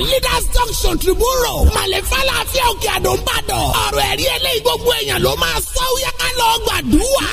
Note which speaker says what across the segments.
Speaker 1: ní leaders junction tribunal màlẹ́fàlà àfi òkè àdó ń bàdàn ọ̀rọ̀ eléyìí gbogbo èèyàn ló máa sọ ó yẹ ká lọ gbàdúrà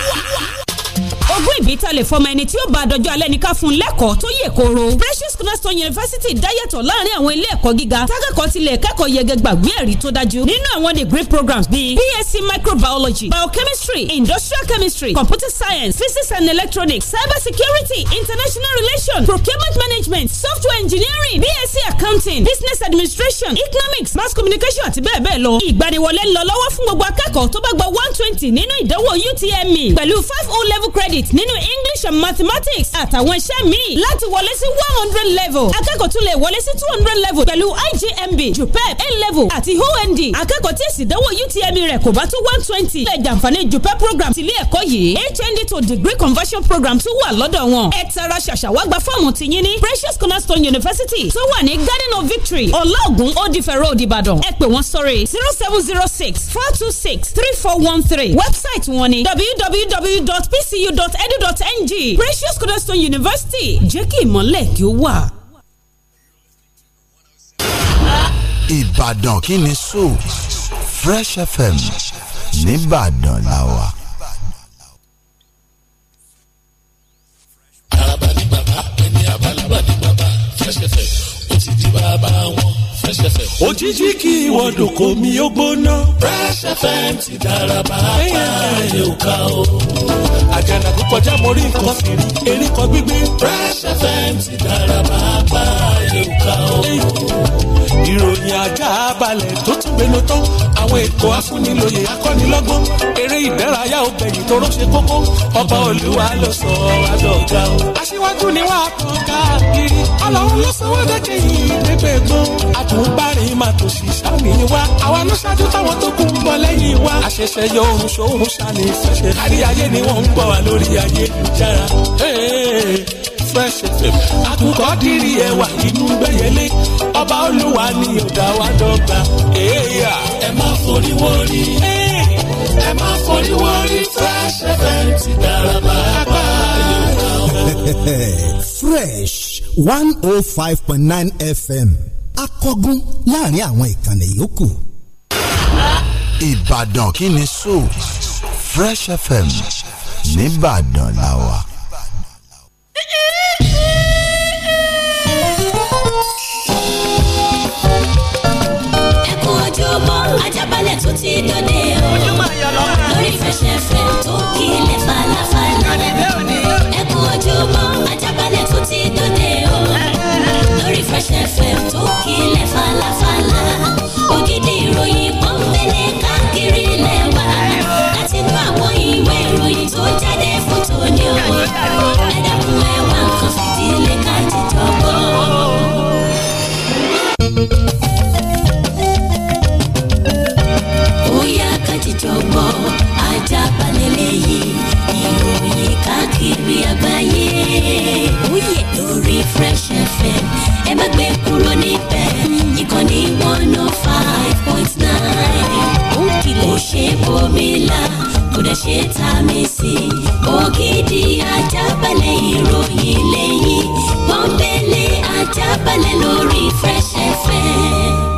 Speaker 2: ogún ìbítalẹ̀ fọmọ ẹni tí ó bá àdọ́jọ́ alẹ́ ní fún un lẹ́kọ̀ọ́ tó yẹ kóró precious National university dáyàtọ̀ láàrin àwọn ilé ẹ̀kọ́ gíga takẹ́kọ̀ọ́ tilẹ̀ kẹ́kọ̀ọ́ yege gbàgbé ẹ̀rí tó dájú nínú àwọn degree programs bíi bsc microbiology biochemistry industrial chemistry computer science physics and electronics cyber security international relations procurement management software engineering bsc accounting business administration economics mass communication àti bẹ́ẹ̀ bẹ́ẹ̀ lọ ìgbaniwọlé ń lọ lọ́wọ́ fún gbogbo akẹ́kọ̀ọ́ tó bá gba one twenty nínú ìdánwò utme pẹ̀lú five o level credit nínú english and mathematics àtàwọn iṣẹ́ míì láti wọlé sí one hundred level akẹ́kọ̀ọ́ tún lè wọlé sí two hundred level pẹ̀lú IJMB JUPEP A level àti OND akẹ́kọ̀ọ́ tí èsì ìdánwò UTME rẹ̀ kò bá tó one twenty lè jàǹfààní JUPEP program tìlé ẹ̀kọ́ yìí HND to degree conversion program tún wà lọ́dọ̀ wọn ẹ tara ṣàṣàwá gba fọ́ọ̀mù tìyín ní Precious Cornerstone University tó wà ní Garden of Victory ọlọ́ọ̀gùn òdìfẹ́ road Ìbàdàn ẹ pè wọ́n sórí zero seven zero six four two six three four one three website wọn ni www.pcu.edu.ng Precious Cornerstone University jẹ́ kí ìmọ̀lẹ̀ kí ó wà.
Speaker 3: Ìbàdàn kí ni so Fresh FM nìbàdàn la wà.
Speaker 4: àràbà ní bàbá ẹni àbálàbà ní bàbá Fresh FM ó ti di bàbá wọn Fresh FM. òjijì kí ìwọ́dùn kò mí ó gbóná. Fresh FM ti dára bàbá ayé ò ká o àjànà kó kọjá mo rí nǹkan fìrí erékọ gbígbé. Fresh FM ti dára bàbá o ṣe ò ká o. ìròyìn ajá balẹ̀ tó tún gbénu tán àwọn ètò afúnilòyè akọ́nilọ́gbọ́n eré ìdárayá obìnrin tó rọ́ṣẹ́ kókó ọba olúwa ló sọ adọ́gà o.
Speaker 5: aṣíwájú ni wàá kàn káàkiri
Speaker 4: ọlọ́run ló sọ wọ́n dẹ́kẹ́ yìí dẹ́gbẹ́ gbọ́n àtúbárìn máa tò sí sámi wa àwa ló ṣáájú táwọn tó kù ń bọ̀ lẹ́yìn wa. àṣẹ̀ṣẹ̀ yọ ohun ṣòun ṣàní ìfẹsẹ̀ fresh fm àkùkọ dìrì ẹwà inú gbẹyẹlé ọba olúwa ni ó wa dọ́gba. ẹ má forí wọrí ẹ má forí wọrí fresh fm
Speaker 6: ti dára
Speaker 1: pàápàá.
Speaker 6: fresh
Speaker 7: one
Speaker 3: oh five point nine fm akọgun láàrin àwọn ìkànnì yòókù. ìbàdàn kí ni so fresh fm nìbàdàn làwà ẹkún
Speaker 8: ojúbọ ajábalẹ̀ tó o lórí fẹsẹ̀fẹ̀ tó kílẹ̀ falafala ẹkún ojúbọ ajábalẹ̀ o lórí fẹsẹ̀fẹ̀. kìlà kò dẹ̀ ṣe tà mí sí. ògidì ajábalẹ̀ ìròyìn lẹ́yìn pọ́npẹ́lẹ́ ajábalẹ̀ lórí Fresh FM.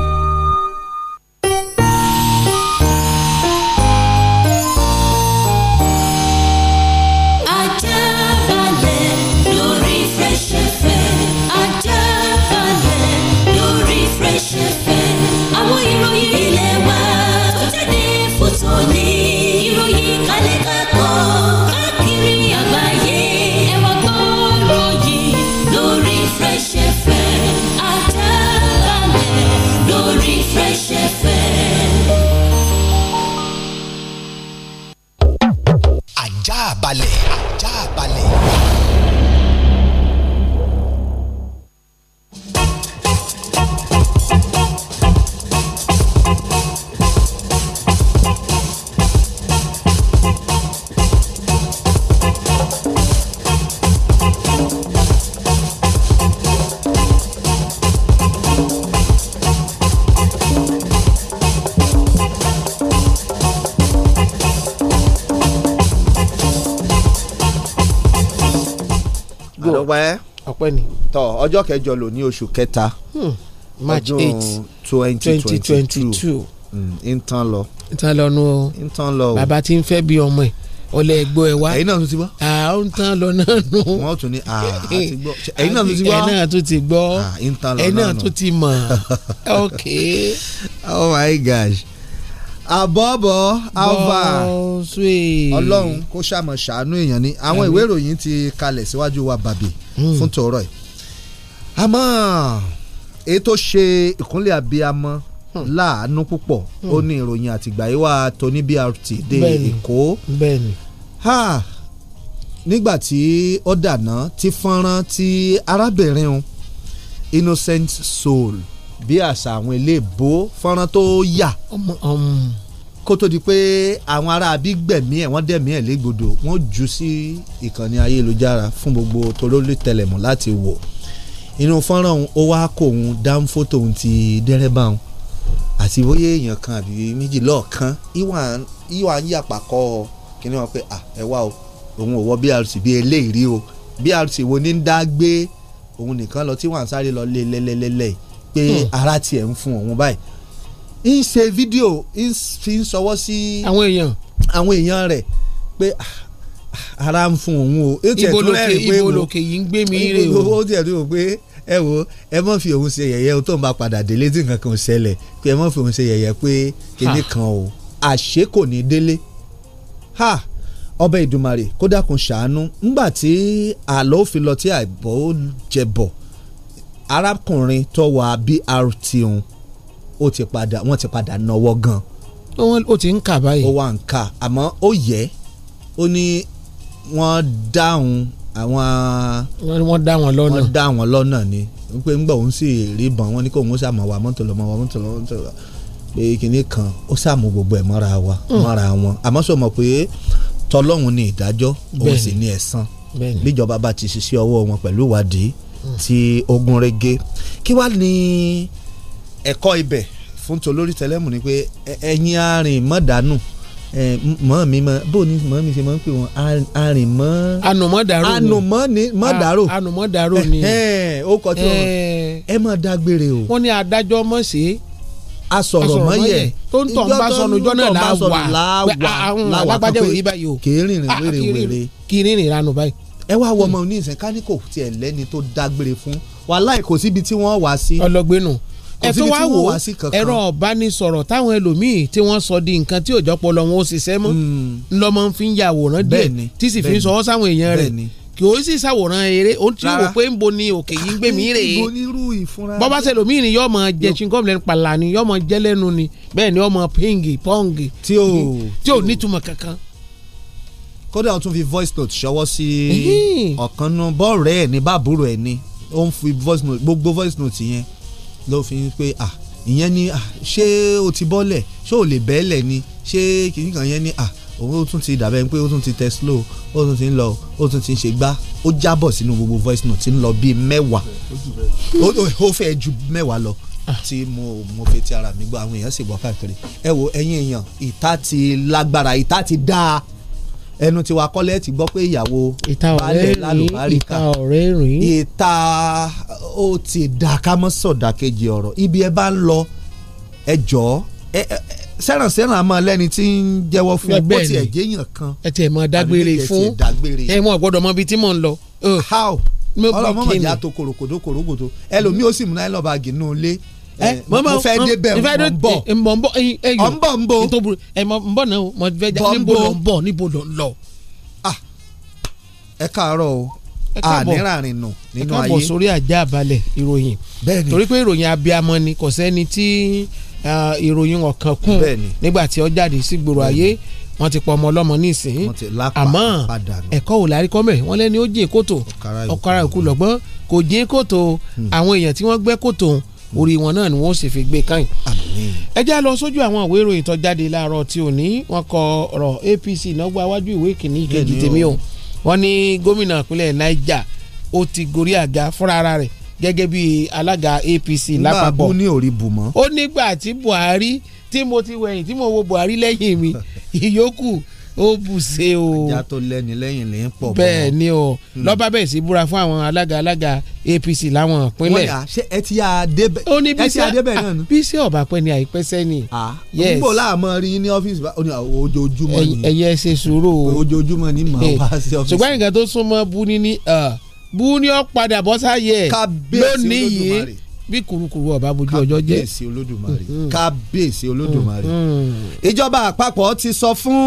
Speaker 9: ọjọ́ kẹjọ lò ní oṣù kẹta hmm, March eight twenty twenty
Speaker 10: two ntan hmm, lọ. ntan lọ nu o ntan lọ o bàbá tí ń fẹ́ bí ọmọ ẹ̀ ọlẹ ẹgbọ́ ẹ wá ẹ̀yin náà tún ti gbọ́. à ń tan lọ náà nù. wọ́n tún ní à àti gbọ́ ẹ̀yin náà tún ti gbọ́. ẹ̀yin náà tún ti gbọ́ ẹ̀yin náà tún ti mọ̀ ok. oh my gosh
Speaker 9: àbọ̀bọ̀ alva ọlọ́run kó ṣàmọ̀ ṣàánú èèyàn ni àwọn ìwé ìròyìn ti kalẹ̀ síwájú wa bàbí hmm. fún tòórọ̀ yìí àmọ́ èyí tó ṣe ìkúnlẹ̀ abiyamọ hmm. láàánú púpọ̀ hmm. ó ní ìròyìn àtìgbàyíwá tóní BRT dé Èkó nígbà tí ó dàná tí fọ́nrán tí arábìnrin un innocent soul bí àṣà àwọn ilé ìbò fọ́nrán tó yà um, kó tó di pé àwọn ará abí gbẹ̀mí ẹ̀ wọ́n dẹ̀mí ẹ̀ légbodò wọ́n jù sí ìkànnì ayélujára fún gbogbo tolólítẹlẹ̀mù láti wò inú fọ́nrán òun ó wá kó òun dáhùn fótó òun ti dẹ́rẹ́bà òun àti bóyá èèyàn kan àbí méjì lọ́ọ̀kan ìwà ń yàpá kọ́ ọ kí ni wọ́n pe ẹ wá o òun ò wọ BRT bí eléyìí rí o BRT wo ni ń dá gbé òun nìkan lọ tí wọ́n sáré lọ lé lẹ́lẹ́lẹ́lẹ́ pé hmm. ara tiẹ̀ ń fún òun báyìí ń ṣe fídíò ń fi ń sọwọ́ sí àwọn èèyàn rẹ̀ pé ah ara ń fún òun o. iboloke iboloke
Speaker 10: yìí ń gbé mi rè o.
Speaker 9: ó tiẹ̀ tó o pé ẹ wo ẹ mọ̀ fi òun ṣe yẹ̀yẹ́ o tó ń bá padà délé tí nǹkan kan ṣẹlẹ̀ pé ẹ mọ̀ fi òun ṣe yẹ̀yẹ́ pé kinní kan o àṣé kò ní délé. ha ọbẹ̀ ìdùmarè kó dákun ṣàánú ńgbà tí àlọ́ òfin lọ tí àìbọ̀ ó jẹ bọ̀ arákùnrin tó wà BRT òun ó ti padà wọ́n ti padà náwó gan. ó ti ń kà báyìí. ó wà ń kà àmọ́ ó yẹ ó ní wọ́n dáhùn àwọn. wọ́n dá wọn lọ́nà. wọ́n dá wọn lọ́nà ni pé ńgbà òun sì rí bọn wọ́n ní kó òun sàmọ̀ wà mọ́tò lọ́mọ wà mọ́tò lọ́mọ mọ́tò lọ́mọ pé kinní kan ó sàmù gbogbo ẹ̀ mọ́ra wa mm. mọ́ra wọn àmọ́ sọ mọ̀ pé tọlọ́hun ni ìdájọ́ òun sì ni ẹ̀san bíjọba bá ti ṣiṣẹ́ ọwọ́ wọn pẹ̀lú ìwádìí mm. ti ogun rege kí wàá ní ẹ̀kọ́ ibẹ̀ fún tolórí tẹlẹ́mù ni pé ẹ̀yin arìn mọ́dàánù mọ́ mi mọ́ bó ni mọ́ mi ṣe mọ́ ń pè wọ́n
Speaker 10: arìn mọ́. ànùmọ́dàrò ni ànùmọ́dàrò ànùmọ́dàrò ni ó kọ tí wọn eh. ẹ mọ̀ dágbére o. wọ́n ní adájọ́ mọ̀ sí asọ̀rọ̀ mọ́ yẹ tó ń tọ̀ ń bá sọnù ìjọ náà la wà àwọn alágbájá òní
Speaker 9: báyìí o kì í rìnrìn ah, wéré wéré
Speaker 10: kì í rìnrìn ìranù báyìí. ẹ wá wọ ọmọ oníṣẹ́ káníkò tiẹ̀ lẹ́ni tó dágbére fún wàhálà kò síbi tí wọ́n wá sí. ọlọgbẹ́nu ẹ tó wá wò ẹ̀rọ ọ̀bánisọ̀rọ̀ táwọn ẹlòmíì tí wọ́n sọ di nǹkan tí òjọpọ̀ lọ wọn ó ṣiṣẹ́ mọ́ ńlọmọ hmm. ń fi ń ya àwòrán díẹ̀ tí sì fi ń sọwọ́ sáwọn èèyàn rẹ̀ kì ó sì ṣàwòrán eré ó ti rò pé ń bo ni òkè yìí ń gbé mi rè é bọ́bá sẹlòmíì ni yọ́ọ́ mọ jẹ chingom lẹ́nu pàlà ni yọ́ọ́ mọ jẹ́ lẹ́nu ni bẹ́ẹ̀ ni ọmọ pingi pọ́ǹgì tí ò nítumọ̀ kankan kódà ó tún fi
Speaker 9: voice note ṣọwọ́ sí ọ̀kan náà bọ́ọ̀rẹ́ ẹ̀ ní bàbúrò ẹ̀ ni ó ń fi voice note gbogbo voice note yẹn ló fi ń pé à ìyẹn ni à ṣé o ti bọ́lẹ̀ ṣé o lè bẹ́ẹ̀lẹ̀ ni ṣé kìnnìkan yẹn ni à òun ó tún ti dàbẹ́ pé ó tún ti tẹ slow ó tún ti ń lọ ó tún ti ń ṣe gbá ó jábọ̀ sínú gbogbo voice note ti ń lọ bíi mẹ́wàá ó fẹ́ ju mẹ́wàá lọ tí mo mo fẹ́ ti ara mi gbọ́ àwọn èèyàn sì wọ́ káàkiri ẹ wo ẹ̀yin èèyàn ìta ti lágbára ìta ti dáa ẹnu tiwa kọ́lẹ́ ti gbọ́ pé ìyàwó balẹ̀ lálùbáríkà ìta ó ti dà ká mọ́ sọ̀dà kejì ọ̀rọ̀ ibi ẹ bá ń lọ ẹ jọ̀ọ́
Speaker 10: sẹ́ràn sẹ́ràn àmọ́ lẹ́ni tí ń jẹ́wọ́ fún bó tiẹ̀ jẹ́yàn kan ẹ tiẹ̀ mọ̀ dágbére fún ẹ mọ̀ gbọ́dọ̀ mọ ibi tí mò ń lọ. how ọlọmọ mọ̀jà tó kòròkòdó kòròkòdó ẹlòmíì ó sì mú náírà báàgì nù lé Eh, eh, mo fẹ́ débẹ̀ mo ń bọ̀ eh, mo ń bọ̀ ọ ń bọ̀ ń bo mo ń bọ̀ náà mo fẹ́ jà níbo lọ ń bọ̀ níbo lọ ń lọ. Ah, ẹ káàárọ̀ o ànírànrin nù nínú ayé ẹ káàbọ̀ sórí ajá àbálẹ̀ ìròyìn torí pé ìròyìn abiyamọ ni kò sẹ́ni tí ìròyìn ọ̀kan kù nígbà tí ó jáde sígboro ayé wọ́n ti pọ̀ ọmọ ọlọ́mọ nísìnyí àmọ́ ẹ̀kọ́ ò lárí kọ́mẹ̀ wọ́n lẹ́ni ó jìn kótó ọ̀kara òkú lọ́gbọ́n kò jìn kótó hmm. àwọn èèyàn tí wọ́n gbẹ́ kótó orí wọn náà ni wọn ó sì fi gbé káyìn. ẹ já lọ sójú àwọn ìwé ìròyìn tó jáde láàárọ̀ tí ò ní wọn kọ ọ̀rọ̀ APC náwó awájú ìwé kìíní ìkejì tèmi o wọn ní gómìnà ìpínlẹ̀ Niger ó ti gorí àga fúnra ara rẹ̀ gẹ́gẹ́ bí alága APC lápapọ̀ ní orí bù ó nígbà tí Buhari tí mo ti wẹ̀yìn tí mo wo Buhari lẹ́yìn mi ìyókù ó bùṣe o. ajá tó lẹ́ni lẹ́yìn lè ń pọ̀ bọ́. bẹ́ẹ̀ ni o hmm. lọ́ba bẹ̀rẹ̀ sí búra fún àwọn alága alága APC láwọn ìpínlẹ̀. wọ́n yà ṣe ẹ ti yà débẹ̀ ó ní bíṣẹ́ náà nù. bíṣẹ́ ọ̀bà pẹ́ ni àìpẹ́ sẹ́ni. yes níbo láàmú rí ní ọ́fíìsì ojoojúmọ́ ni. ẹyẹ ṣe sùúrù o. ojoojúmọ́ ni màá wá sí ọ́fíìsì. ṣùgbọ́n nǹkan tó súnmọ́ bú ní ní bú ní ọ padà bọ́ sáyẹ̀ lónìí yìí
Speaker 9: bí kurukuru ọba bójú ọjọ́ jẹ́ kábíyèsí olódùmarè mm-hmm. kábíyèsí olódùmarè mm-hmm. ìjọba àpapọ̀ ti sọ fún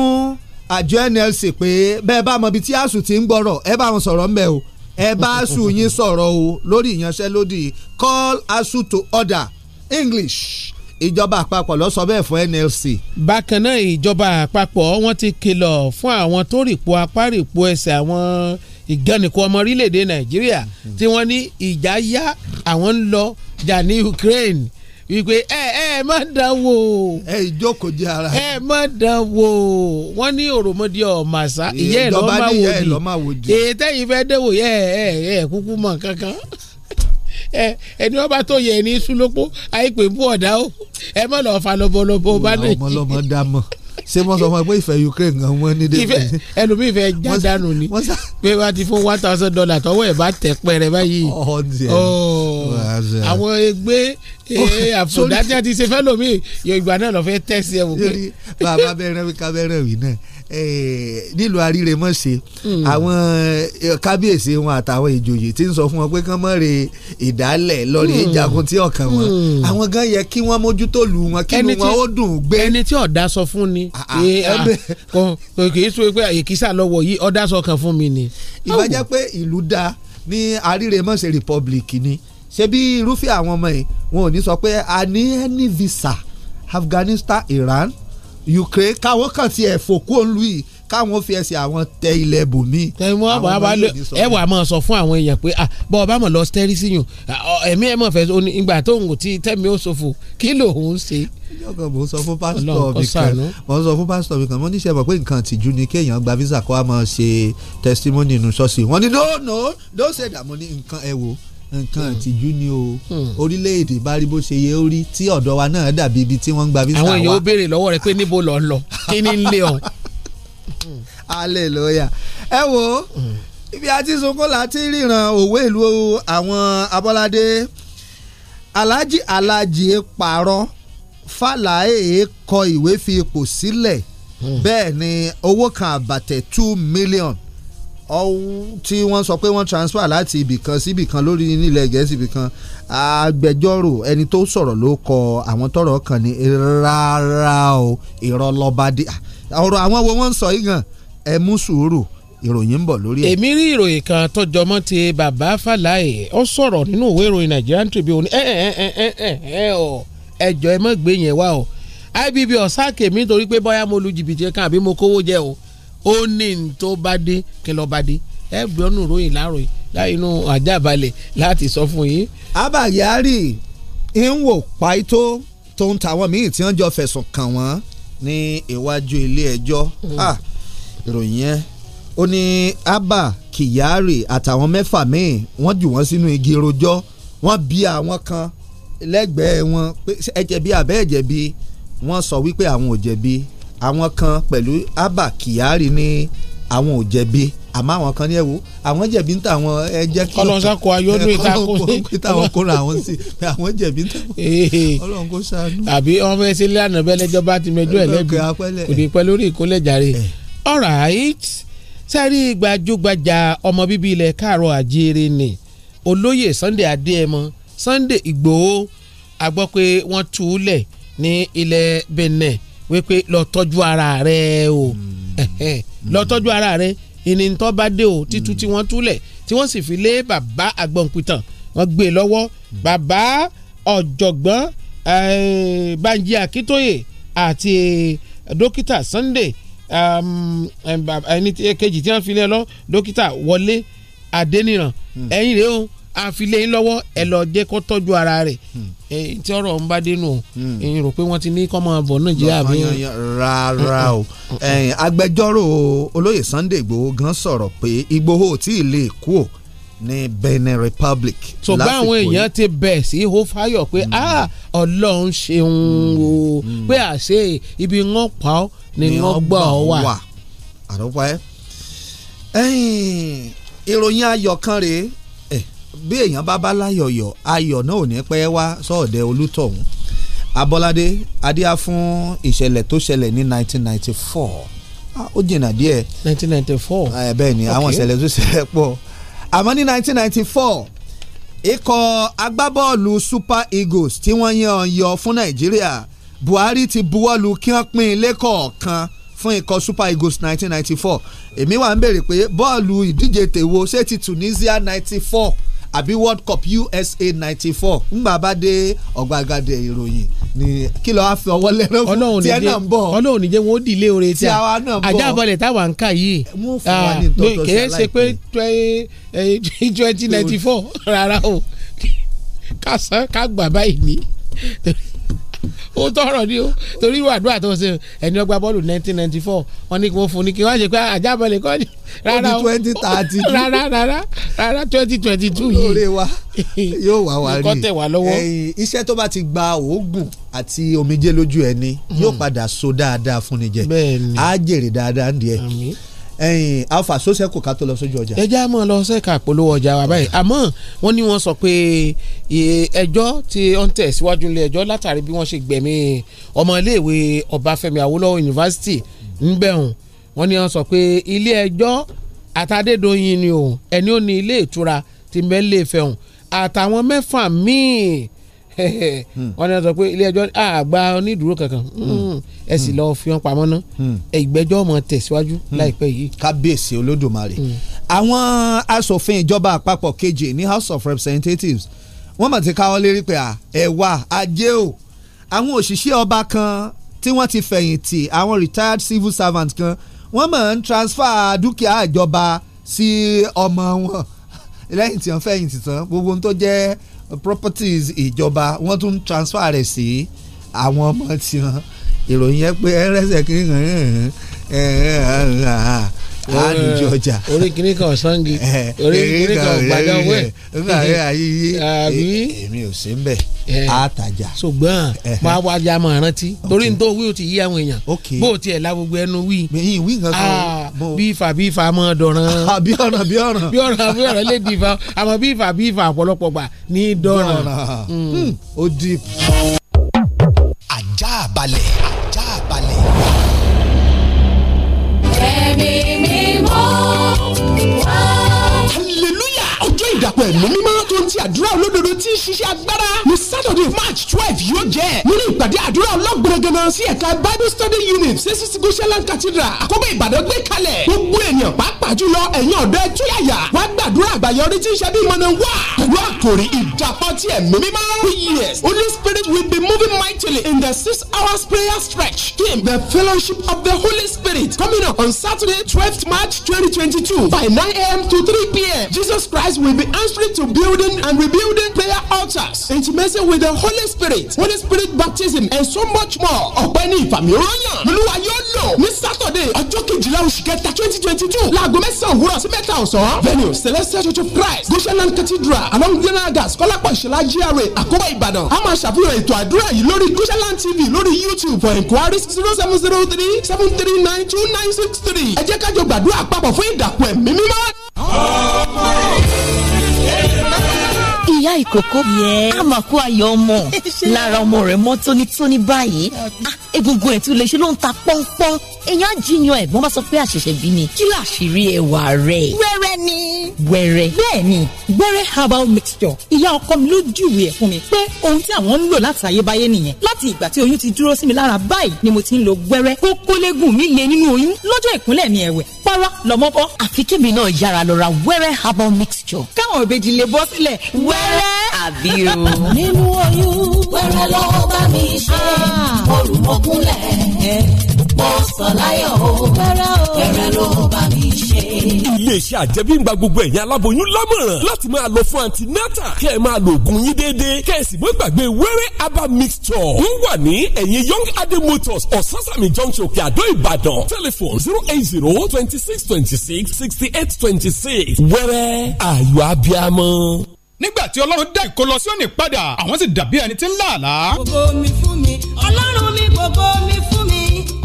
Speaker 9: àjọ NLC pé bẹ́ẹ̀ bá mọ ibi tí àṣù ti ń gbọ́rọ̀ ẹ bá wọn sọ̀rọ̀ ńbẹ o ẹ bá àṣù yín sọ̀rọ̀ o lórí ìyanṣẹ́lódì
Speaker 10: call àṣù to order English ìjọba àpapọ̀ ló sọ bẹ́ẹ̀ fún NLC. bákan náà ìjọba àpapọ̀ wọ́n ti kìlọ̀ fún àwọn tó rìpọ̀ apá rìpọ̀ ẹsẹ̀ àwọn ìgànnìkọ ọmọ orílẹ̀-èdè Nàìjíríà tí wọ́n ní ìjà yá àwọn ń lọ jà ní Ukraine wípé ẹ ẹ má dán wò. ẹ ìjókòó jẹ ara. ẹ má dán wò wọ́n ní òròmọdé ọ̀màṣá ìyá ẹ̀ lọ́ máa wò di èyí tẹ́yìn fẹ́ dẹ́wò yẹ ẹ ẹ kúkú mọ̀ kankan ẹni wọn bá tó yẹ ẹni sún lópó àìpé bú ọ̀dá o ẹ mọ̀ lọ́ọ́ fa lọ́bọ̀lọ́bọ̀ bá dé. ọmọlọmọ dá mọ̀ ṣé wọ́n sọ fún ẹ pé ìfẹ́ Ukraine gan wọ́n ní dé. ẹlòmíì fẹ́ já dànù ni pé wàá ti fún one thousand dollar tọwọ́ ẹ̀ bá tẹ̀ pẹ́rẹ́ báyìí. Oh, àwọn ẹgbẹ́ oh, eh, eh, àfọ̀dájà ti ṣe fẹ́ lómi ìgbà náà lọ fẹ́ tẹ̀sí ẹ̀ wò pé. bàbá bẹ́ẹ̀ rẹ́ mi ká bẹ́ẹ̀ rẹ́ mi náà Eh, nílùú àríremọ̀ṣe
Speaker 11: hmm. àwọn
Speaker 9: eh, kábíyèsí wọn àtàwọn ìjòyè tí ń sọ fún wọn pé kán mọ̀ re ìdálẹ̀
Speaker 10: lórí ìjagun
Speaker 9: hmm. tí ọ̀kan wọn hmm. àwọn gan yẹ kí wọ́n mójútó lù wọn kí lù wọn ó dùn
Speaker 10: gbé. ẹni tí ọ̀dà sọ fún ni ah, ah, eh, ah. kì í sọ pé èkìsà lọ́wọ́ yìí ọ̀dà sọ kan fún mi ni. ìbájá pé ìlú da ní àríremọ̀ṣe republic ni
Speaker 9: ṣebí irúfẹ́ àwọn ọmọ yìí wọn ò ní sọ pé a ní any visa Afghanistan Iran Ukraine káwọn kàn ti ẹ̀ fòkú òǹlù yìí káwọn fi ẹsẹ̀ àwọn tẹ ilẹ̀ bòmí.
Speaker 10: tẹ̀wọ́n àbọ̀ abalẹ̀ ẹ wà máa sọ fún àwọn èèyàn pé bọ́ ọba mọ̀ lọ stẹ́rí sí yùn ẹ̀mí ẹ̀ mọ̀ fẹ́ ìgbà tó ń ti tẹ̀mí ó ṣòfò kí lòun ṣe. ọjọ́gbọ̀n mo sọ fún pásítọ̀ mi kan
Speaker 9: mo sọ fún pásítọ̀ mi kan mo níṣẹ́ mọ̀ pé nǹkan tìjú ni kéèyàn gba visa kó a máa ṣe testimony inú ṣọ́ọ̀ṣì wọ́n ní no no don't say that mo ní nǹkan ẹ wo nǹkan hmm. ìtìjú ni o hmm. orílẹ̀-èdè bá rí bó ṣe yẹ ó rí tí ọ̀dọ̀ wa náà dàbí ibi tí wọ́n ń gba visa wa. àwọn èèyàn ó
Speaker 10: béèrè lọ́wọ́ rẹ pé níbo lọ lọ kí ni ń lé ọ. hallelujah ẹ
Speaker 9: wo hmm. ibi àti sunkún láti ríran òwe ìlú àwọn abọ́ládé aláàjì aláàjì e pààrọ̀ fàlàyé e kọ ìwé fi ipò sílẹ̀ bẹ́ẹ̀ ni owó kan àbàtẹ̀ two million tí wọ́n sọ pé wọ́n transfer láti ibìkan sí ibìkan lórí nílẹ̀ gẹ̀ẹ́sì ibìkan agbẹjọ́rò ẹni tó sọ̀rọ̀ ló kọ àwọn tọ́rọ̀ kàn ní rárá o irọ́ lọ́ba dé ah, ọ̀rọ̀ àwọn wo wọ́n ń sọ yìí gan ẹ mú sùúrù ìròyìn ń bọ̀ lórí
Speaker 10: ẹ̀. èmi rí ìròyìn kan tó jọmọ́ ti bàbá Fálàé ó sọ̀rọ̀ nínú ìwé ìròyìn Nigerian Tribune ẹ ẹ ẹ ẹ ẹ ẹ ọ ẹjọ́ ẹ mọ̀ gbé yẹn wá o IBB ọ̀sáàkè mi torí pé bóyá mo lu jìbìtì kan àbí mo kówó jẹ o ó ní ní tó bá dé kí lọ́ọ́ bá dé ẹ gbé ọ́nù ròyìn láàròyìn láìnú àjàbalẹ̀ láti sọ fún yín. Abba ń wò paito tó ń tàwọn míì tí wọ́n jọ fẹ̀sùn kàn
Speaker 9: wọ́n ní iwájú ilé ẹjọ́ mm. ah, ìròyìn yẹn ó ní Abba Kyari àtàwọn mẹ́fà míì wọ́n jù wọ́n sínú igi rojọ́ wọ́n bí àwọn kan lẹ́gbẹ̀ẹ́ wọn pé ẹ jẹ̀bi àbẹ́ ẹ jẹ̀bi sọ wípé àwọn ò jẹ̀bi àwọn kan pẹ̀lú Abba Kyari ní àwọn ò jẹ̀bi àmọ́ àwọn kan ní ẹ̀ wo àwọn jẹ̀bi ń tàwọn ẹ jẹ́ kí ọlọ́run sàkó ayọ́dún ìtàkùn kóra àwọn sí
Speaker 10: àwọn jẹ̀bi ń tàwọn ọlọ́run kó sànú. àbí wọn fẹ́ sílé àná bẹ́ẹ̀ lẹ́jọ́ ti mẹjọ́ ẹ̀ lẹ́bi kò ní pẹ́ lórí ìkólẹ̀ jàre. Eh. all right gbajúgbajà ọmọ bíbí ilẹ̀ káàrọ̀ àjíire ni olóyè Sunday Adéẹmọ Sunday Ìgbòho a gbọ́ pé wọ́n tú u lẹ̀ ní ilẹ̀ Benin wípé lọ tọ́jú ara rẹ o mm. lọ tọ́jú ara rẹ ìnìtọ́ bá dé o títú mm. tí wọ́n túlẹ̀ tí wọ́n sì fi lé bàbá àgbọ̀npìtàn wọ́n gbé e lọ́wọ́ mm. bàbá ọ̀jọ̀gbọ́n eh, Banji Akíntóyè àti eh, dókítà Sunday um, eh, ẹni kejì tí wọ́n fi lé e lọ dókítà Wọlé Adéníran ẹ̀yìn rèé o àfilẹ̀ yín lọ́wọ́ ẹ lọ jẹ́ kó tọ́jú ara rẹ̀ hmm. tí ọ̀rọ̀ ń bá dénú hmm. ẹ̀yin rò pé wọ́n ti ní kọ́mọ bọ̀ nàìjíríà bí.
Speaker 9: rárá o agbẹjọ́rò olóyè Sunday Igboho gan sọ̀rọ̀
Speaker 10: pé Igboho tí ì lè kú o ní Benin Republic. ṣùgbọ́n àwọn èèyàn ti bẹ̀ sí ihò fáyọ̀ pé hmm. ah, Ọlọ́run ṣeun o pé àṣé ibi wọ́n pa ọ́ ni wọ́n gbọ́ ọ wà. àdópa ẹ
Speaker 9: ìròyìn ayọ̀ kan rèé bí èèyàn bá bá láyọ̀yọ̀ ayọ̀ náà ò ní pẹ́ wá sọ́ọ̀dẹ̀ olútọ̀hún abọ́ládé adíá fún ìṣẹ̀lẹ̀ tó ṣẹlẹ̀ ní 1994 ó jìnnà díẹ̀ 1994 ẹ bẹ́ẹ̀ ni àwọn ìṣẹ̀lẹ̀ tó ṣẹlẹ̀ pọ̀ àmọ́ ní 1994 ikọ̀ agbábọ́ọ̀lù Super Eagles tí wọ́n yan yọ fún Nàìjíríà Buhari ti buwọ́lu kí wọ́n pín in lẹ́kọ̀ọ̀kan fún ikọ̀ Super Eagles 1994 èmi wà ń béèrè pé bọ́ọ̀lù ìdíje tèwo ṣé ti Tunisia 94 àbí world cup usa ninety four ńgbà bá dé ọ̀gbagadè ìròyìn ni kí lọ́ọ́ fi ọwọ́ lẹ́rọ fún tí ẹ náà ń
Speaker 10: bọ̀ ọlọ́run níjẹ́ wọn ó di ilé oore tí a ajá balẹ̀ táwa ń kà yìí ah, kìí ṣe pé eh, eh, twenty ninety four rárá o kásán ká gbà báyìí ni ó tọrọ ni ó torí wàdúrà tó ṣe ẹni ọgbà bọ́ọ̀lù nineteen ninety four wọn ní kí wọ́n fún ní kí wọ́n ṣe pé àjábọ̀lẹ̀ ah, kọ́ ni rárá o twenty thirty two rárá rárá rárá twenty twenty two yìí lóore wa yóò wá wa rí nǹkan tẹ̀ wá lọ́wọ́.
Speaker 9: iṣẹ́ tó bá ti gba òógùn àti omijé lójú ẹni yóò hmm. padà so dáadáa fún ni jẹ á jèrè dáadáa ń díẹ̀ ẹyìn alfa sọsẹkù ká
Speaker 10: tó lọ sójú ọjà. ẹja mọ lọ sẹka polówó ọjà wa báyìí àmọ́ wọ́n ní wọ́n sọ pé ẹjọ́ tí ó ń tẹ̀síwájú ilé ẹjọ́ látàrí bí wọ́n ṣe gbẹ̀mí ọmọ iléèwé Ọbáfẹ́mi Awólọ́wọ̀ yunifásitì ńbẹ̀hùn wọ́n ní wọ́n sọ pé ilé ẹjọ́ àtàdédọyìn ni o ẹni ó ní ilé ìtura ti mẹlẹ fẹhùn àtàwọn mẹ́fà míì Hmm. wọ́n náà sọ pé ilé ẹjọ́ ah, àgbà onídùúró kankan hmm. Hmm. ẹ sì lọ́ọ́ fi wọn pamọ́ ná ìgbẹ́jọ́ mọ̀ tẹ̀síwájú láìpẹ́ yìí. kábíyèsí olódùmarè
Speaker 9: àwọn asòfin ìjọba àpapọ̀ keje ní house of representatives wọ́n mọ̀ ti káwọ́ lérí pé ẹ̀wà ajé o àwọn òṣìṣẹ́ ọba kan tí wọ́n ti fẹ̀yìntì àwọn retired civil servant kan wọ́n mọ̀ ń transfer dúkìá ìjọba sí ọmọ wọn lẹ́yìn tí wọ́n fẹ̀yìntì tán gbogbo ohun tó jẹ́ properties ìjọba wọ́n tún transfer rẹ̀ sí àwọn ọmọ tiwọn ìròyìn yẹn
Speaker 10: pé ẹrẹsẹ kìnìún àlùjọ ọjà. orí kìíní kan sangi eh, orí kìíní kan eh, gbàdá wẹ̀. Eh, nígbà èmi ò sí mbẹ àtàjà. ṣùgbọ́n máa wá ya máa rántí torí nítorí wí ti yí àwọn èèyàn bó o tiẹ̀ la ẹnu wí. mi wí nǹkan kan. Ah, bí ifá bí ifá mọ dọ̀ràn. Ah, bí ọ̀ràn bí ọ̀ràn. bí ọ̀ràn bí ọ̀ràn lè di ifá àmọ́ bí ifá bí ifá ọ̀pọ̀lọpọ̀ gbà ní dọ̀ràn. Hmm. Hmm, ajá balẹ̀ ajá
Speaker 5: balẹ̀. Jẹ́mi. Hallelujah! ọjọ́ ìdàpọ̀ ẹ̀mí mímọ́ ti àdúrà olódodo tí ń ṣiṣẹ́ agbára ní Saturday March twelve yóò jẹ́ nínú ìpàdé àdúrà ọlọ́gbọ̀nrẹ̀gànà sí ẹ̀ka Bible study unit CCC Goshenland Cathedral àkọ́bẹ̀ Ìbàdàn gbé kalẹ̀ gbogbo ènìyàn pàápàá jùlọ ẹ̀yin ọ̀dọ́ ẹ̀ túyàyà wá gbàdúrà àgbàyọrí tí ń ṣe bí mọ̀nà wá pẹ̀lú àkòrí ìdàpọ̀ tí ẹ̀mí mímọ́ yes Holy Spirit will be moving mightily in the six hours prayer stretch in the fellowship of the Holy Spirit coming up on Saturday twelfth March twenty twenty two by nine a.m. to three p.m. Jesus Christ will be answering to building building and rebuilding prayer altars, intimacy with the Holy Spirit, Holy Spirit baptism, and so much more. ọ̀pẹ́ ní ìfàmì òróyàn olúwa yóò lò ní Saturday ọjọ́ kejìlá oṣù kẹta twenty twenty two láago mẹ́sàn-án òwúrọ̀ sí mẹ́ta ọ̀sán. venue Celestial Church of Christ Goshenland Cathedral along general gas kọ́lápọ̀ ìṣẹ̀lá GRA àkóbọ̀ Ìbàdàn a máa ṣàfihàn ètò àdúrà yìí lórí Goshenland TV lórí YouTube for inquiries zero seven zero three seven three nine two nine six three ẹ jẹ́ kájọ gbàdúrà papọ̀ fún ìdàpọ̀ ẹ̀mí mímọ́ ìyá ìkókó
Speaker 2: àmàkù ayọ̀ ọmọ lára ọmọ rẹ̀ mọ́ tónítóní báyìí ah, egungun ẹ̀ tún lè ṣe ló ń ta pọ́npọ́n èèyàn jiyàn ẹ̀gbọ́n bá sọ pé àṣẹ̀ṣẹ̀ bí ni kí làṣírí ẹwà rẹ̀. wẹ́rẹ́ ni. wẹ́rẹ́. ni, wẹ́rẹ́ herbal mixture ìyá ọkọ mi ló júwe ẹ̀ fún mi pé ohun tí àwọn ń lò láti àyébáyé nìyẹn láti ìgbà tí oyún ti dúró sí mi lára báyìí ni mo ti ń lo wẹ́rẹ́ kókólégùn mi lè nínú oyún lọ́jọ́ ìkúnlẹ̀ mi ẹ̀wẹ̀ pàrọ̀ lọ́mọ bọ́. àfi náà yára lọ ra wẹ́rẹ́ mixture. káwọn òbejì lè bọ́ sílẹ̀ wẹ́rẹ́ wẹ́rẹ́. àbí o. nínú oyún wẹ́rẹ́ ló bá mi
Speaker 8: ṣe ah. mo rù mo kúnlẹ̀ mo sọ láyọ̀ o wẹ́rẹ́ ló bá mi ṣe. iléeṣẹ́
Speaker 4: àjẹmíngba gbogbo ẹ̀yin aláboyún lámọ̀ràn láti máa lọ fún antinata kẹ́ ẹ̀ máa lo oògùn yín déédéé kẹ́ ẹ̀ gbàgbé wẹ́rẹ́ aba mixture ń wà ní ẹ̀yìn young adé motors ososami junction òkè àdó ìbàdàn telephone zero eight zero twenty six twenty six sixty eight
Speaker 12: twenty six wẹ́rẹ́ ayọ̀ abiamọ nígbà tí ọlọ́run dá ìkólọ sí òní padà àwọn sì dàbí ẹni tí ń làálàá.
Speaker 2: gbogbo mi fún mi ọlọ́run mi gbogbo mi fún mi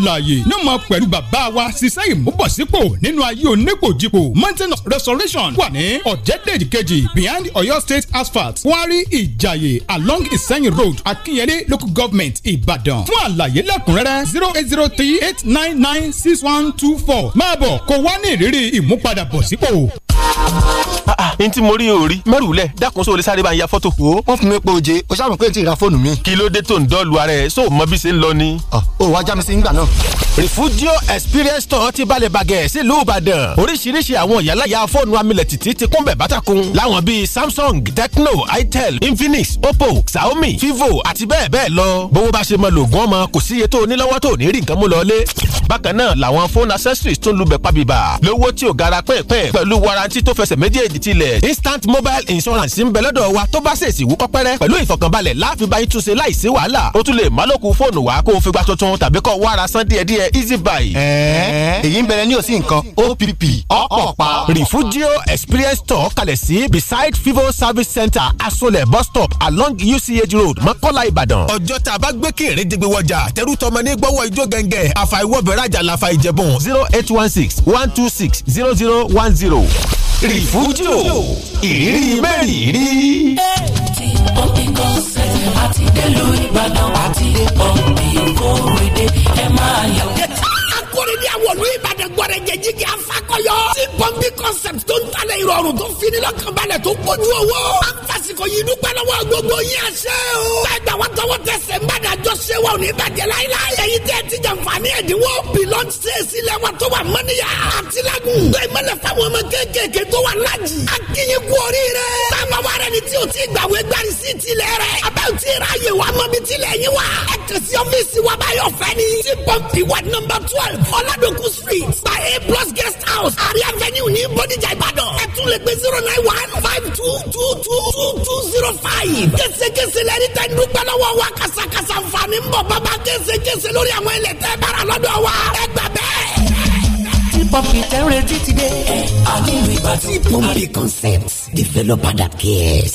Speaker 12: alààyè ní ọmọ pẹ̀lú bàbá wa ṣiṣẹ́ ìmúbọ̀sípò nínú ayé onípòjìpò mountain of restoration wà ní ọ̀jẹ̀dẹ̀jì kejì behind Ọ̀yọ́ state asphalt kwari ìjàyè along ìsẹ́yìn road akínyẹlé local government ìbàdàn fún àlàyé lẹ́kùnrẹ́rẹ́ zero eight zero three eight nine nine six one two four máa bọ̀ kó wá ní ìrírí ìmúpadàbọ̀sípò ah, ah, n tí mo rí o rí mẹ́rùlẹ̀ dákun sóò lè sáré bá ń ya fọ́tò. wo wọ́n fún mi
Speaker 3: pé oje o ṣàmùpé tí ì ra fóònù mi. kí ló dé tó ń dọ́ọ̀lù ara ẹ̀ sóò mọ bí ṣe ń lọ ni. ọ ah, ò wá já mi sí nígbà náà refugio experience store ti balẹ̀ bàgẹ́ sílùú ìbàdàn oríṣiríṣi àwọn ìyálàyà fóònù amílẹ̀ tìtì ti kún bẹ̀bátakun láwọn bíi samsung tecno itel infinix oppo xiaomi vivo àti bẹ́ẹ̀ bẹ́ẹ̀ lọ bówó bá ṣe mọ lògùn ọmọ kò sí iye tó ní lọ́wọ́ tó ní rí nǹkan mú lọ lé bákan náà làwọn phone accessories tún lu bẹ̀pá bíbà lówó tí ò gara pẹ́ẹ́pẹ́ pẹ̀lú warranty tó fẹsẹ̀ méjèèjì tilẹ̀ instant mobile insurance ń bẹ lọ́dọ̀ wa tó bá ṣèṣì wú kọ́pẹ́rẹ́ pẹ̀lú ìfọ̀kànbalẹ̀ láàfin báyìí túnṣe láìsí wàhálà ó tún lè má lókun fóònù wa kó o fi gba tuntun tàbí kọ́ wàrà san díẹ̀díẹ̀ easy buy. èyí ń bẹ̀rẹ̀ ní òsì nǹkan OPP ọ̀pọ̀ pa. refugio experience store kalẹ̀ sí beside fivo service center asolẹ̀ bus stop along UCH road Makola Ìbàdàn. ọjọ́ tá a bá gbé kéré dégbé wọjà tẹ́rù tọmọ ní gbọ́wọ́ ijó gẹ́ngẹ́ àfàìwọ́bẹ̀rajà làfà ìjẹ̀bùn. zero eight one six one two six zero zero one zero.
Speaker 8: refugio ìrírí mẹ́rin rí. tí ó ń
Speaker 1: kọ́ sí àti délùú Ìbàdàn àti òbí kórèdè ẹ máa yọ̀ rẹ̀ jẹ́ jíjẹ́ afakọyọ. tí pọ́ńpì concept tó ń talẹ̀ ìrọ̀rùn tó fini lọ́kànbalẹ̀ tó kojú owó. an fasikọ yìí dúpẹ́ lọ́wọ́ gbogbo yín àṣẹ o. gbàgbà wọn tọwọ́ tẹsẹ̀ ń bàdà jọ ṣe wa ò ní bàjẹ́ láíláí. èyí tẹ́ ti jàǹfààní ẹ̀dínwó. bilọ́n ṣe é sílẹ̀ wa tó wà mọ́níyà. àtìlágùn. tó ìmọ̀lẹ̀ fáwọn ọmọ kéékèèké tó wà lájì. a kì í kú oríire. táwọn ọmọ rẹ ni tí o ti gbàwé gbárí sí tilẹ̀ rẹ. abẹ́ ò ti ra àyè wa mọ́ bí tilẹ̀ yín wa. ẹ kàn sí ọ́fíìsì wa báyọ̀ fẹ́ ni. ti pọ́ǹpì wa nọ́mbà twelve ọ̀làdọ̀kú street A plus guest house àrí avenue ní Bódìjà Ìbàdàn. Ẹ tún lè pe zero nine one five two two two two two zero five. Késekése lẹ́ni tẹ́ ń dúpẹ́ lọ́wọ́ wa kàṣàkàṣà nfààní ń bọ̀ bàbá késekése lórí àwọn ilẹ̀ tẹ́ bára lọ́dọ̀ wa. Ẹ gbà
Speaker 11: bẹ́ẹ̀ pọ́ǹpì tẹ́ ń retí ti dé. ẹ a nílò
Speaker 8: ìbàdàn. tí pọ́ǹpì concepts developer that cares.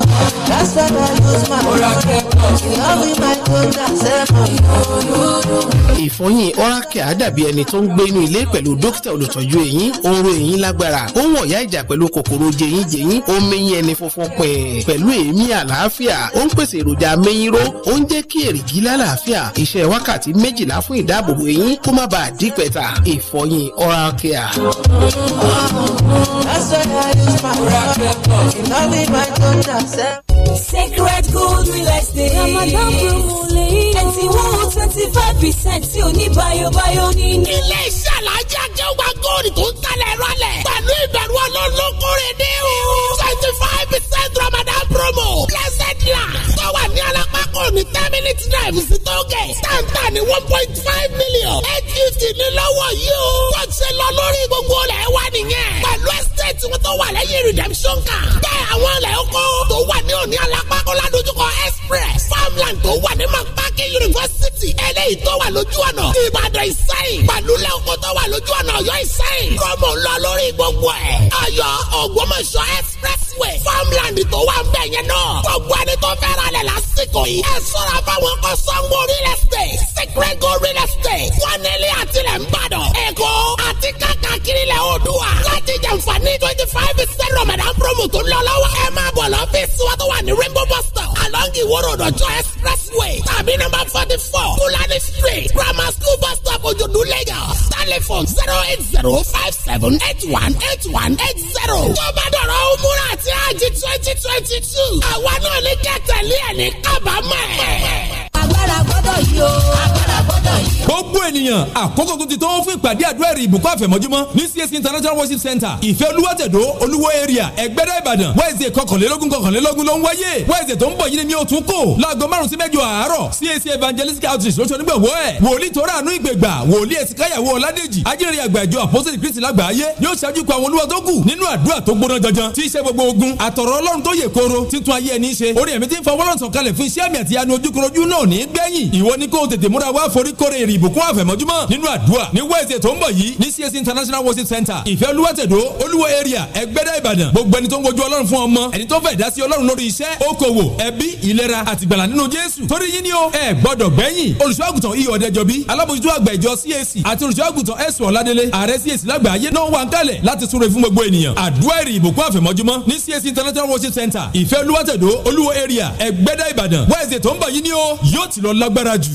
Speaker 12: Last time I lose my
Speaker 8: you love me my gold and seven. Ìfọyín Oracle
Speaker 10: àdàbí ẹni tó ń gbé inú ilé pẹ̀lú dókítà olùtọ́jú eyín, oró eyín lágbára, ó ń wọ̀yá ìjà pẹ̀lú kòkòrò jẹyín jẹyín, ó mẹyín ẹni funfun pẹ̀ pẹ̀lú èémí àlàáfíà, ó ń pèsè èròjà mẹyìnró, ó ń jẹ́ kí èrìgì lálàáfíà, iṣẹ́ wákàtí méjìlá fún ìdáàbòbò eyín kó má bàa dí pẹ̀tà. Ìfọyín Oracle. Last
Speaker 8: time I lose my you Secret
Speaker 2: sacred gold real estate. ramadan promo
Speaker 1: twenty o. ẹ̀sìn one twenty five percent tí o ní bayobayo ní. ilé iṣẹ́ alájà jẹ́ wa góòlù tó ń talẹ̀ rọlẹ̀. pẹ̀lú ìbẹ̀rù ọlọ́lọ́kùnrin ní o. twenty five percent ramadan promo blessed land. tó wà ní alákọ̀ọ́ kúrò ní ten minute drive sí tóge táǹtà ní one point five million eight fifty ní lọ́wọ́ yìí o kò ṣe lọ lórí gbogbo ọ̀la ẹ̀ wá nìyẹn pẹ̀lú estate wọn tó wà lẹ́yìn redemption kan bẹ́ẹ̀ àwọn ọ̀la ẹ̀ kọ́ tó wà ní òní alápákọ́lá dojúkọ express farmland tó wà ní mapaki university eléyìí tó wà lójú ọ̀nà ìbàdàn ìsẹ́yìn pẹ̀lú lẹ́ọ̀kọ́ tó wà lójú ọ̀nà ọ̀yọ́ ìsẹ́yìn kọ́mọ̀ lọ expressway farmland tó wà ń bẹ̀yẹn náà gbogbo ẹni tó ẹ sọ̀rọ̀ fáwọn kan sango real estate segrego real estate wanilé àtìlẹ̀ ńbàdàn èkó àti kákàkiri lẹ̀ odua láti jàǹfààní twenty five percent ramadan promo tó lọ lọ́wọ́ ẹ máa bọ̀ lọ́fíìsì wa tó wà ní rainbow bus stop along iworo dọjọ expressway tàbí number forty four kulani street grammar school bus tẹlifon zero eight zero five seven eight one eight one eight zero. tó bá dọ̀rọ̀ umura àti hajj twenty twenty two àwa náà ní kẹtẹ̀lé ẹ̀ ní kábàámọ̀ ẹ̀.
Speaker 13: agbára gbọ́dọ̀
Speaker 6: yí o
Speaker 13: gbogbo ènìyàn àkókò tó ti tó fún ìpàdé àdúrà èrè ìbùkún àfẹ̀mọ́júmọ́ ní CAC international worship center ìfẹ́ olúwàtẹ̀dọ́ olúwo area ẹgbẹ́dá ìbàdàn wẹ́ẹ̀sì kọkànlélógún kọkànlélógún ló ń wáyé wẹ́ẹ̀sì tó ń bọ̀ yìí ni mi ò tún kò láago márùn-ún sí mẹ́jọ àárọ̀ CAC evangelical outreach lóṣù onígbàwọ́ ẹ̀ wòlíì tó ráàánú ìgbègbà wòlíì ẹ̀sìnkáyàwó ọ̀ládèjì ajínrìn àgbà ìjọ àpọ́sẹ̀lì kristi lágbàáyé yóò ṣáájú kọ àwọn olúwa tó kù nínú àdúrà tó gbóná janjan tí iṣẹ́ gbogbo ogun koro títún ayé ẹni ṣe orin ẹ̀mí tí ń fọwọ́rọ̀ sọ̀kalẹ̀ fún iṣẹ́ àmì àti àánú ojúkorojú náà ní gbẹ̀yìn ìwọ ni kó ìbùkún àfẹ̀mọ́júmọ́ nínú àdúrà ní wẹ́ẹ̀sì tó ń bọ̀ yìí ní CAC International Worship Center ìfẹ́ olúwàtẹ̀dọ́ olúwo area ẹgbẹ́dá ìbàdàn gbogbo ẹni tó ń wojú ọlọ́run fún ọmọ ẹni tó fẹ́ dá ọlọ́run lórí iṣẹ́ okòwò ẹbí ìlera àtìgbàlà nínú jésù torí yín ni ó ẹ gbọ́dọ̀ gbẹ̀yìn olùṣọ́àgùtàn iyọ̀ ọ̀dẹ́jọbí alábòjútó àgbà ìjọ CAC àti olùṣọ́àgùtàn ẹ̀sùn ọ̀ládélé ààrẹ CAC lágbàáyé náà wà ń kalẹ̀ láti súre fún gbogbo ènìyàn àdúrà èrè ìbùkún àfẹ̀mọ́júmọ́ ní CAC International Worship Center ìfẹ́ olúwàtẹ̀dọ́ olúwo area ẹgbẹ́dá ìbàdàn wẹ́ẹ̀sì tó ń bọ̀ yìí ni ó yóò ti lọ lágbára jù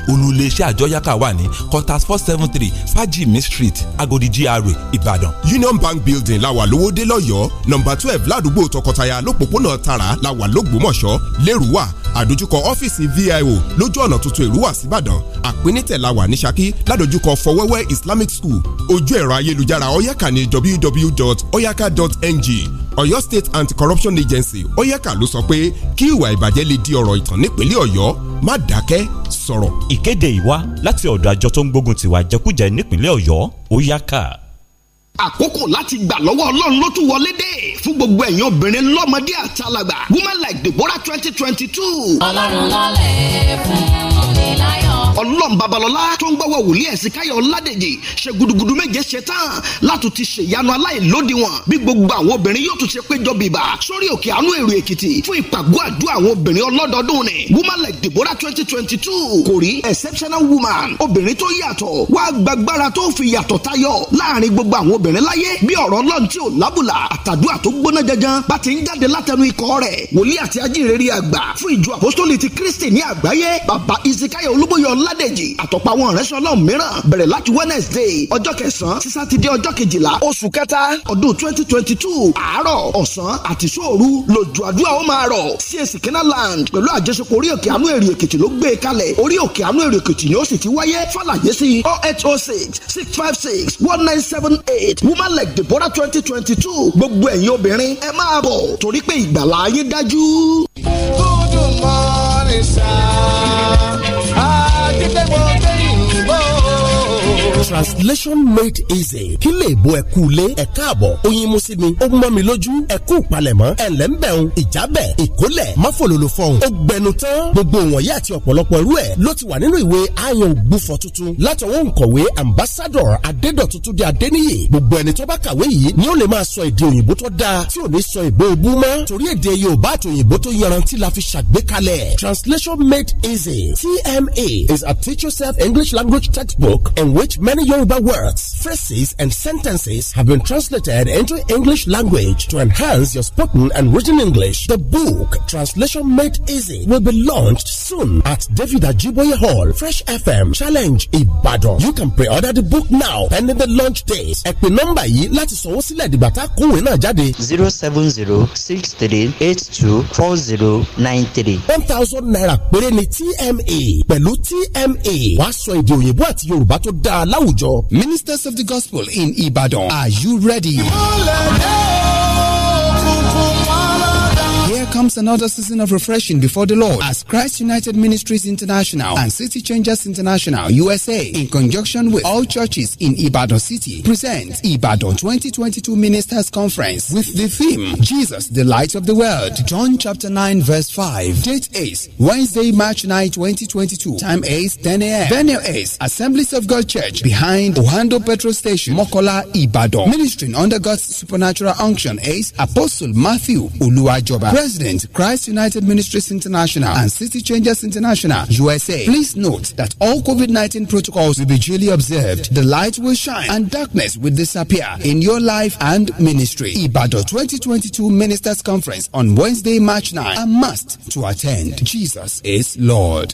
Speaker 13: olùléṣẹ́ àjọyàká wà ní contact four seven three fajimi street agodi gra ìbàdàn. union bank building làwà lówódé
Speaker 3: lọ́yọ́ọ́ nọ́mbà twelve ládùúgbò tọkọtaya lọ́pọ̀pọ̀nà tara làwà lógbómọ̀ṣọ́ lẹ́rùwà àdójúkọ ọ́fíìsì vio lójú ọ̀nà tuntun ìrúwà síbàdàn àpínítẹ̀ làwà ní ṣakí ládójúkọ fọwẹ́wẹ́ islamic school ojú ẹ̀rọ ayélujára oyaka ní www.oyaka.ng Ọ̀yọ́ State Anti-Corruption Agency oyeka ló sọ pé kí ìwà ìbàjẹ́ lè di ọ̀rọ̀ ìtàn nípínlẹ̀ Ọ̀yọ́ má dákẹ́ sọ̀rọ̀. Ìkéde ìwá láti ọ̀dọ̀ àjọ tó ń gbógun tiwa jẹkújẹ nípínlẹ̀ Ọ̀yọ́ oyeka
Speaker 6: àkókò láti gbà lọ́wọ́ ọlọ́run ló tún wọlé dé fún gbogbo ẹ̀yin obìnrin lọ́mọdé àtàlàgbà women like Deborah twenty twenty two. ọlọ́run lọ́lẹ̀
Speaker 14: fún mi láyé
Speaker 6: ọlọ́run babalọ́lá tó ń gbọ́wọ́ wòlíì ẹ̀sìn káyọ̀ ọ̀làdèjì ṣe gudugudu méje ṣe tán láti ti ṣèyanu aláìlódiwọ̀n bí gbogbo àwọn obìnrin yóò tún ṣe péjọ bìbà sórí òkè àánú èrò èkìtì fún ìpàgọ́ àdúrà àwọn obìnrin ọlọ́dọọdún ni woman like deborah twenty twenty two kò rí exceptional woman obìnrin tó yàtọ̀ wá gbàgbára tó fi yàtọ̀ tayọ láàrin gbogbo àwọn obìnrin láyé bí ọ̀rọ̀ ọlọ́run tí ò lábùlà àtàdúrà tó gbóná janjan bá ti ń jáde látẹnu ikọ̀ rẹ̀ wòlíì àti ajínrere àgbà fún ìjọ àpọ́sítélì ti kristi ní àgbáyé bàbá ìsìkáyọ̀ olúbóyọ̀ ọládèjì àtọ̀pàwọn ìránṣẹ́ ọlọ́run mìíràn bẹ̀rẹ̀ láti wednesday ọjọ́ kẹsàn-án sí sátidé ọjọ́ kejìlá oṣù kẹta ọdún twenty twenty two àárọ̀ ọ̀sán àti sóòru lójú àdúrà ó máa rọ̀ csc kenaland pẹ̀lú àjọṣepọ̀ orí òkè àánú èrè èkìtì ló gbé e kalẹ̀ orí òkè àánú èrè èkìtì ni ó sì ti wáyé fàlàyé sí oh eight oh six six five six one nine seven eight woman like deborah twenty twenty two gbogbo ẹ̀yin obìnrin ẹ máa bọ̀ torí pé ìgbàlá yín dájú. good
Speaker 11: morning sir.
Speaker 3: translation made easy kí lè bo ẹ kú lé ẹ káàbọ̀ oyin mú sí mi ó mọ́ mi lójú ẹ kú palẹ̀mọ́ ẹ lẹ́ ń bẹ̀rùn ìjábẹ̀ ìkólẹ̀ máfòlòlò fọhùn ó gbẹnu tán gbogbo wọ̀nyí àti ọ̀pọ̀lọpọ̀ irú ẹ̀ ló ti wà nínú ìwé ayan ògbúfọ̀ tuntun látọwọ́ nkọ̀wé ambassador adédọ̀tuntun di adéníyè gbogbo ẹni tó bá kàwé yìí ni ó lè máa sọ èdè òyìnbó tó dáa tí ò ní sọ èbó ebú mọ́ torí èdè yorùbá translation made easy tma is a teach yourself english language textbook in which many Yoruba words, phrases, and sentences have been translated into English language to enhance your spoken and written English. The book, Translation Made Easy, will be launched soon at David Ajiboye Hall, Fresh FM, Challenge Ibadan. You can pre-order the book now pending the launch date. Ẹ pè nọ́mbà yìí láti sanwó sílẹ̀ dìgbà tá a kúnwé náà jáde. zero seven zero six three eight two four zero nine three. one thousand naira péré ni TMA pẹ̀lú TMA wàá sọ èdè òyìnbó àti Yorùbá tó
Speaker 7: dáa Ministers of the Gospel in Ibadan. Are you ready? comes another season of refreshing before the Lord as Christ United Ministries International and City Changers International USA, in conjunction with all churches in Ibadan City, present Ibadan 2022 Ministers Conference with the theme Jesus, the Light of the World, John chapter 9, verse 5. Date is Wednesday, March 9, 2022. Time is 10 a.m. Venue is Assemblies of God Church behind Ohando Petrol Station, Mokola, Ibadan. Ministering under God's supernatural unction is Apostle Matthew Uluajoba, President. Christ United Ministries International, and City Changers International, USA. Please note that all COVID 19 protocols will be duly observed. The light will shine and darkness will disappear in your life and ministry. Ibadan 2022 Ministers Conference on Wednesday, March 9. A must to attend. Jesus is Lord.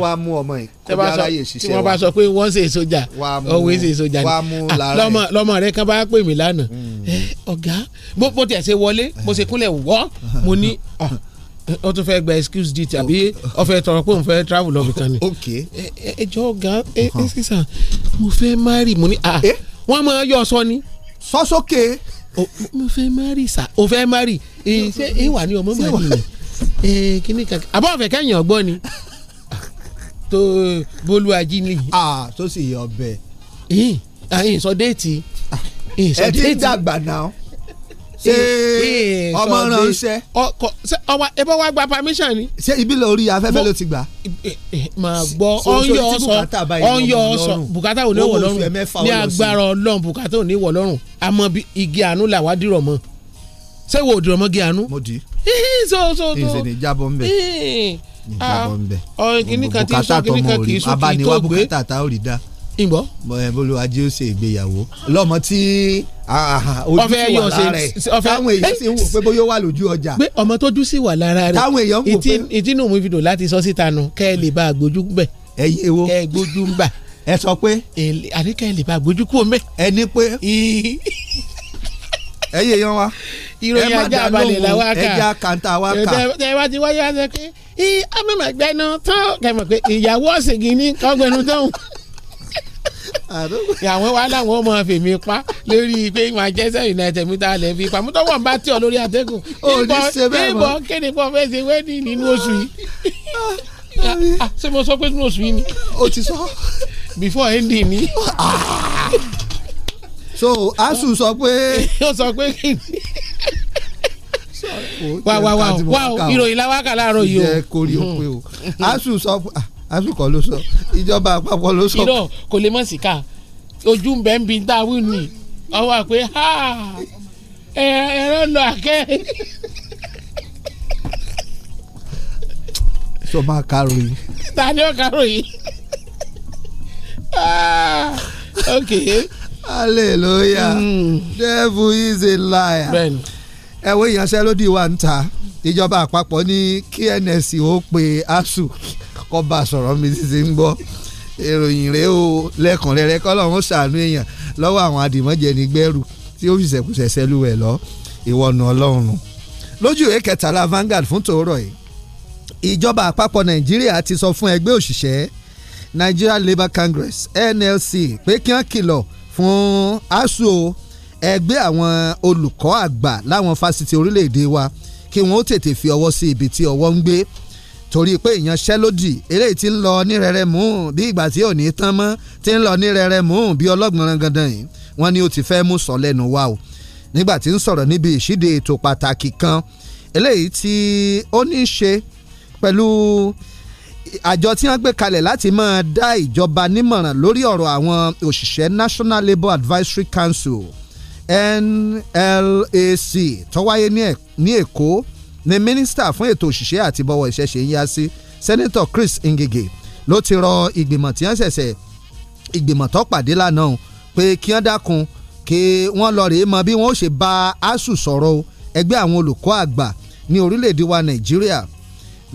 Speaker 10: wàá
Speaker 9: mú ọmọ yìí kọjá aráyè ṣiṣẹ́ wa tí wọ́n bá sọ
Speaker 10: pé wọ́n ṣe sójà ọ̀hún ṣe sójà ni ah, lọ́mọ lọ́mọ rẹ kan bá pè mí lánàá hmm. eh, ọ̀gá bó tiẹ̀ ṣe wọlé mo ṣe kúnlẹ̀ wọ́ mo ní ah, ó tún fẹ́ gba excuse di tàbí ó fẹ́ tọrọ pé òun fẹ́ travel lọ bìkan ni. Eh, eh, ẹ jọ ọ̀gá ẹ uh-huh. sísà mo fẹ́ marry mo ní à ah, wọ́n máa yọ sọ ni. sọ sókè. Oh, mo fẹ́ marry sa o fẹ́ marry ṣé ìwà ni ọmọ màá nìyẹn kíní kankan àbọ̀ ọ̀fẹ́ kẹ́yìn ọ̀gbọ́n ni tó bólú ajínigbé. ah tó sì yọ ọbẹ. ìyìn sọ déètì. ẹ ti ń dàgbà náà ṣé ọmọ ránṣẹ́. ọmọ ẹbọ wa gba permission ni. ṣé ibi lórí afẹ́fẹ́ ló ti gbà. màá gbọ́ ọ̀nyọ́ ọ̀sọ̀ ọ̀nyọ́ ọ̀sọ̀ bùkátà ò ní wọ̀ lọ́rùn ní agbára ọlọ́run bùkátà ò ní wọ̀ lọ́rùn àmọ́ igi àánú là wá dìrọ̀ mọ́ ṣé wo òdìrọ̀ mọ́ igi àánú. mo di. so so so. ìṣèlè jábọ̀ ń
Speaker 14: bẹ̀.
Speaker 10: Ah, ọ̀rẹ́ ah, kìnnìkan tí ń sọ kìnnìkan kì í sún kì í tó gbé abániwá bùkátà tá ò rí dá
Speaker 9: ìgbọ́. Eh, bọ́lú ajé ó ṣe ìgbéyàwó lọ́mọ tí ojú sì wà lára rẹ̀ táwọn èèyàn sì ń wò pé bóyá ó wà lójú ọjà. pé
Speaker 10: ọmọ tójú sì wà lára rẹ̀ táwọn èèyàn ń wò pé ìtinú mi fi dùn láti sọ síta nu kẹ́ ẹ lè bá a gbójú bẹ̀. ẹ yé wo kẹ́ ẹ gbójú ń bà. ẹ sọ pé. àní kẹ́ ẹ lè bá a gbójú kú omi. ẹ ní pé ẹyẹ yan wa
Speaker 1: ìròyìn ajá balẹ̀ la wá kà ẹja kàńtà wá kà
Speaker 10: ẹ bá ti wáyé wá sọ pé ii amẹ́mọ̀ gbẹ́nu tán kẹmọ̀ pé ìyàwó ọ̀sẹ̀gì ní kọ́gbẹ́nu tán àwọn wa làwọn ọmọ fèmí pa lórí pé Manchester United mi ta lẹ́ fi pa mo tọ́wọ́ bá tí ọ lórí atẹ́gùn ìbọn kéde pọ̀ fẹ́ ṣe nínú oṣù yìí ah, ah, ah, ṣé mo sọ pé nínú oṣù yìí ni. o ti sọ. before ending ni so asu sọ pé. ó sọ pé kí ni
Speaker 14: wà wà wà wà ìròyìn láwákà láàárọ̀ yìí o. ìjẹ
Speaker 9: kórè o pé
Speaker 10: o hmm. asu sọ ah, asu kọ́ ló sọ ìjọba àpapọ̀ ló sọ. irọ́ kò lè mọ̀ sí ká ojú ń bẹ́ ń bi tá a wí ni ọwọ́ àpé ẹ̀rọ lọ àkẹ́.
Speaker 9: sọ máa kárò yìí.
Speaker 10: ta ni ó kárò yìí. Ah, ok hallelujah mm. devil is a liar.
Speaker 9: bẹ́ẹ̀ni. ẹ wo ìyanṣẹ́lódì wa ń ta ìjọba àpapọ̀ ní KNS ó pe ASUU kọ́ bá a sọ̀rọ̀ mi ti ti ń gbọ́ ìròyìn rẹ o lẹ́kùnrẹ́rẹ́ kọ́lọ́run ṣàánú èèyàn lọ́wọ́ àwọn adìmọ́jẹnigbẹ́rù tí ó fi ṣẹ̀kùṣẹ̀ ṣẹlúwẹ̀ lọ ìwọ̀nù ọlọ́run lójú ìwé kẹtàlá Vanguard fún tòórọ̀ yìí ìjọba àpapọ̀ Nàìjíríà ti sọ fún ẹgbẹ́ òṣìṣẹ́ Nigeria Labour Congress NLC pé kí wọ́n kìlọ̀ fún ASUU ẹgbẹ́ àwọn olùkọ́ àgbà láwọn fásitì orílẹ̀-èdè wa kí wọ́n ó tètè fi ọwọ́ sí ibi tí ọwọ́ ń gbé torí pé ìyanṣẹ́lódì eléyìí ti ń lọ nírẹ̀rẹ̀ mú bí ìgbà tí ò ní tán mọ́ ti ń lọ nírẹ̀rẹ̀ mú bí ọlọ́gbọ̀nrán gandan yìí wọ́n ní ó ti fẹ́ mú sọ lẹ́nu wa o nígbà tí ń sọ̀rọ̀ níbi ìṣíde ètò pàtàkì kan eléyìí tí ó ní í ṣe pẹ̀lú àjọ tí wọ́n gbé kalẹ̀ láti máa dá ìjọba nímọ̀ràn lórí ọ̀rọ̀ àwọn òṣìṣẹ́ National Labour Advisory Council NLAC tó wáyé ní Èkó ni mínísítà fún ètò òṣìṣẹ́ àti bọ́wọ́ iṣẹ́ ṣe ń yá sí sẹ́nẹ́tọ̀ Chris Ngige ló ti rọ ìgbìmọ̀ tí wọ́n ṣẹ̀ṣẹ̀ ìgbìmọ̀ tó pàdé lánàá pé kí wọ́n dákun kí wọ́n lọ rèé mọ bí wọ́n ó ṣe bá ASUU sọ̀rọ̀ ẹgbẹ́ àwọn olùkọ́ àgbà ní orílẹ̀-èdè wa Nàìjíríà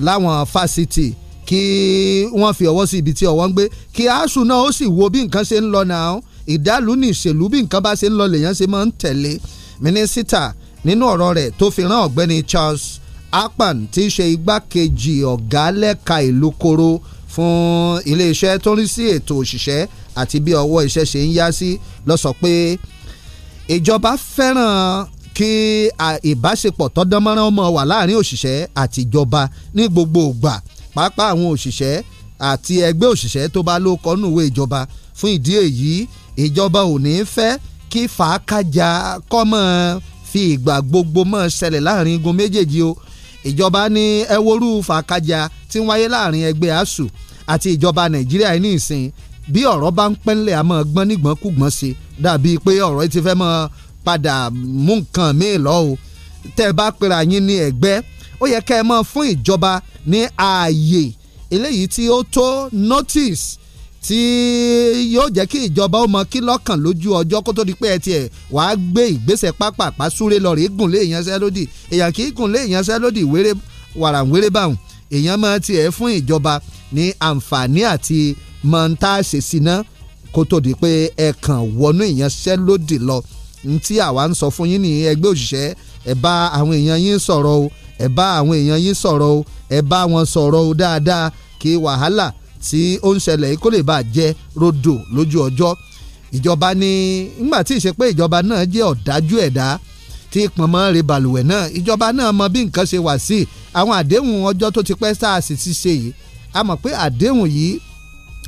Speaker 9: láwọn fásitì kí wọ́n fi ọwọ́ sí ibi tí ọwọ́ ń gbé kí aṣù náà ó sì wo bí nǹkan ṣe ń lọ náà ìdálù ní ìṣèlú bí nǹkan bá ṣe ń lọ lèèyàn ṣe máa ń tẹ̀lé mínísítà nínú ọ̀rọ̀ rẹ̀ tó fi rán ọ̀gbẹ́ni Charles Akpan tí í ṣe igbákejì ọ̀gá lẹ́ka ìlú koro fún iléeṣẹ́ tó ń rí sí ètò òṣìṣẹ́ àti bí ọwọ́ iṣẹ́ ṣe ń yá sí ló sọ pé ìjọba fẹ́ràn kí ìbáṣepọ̀ tó mọ́ wà láàrin òṣìṣẹ́ àtijọba ní gbogbo ìgbà pàápàá àwọn òṣìṣẹ́ àti ẹgbẹ́ òṣìṣẹ́ tó bá ló kọ́nù ìwé ìjọba fún ìdí èyí ìjọba ò ní fẹ́ kí fàákàjà kọ́mọ fi ìgbà gbogbo mọ́ ṣẹlẹ̀ láàrin igun méjèèjì o ìjọba ní ẹwọ́rú fàákàjà tí ń wáyé láàrin ẹgbẹ́ asuu àti ìjọba nàìjíríà ní ìsìn bí ọ̀rọ̀ bá ń pẹ́ńlẹ̀ àmọ́ gbọ́n nígbọ́n kú gbọ́n sí dàbí pé ọ̀rọ̀ ti fẹ́ mọ́ padà mú nǹkan míì lọ tẹ́ ẹ bá pera yín ní ẹgbẹ́ ó yẹ kẹ́ ẹ mọ́ fún ìjọba ní ààyè eléyìí tí ó tó notice tí yóò jẹ́ kí ìjọba ó mọ kí lọ́kàn lójú ọjọ́ kó tó di pé ẹ tiẹ̀ wàá gbé ìgbésẹ̀ pápápá súré lọ rèé gùn lé ìyanṣẹ́lódì èèyàn kì í gùn lé ìyanṣẹ́lódì wéré wàrà wéré báwọn èèyàn máa tiẹ̀ fún ìjọba ní àǹfààní àti mọ̀ntàṣe síná kó tó di pé ẹ kàn wọnú ìyanṣẹ́lódì lọ ní tí àwa ń sọ fún yín ní ẹgbẹ́ òṣìṣẹ́ ẹ bá àwọn èèyàn yín sọ̀rọ̀ o ẹ bá àwọn èèyàn yín sọ̀rọ̀ o ẹ bá wọn sọ̀rọ̀ o dáadáa kí wàhálà tí ó ń ṣẹlẹ̀ yìí kó lè bá jẹ́ rodo lójú ọjọ́ ìjọba ní nígbà tí ìṣe pé ìjọba náà jẹ́ ọ̀dájú ẹ̀dá tí pọ̀nmọ́ rè balùwẹ̀ náà ìjọba náà mọ bí nǹkan ṣe wà sí àwọn àdéhùn ọjọ́ tó ti pẹ́ sáà sì ti ṣe yìí a mọ̀ pé àdéhùn yìí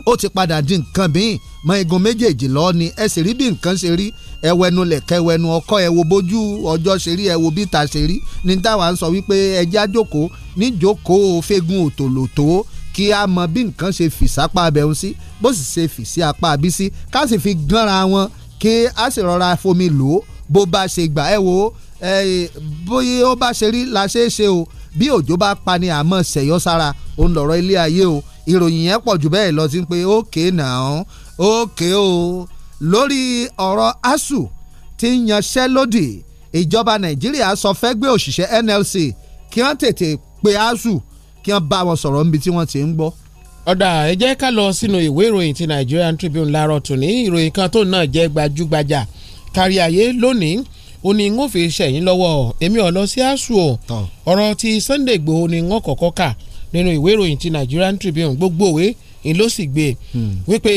Speaker 9: ó ti padà di nǹkan bíi mọ igun méjèèjì lọ ni ẹ sì rí bí nǹkan ṣe rí ẹwẹnu lẹ̀kẹ́ ẹwẹnu ọkọ ẹwo bójú ọjọ́ ṣe rí ẹwo bíta ṣe rí ní táwa ń sọ wípé ẹjẹ́ àjòkó níjókòó fẹ́gun òtòlótò kí a mọ bí nǹkan ṣe fì sápá abẹ́hùn sí bó sì ṣe fì sí apá abí sí ká sì fi gánra wọn kí a sì rọra fomi lò ó bó bá ṣe gbà ẹ wo bóyá ó bá ṣe rí la ṣe é ṣe o bí òjò bá pa ni àmọ́ ṣẹ̀yọ́ sára òun lọ̀rọ̀ ilé ayé o ìròyìn yẹn pọ̀ jù bẹ́ẹ̀ lọ sí pé ókè náà ókè o lórí ọ̀rọ̀ ASUU tí ń yanṣẹ́ lódì ìjọba Nàìjíríà sọ fẹ́gbẹ́ òṣìṣẹ́ NLC kí wọ́n tètè pe ASUU kí wọ́n bá wọn
Speaker 10: sọ̀rọ̀ níbi tí wọ́n ti ń gbọ́. ọ̀dà ẹ jẹ́ ká lọ sínú ìwé ìròyìn ti Nigerian Tribune láàárọ̀ tòní ìròyìn kan tó náà jẹ́ gbajúgbajà kárí ayé lónìí ó ní n ó fi ṣẹ̀yìn lọ́wọ́ èmi ọ̀ lọ sí ASUU o ọ̀rọ̀ ti Sunday Igboho ni n ó kà nínú ìwé ìròyìn ti Nigerian Tribune gbogbo òwe ni ló sì gbé hmm. wípé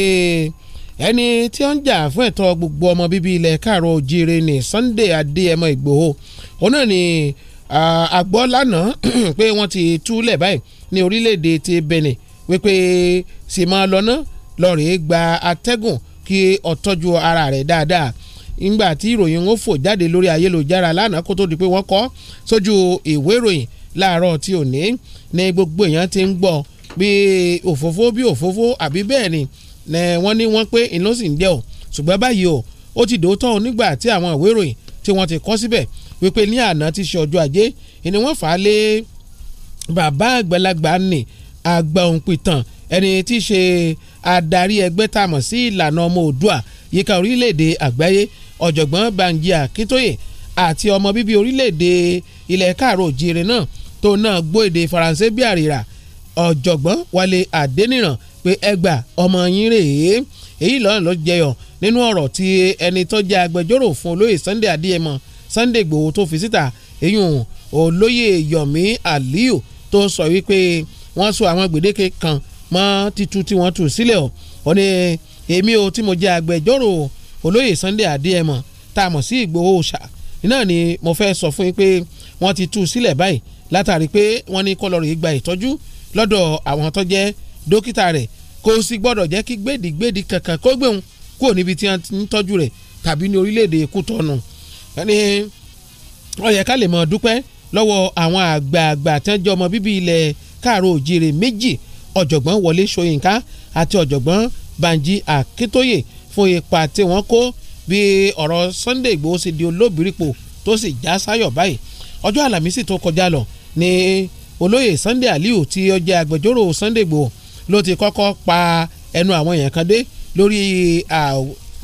Speaker 10: ẹni tí ó ń jà fún ẹ̀tọ́ gbogbo ọmọ bíbí ilẹ̀ káàrọ̀ òjìire ní Sunday Adéyẹmọ Ìgbòho òun náà ni àgbọ̀ lánàá pé wọ́n ti túlẹ̀ báyìí ní orílẹ̀-èdè ti Benin wípé sì máa lọ́nà lọ́ọ̀rẹ́ gba atẹ́gùn kí ọ̀tọ́jú ara rẹ̀ dáadáa nígbà tí ìròyìn wọn fò jáde lórí ayélujára lánàá kó tó di pé wọ́n kọ sójú ìwé ìròyìn láàárọ̀ tí ò ní ní gbogbo èèyàn ti ń gbọ́ bí òfófó bí òfófó àbí bẹ́ẹ̀ ni wọ́n ní wọ́n pé iná sì ń jẹ́ o ṣùgbọ́n báyìí o ó ti dòótọ́ o nígbà tí àwọn ìwé ìròyìn tí wọ́n ti kọ́ síbẹ̀ wípé ní àná ti ṣe ọjọ́ ajé ni wọ́n fà á lé bàbá àgbàlagbà nì àgbà òǹpìtàn ẹni tí í ṣe adarí ẹgbẹ́ tá a mọ̀ sí ìlànà ọmọ òdua yíká orílẹ̀-èdè àgbáyé ọ̀jọ̀gbọ́n Banji Akíntóyè àti ọmọ bíbí orílẹ̀-èdè ilẹ̀ káàró òjìire náà tó náà gbọ́ èdè faransé bí àrìrà ọ̀jọ̀gbọ́n Wálé Adéníran pé ẹgbà ọmọ yín rèé èyí lọ́nà ló jẹyọ nínú ọ̀rọ̀ tí ẹni tó jẹ́ agbẹjọ́rò fún olóyè Sunday Adéyẹmọ Sunday Ìgbòho tó fi síta èyún olóyè Yomi Aliyu tó sọ wípé wọ́n sọ àwọn gbèdéke kan mọ́ títú tí wọ́n tú sílẹ̀ o ó ní èmi o tí mo jẹ́ agbẹjọ́rò olóyè Sunday Adéyẹmọ tá a mọ̀ sí Ìgbòho ṣáà náà ni mo fẹ́ sọ fún yín pé wọ́n ti tú u sílẹ̀ báyìí látàrí pé wọ́n ní kọlọ́rì gba ìtọ́jú lọ́dọ̀ àwọn tó jẹ́ dókítà rẹ̀ kò sì gbọ́dọ̀ jẹ́ kí gbèdìgbèdì kankan kó gbéhùn kúrò níbi tí wọ́n ti ń tọ́jú rẹ̀ tàbí ní orílẹ̀-èdè kútọ́nù ẹni ó yẹ ká lè mọ̀ dúpẹ́ lọ́wọ́ àwọn àgbààgbà tí wọ́n jẹ́ ọmọ bíbí ilẹ̀ káàró òjìrè méjì ọ̀jọ̀gbọ́n wọlé ṣóyínká àti ọ̀jọ̀gbọ́n banji akíntóyè fún ipa tí wọ́n kó bí ọ̀rọ̀ Sunday Ìgbòho ṣe di olóbìrípo tó sì já sáyọ̀ báyìí ọjọ́ àlàmísì tó kọjá lọ ni olóyè Sunday Aliu tí ó jẹ́ agbẹjọ́rò Sunday Ìgbòho ló ti kọ́kọ́ pa ẹnu àwọn èèyàn kan dé lórí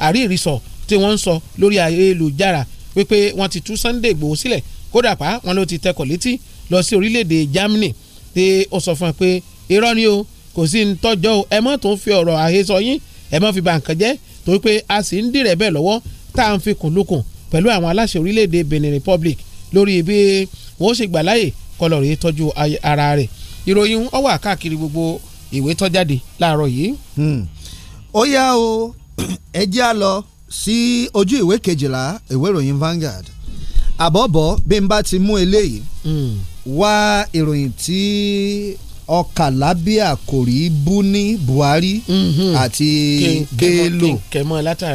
Speaker 10: àríìrísọ tí wọ́n ń sọ lórí ayélujára wípé wọ́n ti tú Sunday Ìgbòho sílẹ̀ kódà pa wọn ló ti tẹkọ̀ létí lọ sí orílẹ̀-èdè Germany tí ó sọ fún ẹ pé irọ́ ni o kò sí ń tọ́jọ́ o ẹ mọ́ tó ń fi ọ̀rọ̀ àhesọ yín ẹ mọ́ fi bà nǹkan jẹ́ torí pé a sì ń dìrẹ̀ bẹ́ẹ̀ lọ́wọ́ tá à ń fi kùn lukùn pẹ̀lú àwọn aláṣẹ orílẹ̀-èdè Benin Republic lórí bí wọ́n ṣe gbà láàyè kọlọ̀rì tọ́jú ara rẹ̀ ìròyìn ó wà káàkiri gbogbo ìwé tó jáde láàárọ̀ yìí. Hmm. ó yá o
Speaker 9: ẹ jẹ́ a lọ sí ojú ìwé kejìlá ìwé ìròyìn Vanguard àbọ̀bọ̀ bí n bá ti mú eléyìí hmm. wá ìròyìn tí ọkàlá bí àkòrí buni buhari mhm. àti bello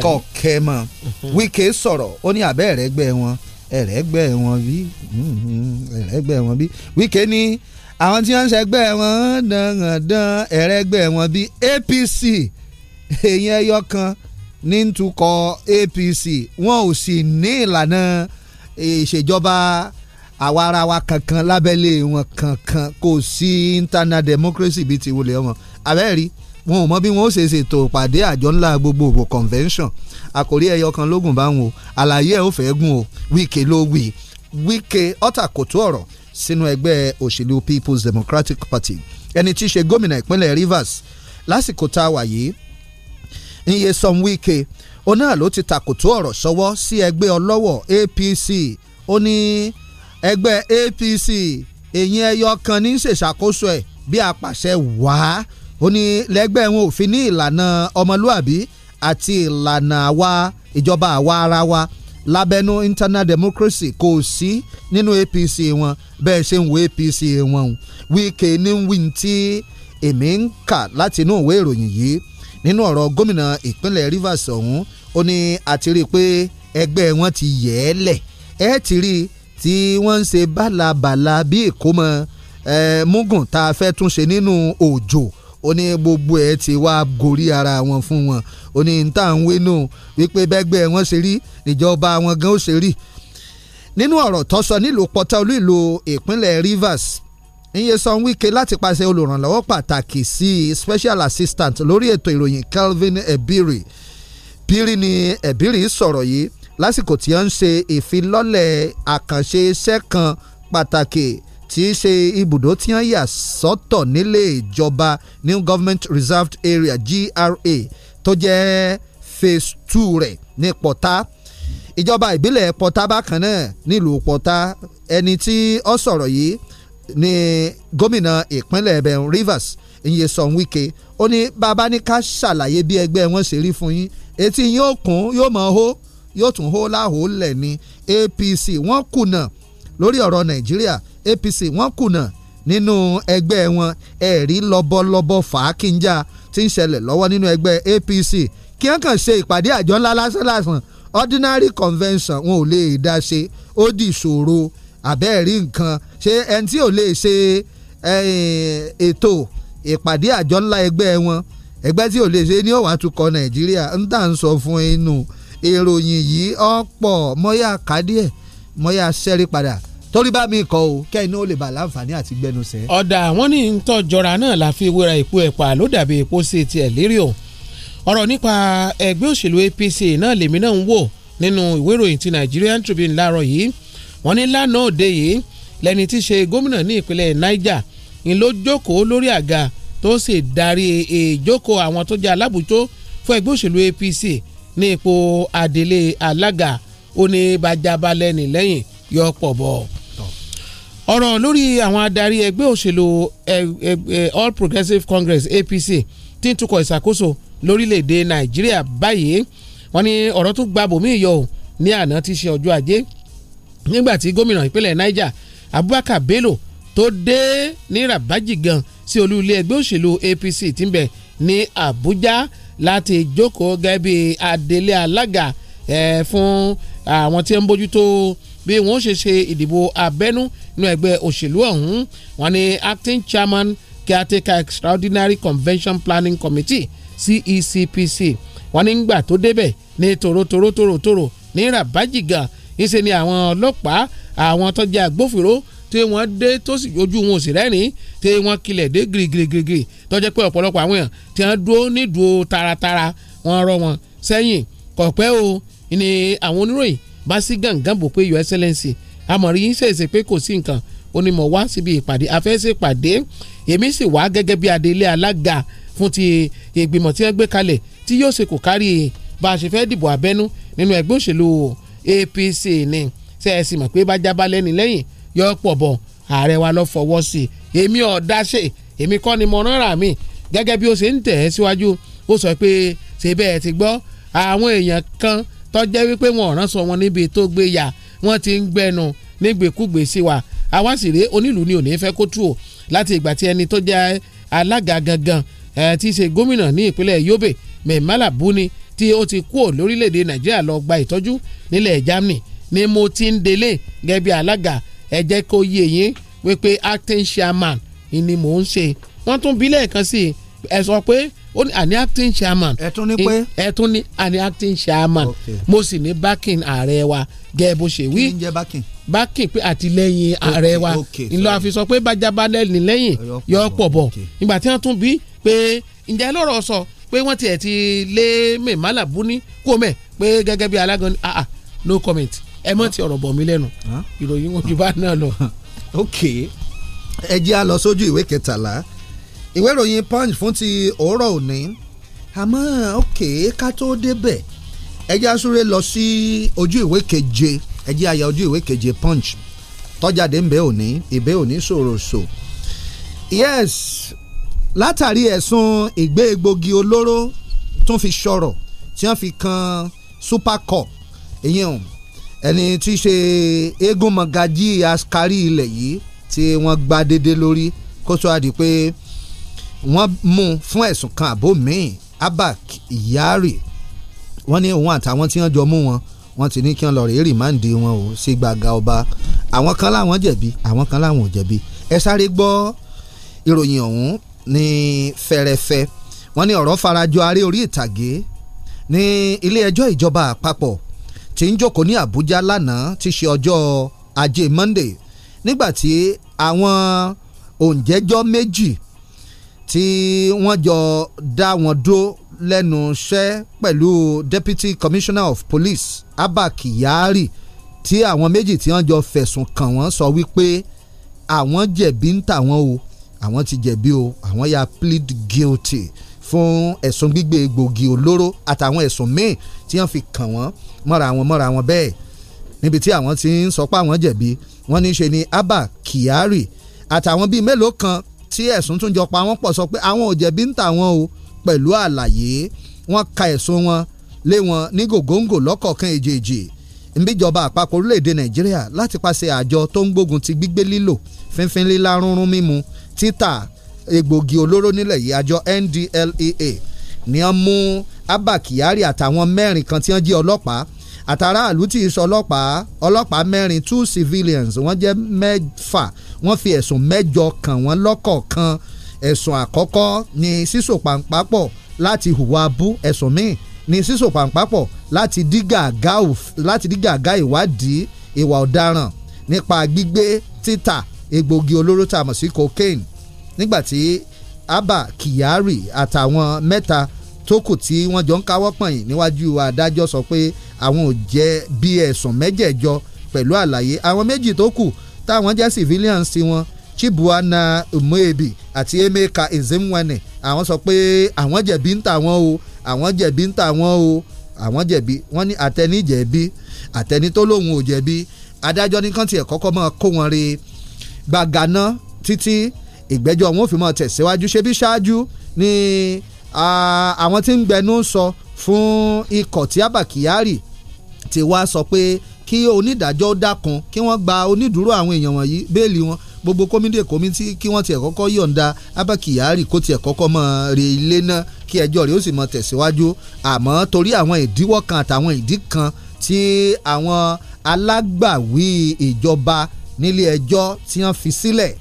Speaker 9: kọkẹmọ mhm. wike sọ̀rọ̀ ó ní abẹ́ ẹ̀rẹ́gbẹ́ wọn ẹ̀rẹ́gbẹ́ wọn bí mhm, ẹ̀rẹ́gbẹ́ wọn bí wike ní àwọn tí wọ́n ń ṣẹgbẹ́ wọn dandan ẹ̀rẹ́gbẹ́ wọn bí apc èyí ẹyọ kan ní ń tukọ̀ apc wọn ò sì ní ìlànà ìṣèjọba. E, àwa ara wa kankan lábẹ́lé wọn kankan kò sí internal democracy bíi ti wọlé ọmọ abẹ́rẹ́ wọn ò mọ bí wọn ó ṣe ṣètò ìpàdé àjọ ńlá gbogbogbò convention àkórí ẹyọ kan lógún bá wọn o àlàyé ẹ ò fẹ́ gùn o wíkẹ́ ló wí wíkẹ́ ọ̀tàkótó ọ̀rọ̀ sínú ẹgbẹ́ òṣèlú people's democratic party ẹni tí í ṣe gómìnà ìpínlẹ̀ rivers lásìkò tá a wà yìí iye sọm wíkẹ́ ó náà ló ti tàkótó ọ̀rọ̀ sọ́wọ́ sí ẹgbẹ́ ọlọ́wọ̀ apc ó ní. Oni ẹgbẹ́ APC èyí ẹyọ kan ní ṣèṣàkóso ẹ̀ bí apàṣẹ wá ó ní lẹ́gbẹ́ wọn ò fi ní ìlànà ọmọlúàbí àti ìlànà àwa ìjọba àwa ara wa lábẹ́nú internal democracy kò sí nínú APC wọn bẹ́ẹ̀ ṣe ń wo APC wọn o Wike ní wí tí èmi ń kà láti inú ìwé ìròyìn yìí nínú ọ̀rọ̀ gómìnà ìpínlẹ̀ Rivers ọ̀hún ó ní àti rí i pé ẹgbẹ́ wọn ti yẹ̀ ẹ́ lẹ̀ ẹ́ ti rí i tí wọ́n ń ṣe bálabàla bí ìkómọ mugun tá a fẹ́ tún ṣe nínú òjò ó ní gbogbo ẹ̀ ti wá gorí ara wọn fún wọn ó ní níta ń wénú wípé bẹ́gbẹ́ wọn ṣe rí ìjọba wọn gan ó ṣe rí. nínú ọ̀rọ̀ tó sọ nílùú pọ́tà olú ìlú ìpínlẹ̀ Rivers Nyesom Wike láti pàṣẹ olùrànlọ́wọ́ pàtàkì sí special assistant lórí ètò ìròyìn Calvin Ebiri Biri ni Ebiri sọ̀rọ̀ yìí lásìkò tí wọ́n ń ṣe ìfilọ́lẹ̀ àkànṣe iṣẹ́ kan pàtàkì tí í ṣe ibùdó tí wọ́n yà sọ́tọ̀ nílé ìjọba New Government Reserved Area GRA tó jẹ́ phase two rẹ̀ ní pọ̀tá ìjọba ìbílẹ̀ pọ̀tá bákan náà nílùú pọ̀tá ẹni tí ó sọ̀rọ̀ yìí ní gómìnà ìpínlẹ̀ ẹ̀bẹ̀ Rivers Nyesom Wike ó ní bàbá ní ká ṣàlàyé bí ẹgbẹ́ wọn ṣe rí fún yín etí yín ó kún yóò mọ̀ ọ́ yóò tún hóláhólẹ̀ ni APC wọ́n kùnà lórí ọ̀rọ̀ Nàìjíríà APC wọ́n kùnà nínú ẹgbẹ́ wọn ẹ̀rí lọ́bọ̀lọ́bọ̀ fàákínjà tí ń ṣẹlẹ̀ lọ́wọ́ nínú ẹgbẹ́ APC kí wọ́n kàn ṣe ìpàdé àjọ ńlá lásán lásán ordinary convention wọn ò lè dá ṣe ó di ìṣòro àbẹ́ẹ̀rí nǹkan ṣé ẹni tí ò lè ṣe ètò ìpàdé àjọ ńlá ẹgbẹ́ wọn ẹgbẹ́ tí ò lè ṣe ni ó wàá tún kọ Nàìjíríà ń tà ń sọ fún inú. No ìròyìn yìí ọ̀pọ̀ mọ́yà kádìẹ̀ mọ́yà sẹ́rí padà torí bá mi kọ́ o kẹ́hìn náà ó lè bà láǹfààní àti gbẹnusẹ̀.
Speaker 10: ọ̀dà àwọn ní ntọ́jọra náà la fi wéra èpo ẹ̀pà ló dàbí èpo sí tiẹ̀ lérí o ọ̀rọ̀ nípa ẹgbẹ́ òṣèlú APC náà lèmi náà ń wò nínú ìwé ìròyìn ti Nigerian Tribune láàárọ̀ yìí wọ́n ní lánàá òde yìí lẹ́ni tí í ṣe gómìnà ní ìpínlẹ̀ Niger ń ló jókòó lórí àga tó sì darí ìjókòó àwọn tó jẹ́ alábùjọ́ fún ẹgbẹ́ òṣèlú APC ní ipò adelé alága ó ní yọ pọ̀ bọ̀ ọ̀rọ̀ lórí àwọn adarí ẹgbẹ́ òṣèlú All Progressives Congress APC tí ń tukọ̀ ìṣàkóso lórílẹ̀‐èdè Nàìjíríà báyìí wọ́n ní ọ̀rọ̀ tún gba bòmí yọ ò ní àná tí í ṣe ọjọ́ ajé nígbà tí gómìnà ìpínlẹ̀ Niger Abubakar Bello tó dé ní rabaji gan sí olú ilé ẹgbẹ́ òṣèlú APC tí ń bẹ ní Àbújá láti jókòó gẹ́gẹ́ bí adelé alága eh, fún àwọn tí ń bójútó bí wọ́n ṣe ṣe ìdìbò abẹ́nú nínú ẹgbẹ́ òṣèlú ọ̀hún wọ́n ní acting chairman caretaker extraordinary convention planning committee CECPC e wọ́n ní gbà tó débẹ̀ ní tòrótòrótòrótòrò ní rabajigan níṣẹ́ ni àwọn ọlọ́pàá àwọn tó agbófinró tí wọ́n dé tó sì ojú wọn ò sì rẹ́rìn tí wọ́n kilẹ̀ dé girigirigiri tó jẹ́ pé ọ̀pọ̀lọpọ̀ àwọn èèyàn tí wọ́n dúró nídùú taratara wọ́n rọ wọn sẹ́yìn kọ̀pẹ́ o ni àwọn oníròyìn bá sí gàǹgàǹ bò pé your excellency amọ̀rí yín ṣèṣe pé kò sí nǹkan ó ní mo wá síbi ìpàdé afẹ́sẹ̀ ìpàdé èmi sì wá gẹ́gẹ́ bí adelé alága fún ti ìgbìmọ̀ tí wọ́n gbé kalẹ̀ tí yóò ṣe kò kárí bá a ṣe fẹ́ dìbò abẹ́nú nínú ẹgbẹ́ òṣèlú APC ni ṣe é sì mọ̀ pé bá jábá lẹ́ni lẹ́yìn yọ pọ̀ bọ̀ ààrẹ wa lọ fọwọ́ sí i èmi ọ̀dá ṣe èmi kọ́ ni mo rán ra mi gẹ́gẹ́ bí ó ṣe ń tẹ̀ ẹ́ síwájú ó sọ pé ṣe bẹ́ẹ̀ ti gbọ́ àwọn èèyàn kan tọ́jẹ́ wípé wọn ò ránṣọ wọn níbi tó gbé yà wọ́n ti ń gbẹnu nígbèkúgbè sí wa àwa sì rèé onílù ni ò ní fẹ́ kó tù ó láti ìgbà tí ẹni tó jẹ́ alága gangan ẹ̀ ti ṣe gómìnà ní ìpínlẹ̀ Yobe Mẹ́màlà Buni tí ó ti kúò lórílẹ̀‐èdè Nàìjíríà lọ gba ìtọ́jú nílẹ̀ Germany ni mo ti ń delé gẹ́gẹ́ bí alága ẹ jẹ́ kó yé yín wípé acting chairman ni mò ń ṣe wọ́n tún bí lẹ́ẹ̀kan sí ẹ sọ pé ó ní àní acting chairman ẹ tún ní pé ẹ tún ní àní acting chairman mo sì ní backing ààrẹ wa gẹ́gẹ́ bó ṣe wí backing pé àtìlẹ́yìn ààrẹ wa ńlọ àfi sọ pé bájábálẹ̀ ní lẹ́yìn yọ pọ̀ bọ̀ ìgbà tí wọ́n tún bí pé ǹjẹ́ lọ́rọ̀ sọ pé wọ́n tiẹ̀ ti lé mẹ́màlà bú ní kó mẹ́ pé gẹ́gẹ́ bí alágan ah ah no comment ẹ mọ̀ ti ọ̀rọ̀ bọ̀ mí lẹ́nu ìròyìn ojú bá náà lọ. ok ẹ jẹ́ a lọ sójú ìwé kẹtàlá
Speaker 9: ìwé ìròyìn punch fún ti òórọ̀ òní àmọ́ ok ká tó débẹ̀ ẹ jẹ́ a súré lọ sí ojú ìwé keje ẹ jẹ́ a yà ojú ìwé keje punch tọ́jáde ń bẹ òní ìbẹ́ òní sòrò sò yes látàrí ẹ̀sùn ìgbé egbògi olóró tún fi sọ̀rọ̀ tí wọ́n fi kan super cup ìyẹn o ẹni tí í ṣe eégún mọ̀gájí askari ilẹ̀ yìí tí wọ́n gba dédé lórí kó tó a pé wọ́n mú un fún ẹ̀sùn kan àbó míì abak yari wọ́n ní òun àtàwọn tí wọ́n jọ mú wọn wọ́n ti ní kí wọ́n lọ rèé rìmáǹdì wọn ò sí gbàgà ọba àwọn kan láwọn jẹ̀bi àwọn kan láwọn ò jẹ̀bi ẹ sáré gbọ́ ìròyìn ọ̀hún ní fẹ́rẹ́fẹ́ wọ́n ní ọ̀rọ̀ farajọ aré orí ìtàgé ní ilé ẹjọ́ ìjọba àpapọ̀ tí ń jókòó ní Àbújá lánàá ti ṣe ọjọ́ ajé Monday nígbàtí àwọn òǹjẹ́jọ́ méjì tí wọ́n jọ dá wọn dó lẹ́nu iṣẹ́ pẹ̀lú Deputy Commissioner of Police Abba Kyari tí àwọn méjì tí wọ́n jọ fẹ̀sùn kàn wọ́n sọ wípé àwọn jẹ̀bi ń tà wọ́n o àwọn ti jẹ̀bi o àwọn ya plead guilty fún ẹ̀sùn gbígbé egbògi olóró àtàwọn ẹ̀sùn míì tí wọ́n fi kàn wọ́n mọ́ra wọn mọ́ra wọn bẹ́ẹ̀ níbi tí àwọn ti ń sọ pé àwọn jẹ̀bi wọ́n ní ṣe ni Abba Kyari àtàwọn bíi mélòó kan tí ẹ̀sùn tún jọ pa wọ́n pọ̀ sọ pé àwọn ò jẹ̀bi ń tàwọn o pẹ̀lú àlàyé wọ́n ka ẹ̀sùn wọn lé wọn ní gògóńgò lọ́kọ̀ọ̀kan èjèèjì nbíjọba àpapọ̀ orílẹ̀-èdè Nàìjíríà láti pàṣẹ àjọ tó ń gbógun ti gbígbé lílò fínfín lílá rúnrún mímu títà egbògi olóró nílẹ̀ yìí àjọ NDLEA ni wọ́n mú Abba Kyari àtàwọn mẹ́rin kan tí wọ́n jẹ́ ọlọ́pàá àtàràlù tí ìsọ ọlọ́pàá ọlọ́pàá mẹ́rin two civilians wọ́n jẹ́ mẹ́fà wọ́n fi ẹ̀sùn mẹ́jọ kàn wọ́n lọ́kọ̀ọ̀kan ẹ̀sùn àkọ́kọ́ ni sísòpàǹpápọ̀ láti hùwà abú ẹ̀sùn míì ni sísòpàǹpápọ̀ láti dígàgá ìwádìí ìwà ọ̀daràn nípa gbígbé títà egbògi olóró tá a mọ̀ sí cocaine nígbàtí Abba Kyari àtàwọn mẹ́ta tó kù tí wọ́n jọ ń káwọ́ pọ̀nyìn níwájú adájọ́ sọ pé àwọn ò jẹ́ bí ẹ̀sùn mẹ́jẹ̀jọ pẹ̀lú àlàyé àwọn méjì tó kù táwọn jẹ́ civilians sí wọn Chibuana Umebi àti Emeka Ezimwane àwọn sọ pé àwọn jẹ̀bi ń tà wọ́n o àwọn jẹ̀bi ń tà wọ́n o àwọn jẹ̀bi wọ́n ní àtẹni jẹ̀bi àtẹni tó lóun ò jẹ̀bi adájọ́ ní kàn tiẹ̀ kọ́kọ́ máa kó wọn re gbàgànà títí ìgbẹ́jọ́ wọn ò fi mọ́ tẹ̀síwájú ṣe bí ṣáájú ni àwọn tí ń gbẹnu sọ fún ikọ̀ tí Abba Kyari ti wá sọ pé kí onídàájọ́ dákun kí wọ́n gba onídùúró àwọn èèyàn wọ̀nyí bẹ́ẹ̀lì wọn gbogbo kọ́mídé kọ́mítì kí wọ́n tiẹ̀ kọ́kọ́ yọ̀ǹda Abba Kyari kó tiẹ̀ kọ́kọ́ mọ re ilé náà kí ẹjọ́ rẹ̀ ó sì mọ tẹ̀síwájú àmọ́ torí àwọn ìdíwọ́ kan àtàwọn ìdí kan tí àwọn alágbàwí ìjọba nílé ẹjọ́ tí wọ́n fi sílẹ̀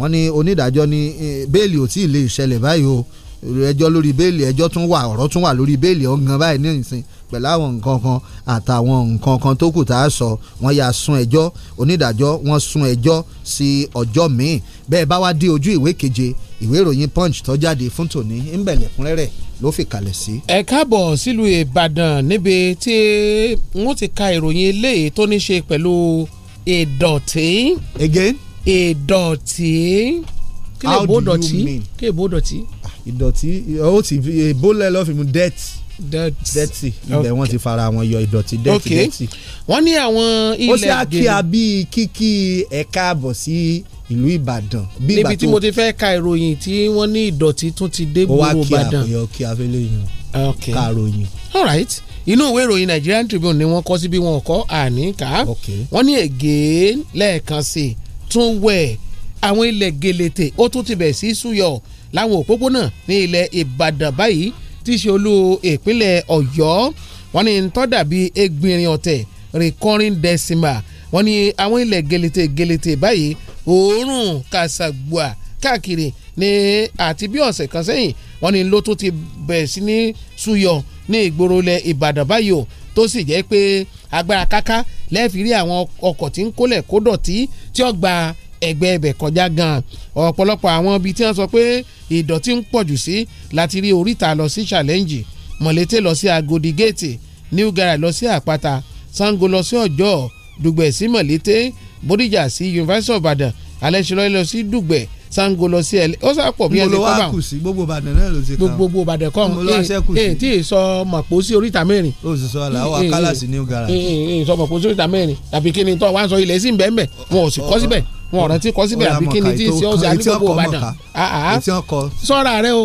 Speaker 9: wọ́n ní onídàájọ́ ní eh, bẹ́ẹ̀lì ò tí ì lè ṣẹlẹ̀ báyìí o ẹjọ́ lórí bẹ́ẹ̀lì ẹjọ́ tún wà ọ̀rọ̀ tún wà lórí bẹ́ẹ̀lì ọ̀gán báyìí ní ìsìn pẹ̀lú àwọn nǹkan kan àtàwọn nǹkan kan tó kù tá a sọ wọ́n ya sún ẹjọ́ onídàájọ́ wọ́n sún ẹjọ́ sí ọjọ́ míì bẹ́ẹ̀ bá wá dé ojú ìwé keje ìwé ìròyìn punch tó jáde fún tòní ńbẹ̀lẹ̀kúnrẹ́rẹ́ ló fi kalẹ̀ sí.
Speaker 10: ẹ káàbọ̀ sílùú ìbàdàn níbi tí wọ́n ti ka ìròyìn eléyìí tó ní ṣe pẹ̀lú ìdọ̀tí. again ìdọ̀tí
Speaker 1: kí lè bó dọ̀tí
Speaker 10: kí lè bó dọ̀tí. Ah, ìdọ̀tí ó ti ìbólẹ̀ lọ́ọ́ fi mu death dẹ́tì ilẹ̀
Speaker 9: wọn ti fara wọn yọ ìdọ̀tí dẹ́tì dẹ́tì. wọ́n ní àwọn ilẹ̀ gèrè. ó ṣe àkíyà bíi kíkí ẹ̀ka àbọ̀ sí ìlú Ìbàdàn. níbi tí mo
Speaker 10: ti fẹ́ ka ìròyìn tí wọ́n ní ìdọ̀tí tún ti dé gbòòrò Ìbàdàn. ó wá
Speaker 9: kí àkóyọ kí ká ròyìn.
Speaker 10: all right inú ìwé ìròyìn Nigerian Tribune ni wọ́n kọ́ sí bí wọ́n kọ́ àní ká wọ́n ní ègé lẹ́ẹ̀kan sí i tún wẹ̀ àwọn ilẹ̀ gèlètè ó tún ti bẹ̀ sí súyọ láwọn òpópónà ní ilẹ̀ Ìbàdàn báyìí tí í ṣe olú ìpínlẹ̀ Ọ̀yọ́ wọ́n ní tó dàbí ẹgbìnrin ọ̀tẹ̀ recurring decimal wọ́n ní àwọn ilẹ̀ gèlètè gèlètè báyìí òórùn kàṣàgbà káàkiri ní àti bí ọ̀sẹ̀ kan sẹ́yìn wọ́n ní ló tún ti bẹ̀ sí ní súyọ ní ìgboro ilẹ̀ Ìbàdàn báyìí o tó sì jẹ́ pé agbára káká lẹ́ẹ̀fì rí àwọn ọkọ̀ tí ń kólẹ̀ kó dọ̀tí tí ó gba ẹgbẹ́ ẹbẹ̀ kọjá gan-an ọ̀pọ̀lọpọ̀ àwọn ibi tí wọ́n sọ pé ìdọ̀tí ń pọ̀jù sí láti rí oríta lọ sí challenge mọ̀lété lọ sí agodi gate new gara lọ sí àpáta sango lọ sí ọjọ́ dùgbẹ̀ sí mọ̀lété bódìjà sí university of ibadan alẹ́sirọ́ lọ sí dùgbẹ̀ Ṣàngó lọ sí ẹlẹ ó sàpọ̀ bí ẹsẹ̀ kọ́ bá wọn. gbogbo Ìbàdàn náà ló ti kàn. gbogbo Ìbàdàn kọ́ ẹ tí ì sọ mọ̀pọ̀ sí oríta mẹ́rin. ó sì sọ àlà àwọn akálà sí new garage. ẹ ẹ sọ mọ̀pọ̀ sí oríta mẹ́rin àbí kí ni tó wá ń sọ ilẹ̀ sí bẹ́ẹ̀ bẹ́ẹ̀ wọn ò sì kọ́ síbẹ̀ wọn ò rántí kọ́ síbẹ̀ àbí kí ni tí ì sọ ọ̀sẹ̀ àní gbogbo Ìbàdàn. Ah, ah, ah. sọ́ra rẹ o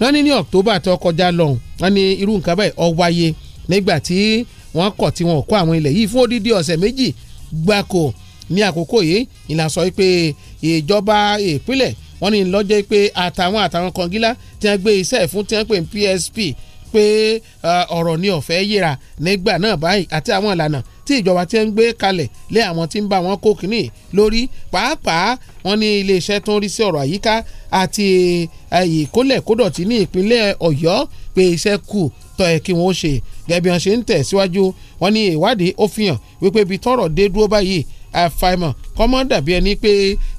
Speaker 10: wọ́n ní ní October tó kọjá lọ́hùn wọ́n ní irú nǹkan báyìí ó wáyé nígbà tí wọ́n kọ̀ tí wọ́n kọ́ àwọn ilẹ̀ yìí fún odidi ọ̀sẹ̀ ìjọba ìpínlẹ̀ wọ́n ní lọ́jọ́ pé àtàwọn àtàwọn kọ̀ǹgílá tí wọ́n gbé iṣẹ́ fún tí wọ́n pè ní PSP pé ọ̀rọ̀ ní ọ̀fẹ́ yíra nígbà náà báyìí àti àwọn ìlànà tí ìjọba ti ń gbé kalẹ̀ lé àwọn tí ń bá wọn kó kínní lórí pàápàá wọn ní iléeṣẹ́ tó ń rí sí ọ̀rọ̀ àyíká àti ìkólẹ̀kódọ̀tí ní ìpínlẹ̀ Ọ̀yọ́ pé iṣẹ́ kù tọ́ ẹ kí wọ́n ṣe gẹ́gẹ́ bí wọ́n ṣe ń tẹ̀ síwájú wọn ní ìwádìí ó fi hàn wípé ibi tọ́rọ̀ dé dúró báyìí àfàìmọ̀ kọ́mọ́ dàbí ẹni pé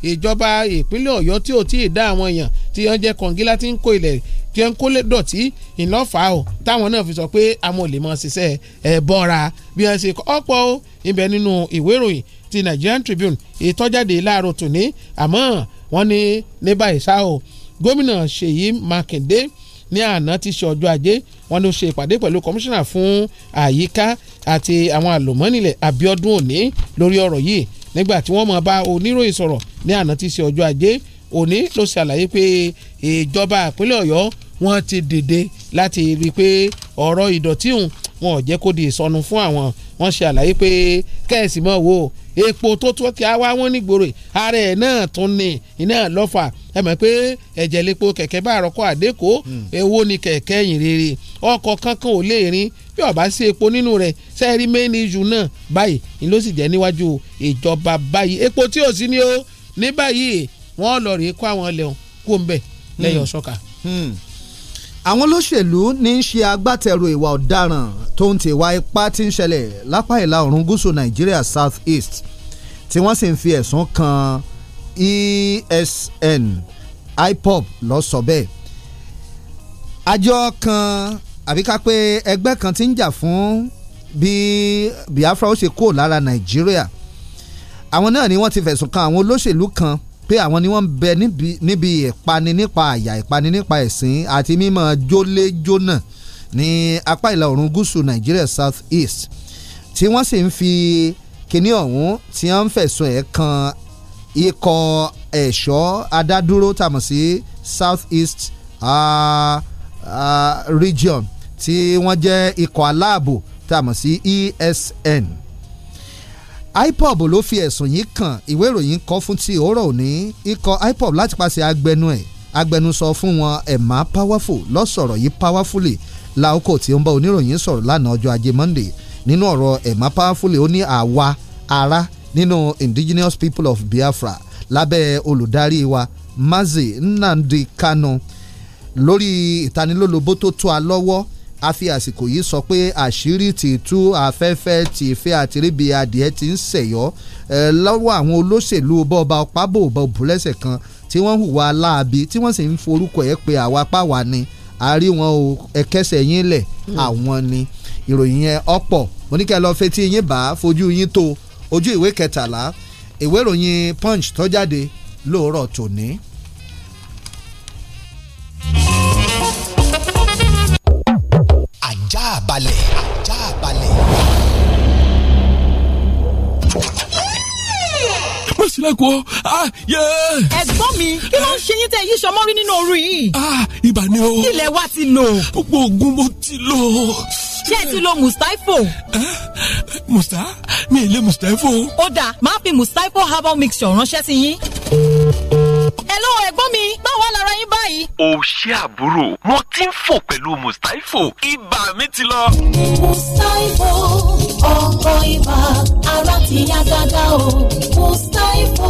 Speaker 10: ìjọba ìpínlẹ̀ ọ̀yọ́ tí ò tí ì dá àwọn èèyàn tí wọ́n jẹ́ kọ̀ǹgílá tí ń kó ilẹ̀ tí wọ́n ń kó dọ̀tí ìlọ́fà o táwọn náà fi sọ pé àwọn ò lè mọ ṣiṣẹ́ ẹ̀ bọ́ra bí wọ́n ṣe ọ̀pọ̀ o ibẹ̀ nínú ìwé ìròyìn ti Nigerian Tribune ìtọ́jáde láàárọ̀ tòní àmọ́ wọ́n ní ní báyìí ṣá o gómìnà Ṣèyí Mákindé ní àná tí ṣe ọjọ́ ajé wọn ló ṣe ìpàdé pẹ̀lú kọmíṣánná fún àyíká àti àwọn àlùmọ́nìlẹ̀ abiodun Òní lórí ọ̀rọ̀ yìí nígbà tí wọ́n máa bá oníròyìn sọ̀rọ̀ ní àná tí ṣe ọjọ́ ajé Òní ló ṣe àlàyé pé ìjọba ìpínlẹ̀ Ọ̀yọ́ wọ́n ti dìde láti rí i pé ọ̀rọ̀ ìdọ̀tí òun wọn ò jẹ́ kó di ìsọnù fún àwọn wọ́n ṣe àlàyé pé kẹ́ẹ̀sì mọ́ wo epo tó tó kí a wá wọn nígboro ara ẹ̀ náà tún ni iná lọ́fà ẹ mọ̀ pé ẹ̀jẹ̀ lepo kẹ̀kẹ́ bá àròkọ àdéko hmm. èwo ni kẹ̀kẹ́ yìn rere ọkọ̀ kankan ò lè rin bí ọ̀bá sí epo nínú rẹ̀ sẹ́ẹ̀rí main issue náà báyìí ni ló sì jẹ́ níwájú ìjọba báyìí epo tí ò sí ni ó ní báyìí wọ́n lọ rèé kó àwọn ilẹ̀ kó ń bẹ̀
Speaker 9: lẹ́yìn ọ̀ṣọ́ka. Hmm. Hmm àwọn olóṣèlú ní í ṣe agbátẹrù ìwà ọ̀daràn tó ń tìwá ipá tí ń ṣẹlẹ̀ lápá ìlà oòrùn gúúsù Nàìjíríà South East tí wọ́n sì ń fi ẹ̀sùn kan ESN IPOB lọ sọ bẹ́ẹ̀ àjọ kan àbí ká pé ẹgbẹ́ kan ti ń jà fún bí Biafra ó ṣe kúrò lára Nàìjíríà àwọn náà ni wọ́n ti fẹ̀sùn kan àwọn olóṣèlú kan pé àwọn ni wọ́n ń bẹ níbi ìpani nípa àyà ìpani nípa ẹ̀sìn àti mímọ́ jólé jóná ní apá ìlà oòrùn gúúsù Nàìjíríà South East tí wọ́n sì ń fi kíní ọ̀hún tí wọ́n ń fẹ̀sùn ẹ̀ kan ikọ̀ ẹ̀ṣọ́ adádúró tàmọ̀ sí South East uh, uh, Region tí wọ́n jẹ́ ikọ̀ aláàbò tàmọ̀ sí ESN. IPOB ló fi ẹ̀sùn yìí kan ìwé ìròyìn kọ fún ti òórọ̀ òní ikọ̀ IPOB láti pàṣẹ agbẹnu ẹ̀ agbẹnusọ fún wọn Emma Powerful ló sọ̀rọ̀ yìí powerfully láòkò tí ó ń bá oníròyìn sọ̀rọ̀ lánàá ọjọ́ ajé Monday nínú ọ̀rọ̀ Emma Powerful ó ní àwa ara nínú indigenous people of Biafra lábẹ́ olùdarí wa Mazi Nnamdi Kanu lórí ìtanilólobó tó tó a lọ́wọ́ a fi àsìkò yìí sọ pé àṣírí ti tú afẹ́fẹ́ ti ìfẹ́ àtìríbi adìẹ ti ń ṣẹ̀yọ́ lọ́wọ́ àwọn olóṣèlú bọ́ọ̀bá ọ̀pábò bọ̀bù lẹ́sẹ̀ kan tí wọ́n hùwà láabi tí wọ́n sì ń forúkọ ẹ̀ pé àwa páwa ni a rí wọn o ẹ̀kẹ́sẹ̀ yín lẹ̀ hmm. àwọn ni ìròyìn yẹn ọ̀pọ̀ mo ní kẹ́ lọ fetí yín bá fojú yín tó ojú ìwé kẹtàlá ìwé ìròyìn punch tó jáde lóòrọ̀ tòní.
Speaker 3: balẹ̀ ajá balẹ̀.
Speaker 2: má sílẹ̀kùn ọ́ ah, ẹ̀gbọ́n mi kí ló ń ṣe yín tẹ́ yí sọmọ́rí nínú òru yìí. Ah, ibà ni o. ilẹ̀ wa ti lò. gbogbo oògùn mo ti lò. ṣé ẹ ti lo mustapho. Eh, musa mi ò lè mustapho. ó dáa máa fi mustapho herbal mixture ránṣẹ́ sí yín. Hello ẹ̀gbọ́n mi báwo lára yín báyìí. o ṣé àbúrò mo ti ń fò
Speaker 4: pẹ̀lú mustapho ibà mi ti lọ.
Speaker 8: mustapho ọkọ ibà ara ti yá gágá o
Speaker 2: mustapho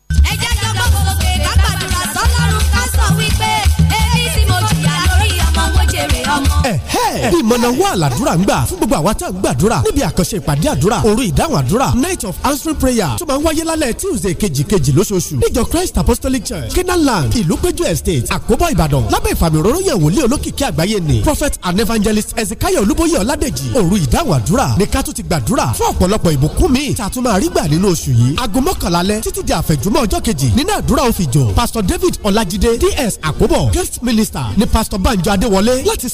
Speaker 4: bẹ́ẹ̀. ìmọ̀nà wà làdúrà ń
Speaker 3: gbà fún gbogbo àwa tá à ń gbàdúrà níbi àkànṣe ìpàdé àdúrà òru ìdáhùn àdúrà night of answering prayer tó máa ń wáyé lálẹ́ tuesday kejì kejì lóṣooṣù níjọ christ apostolic church kenaland ìlúpéjú estate àkóbọ̀ ìbàdàn lábẹ́ ìfàmìróró yẹn wòlíì olókìkí àgbáyé ni prophet and evangelist ezekiah olúbóyè ọládèjì òru ìdáhùn àdúrà ní ká tún ti gbàdúrà fún ọ̀pọ̀lọpọ̀ ìbùkún mi tá a tún máa rí gbà nínú oṣù yìí aago mọ́kànlá alẹ́ títí di pastor david ọlájídé ds àkóbọ̀ guest minister ni pastor banjo adéwọlé láti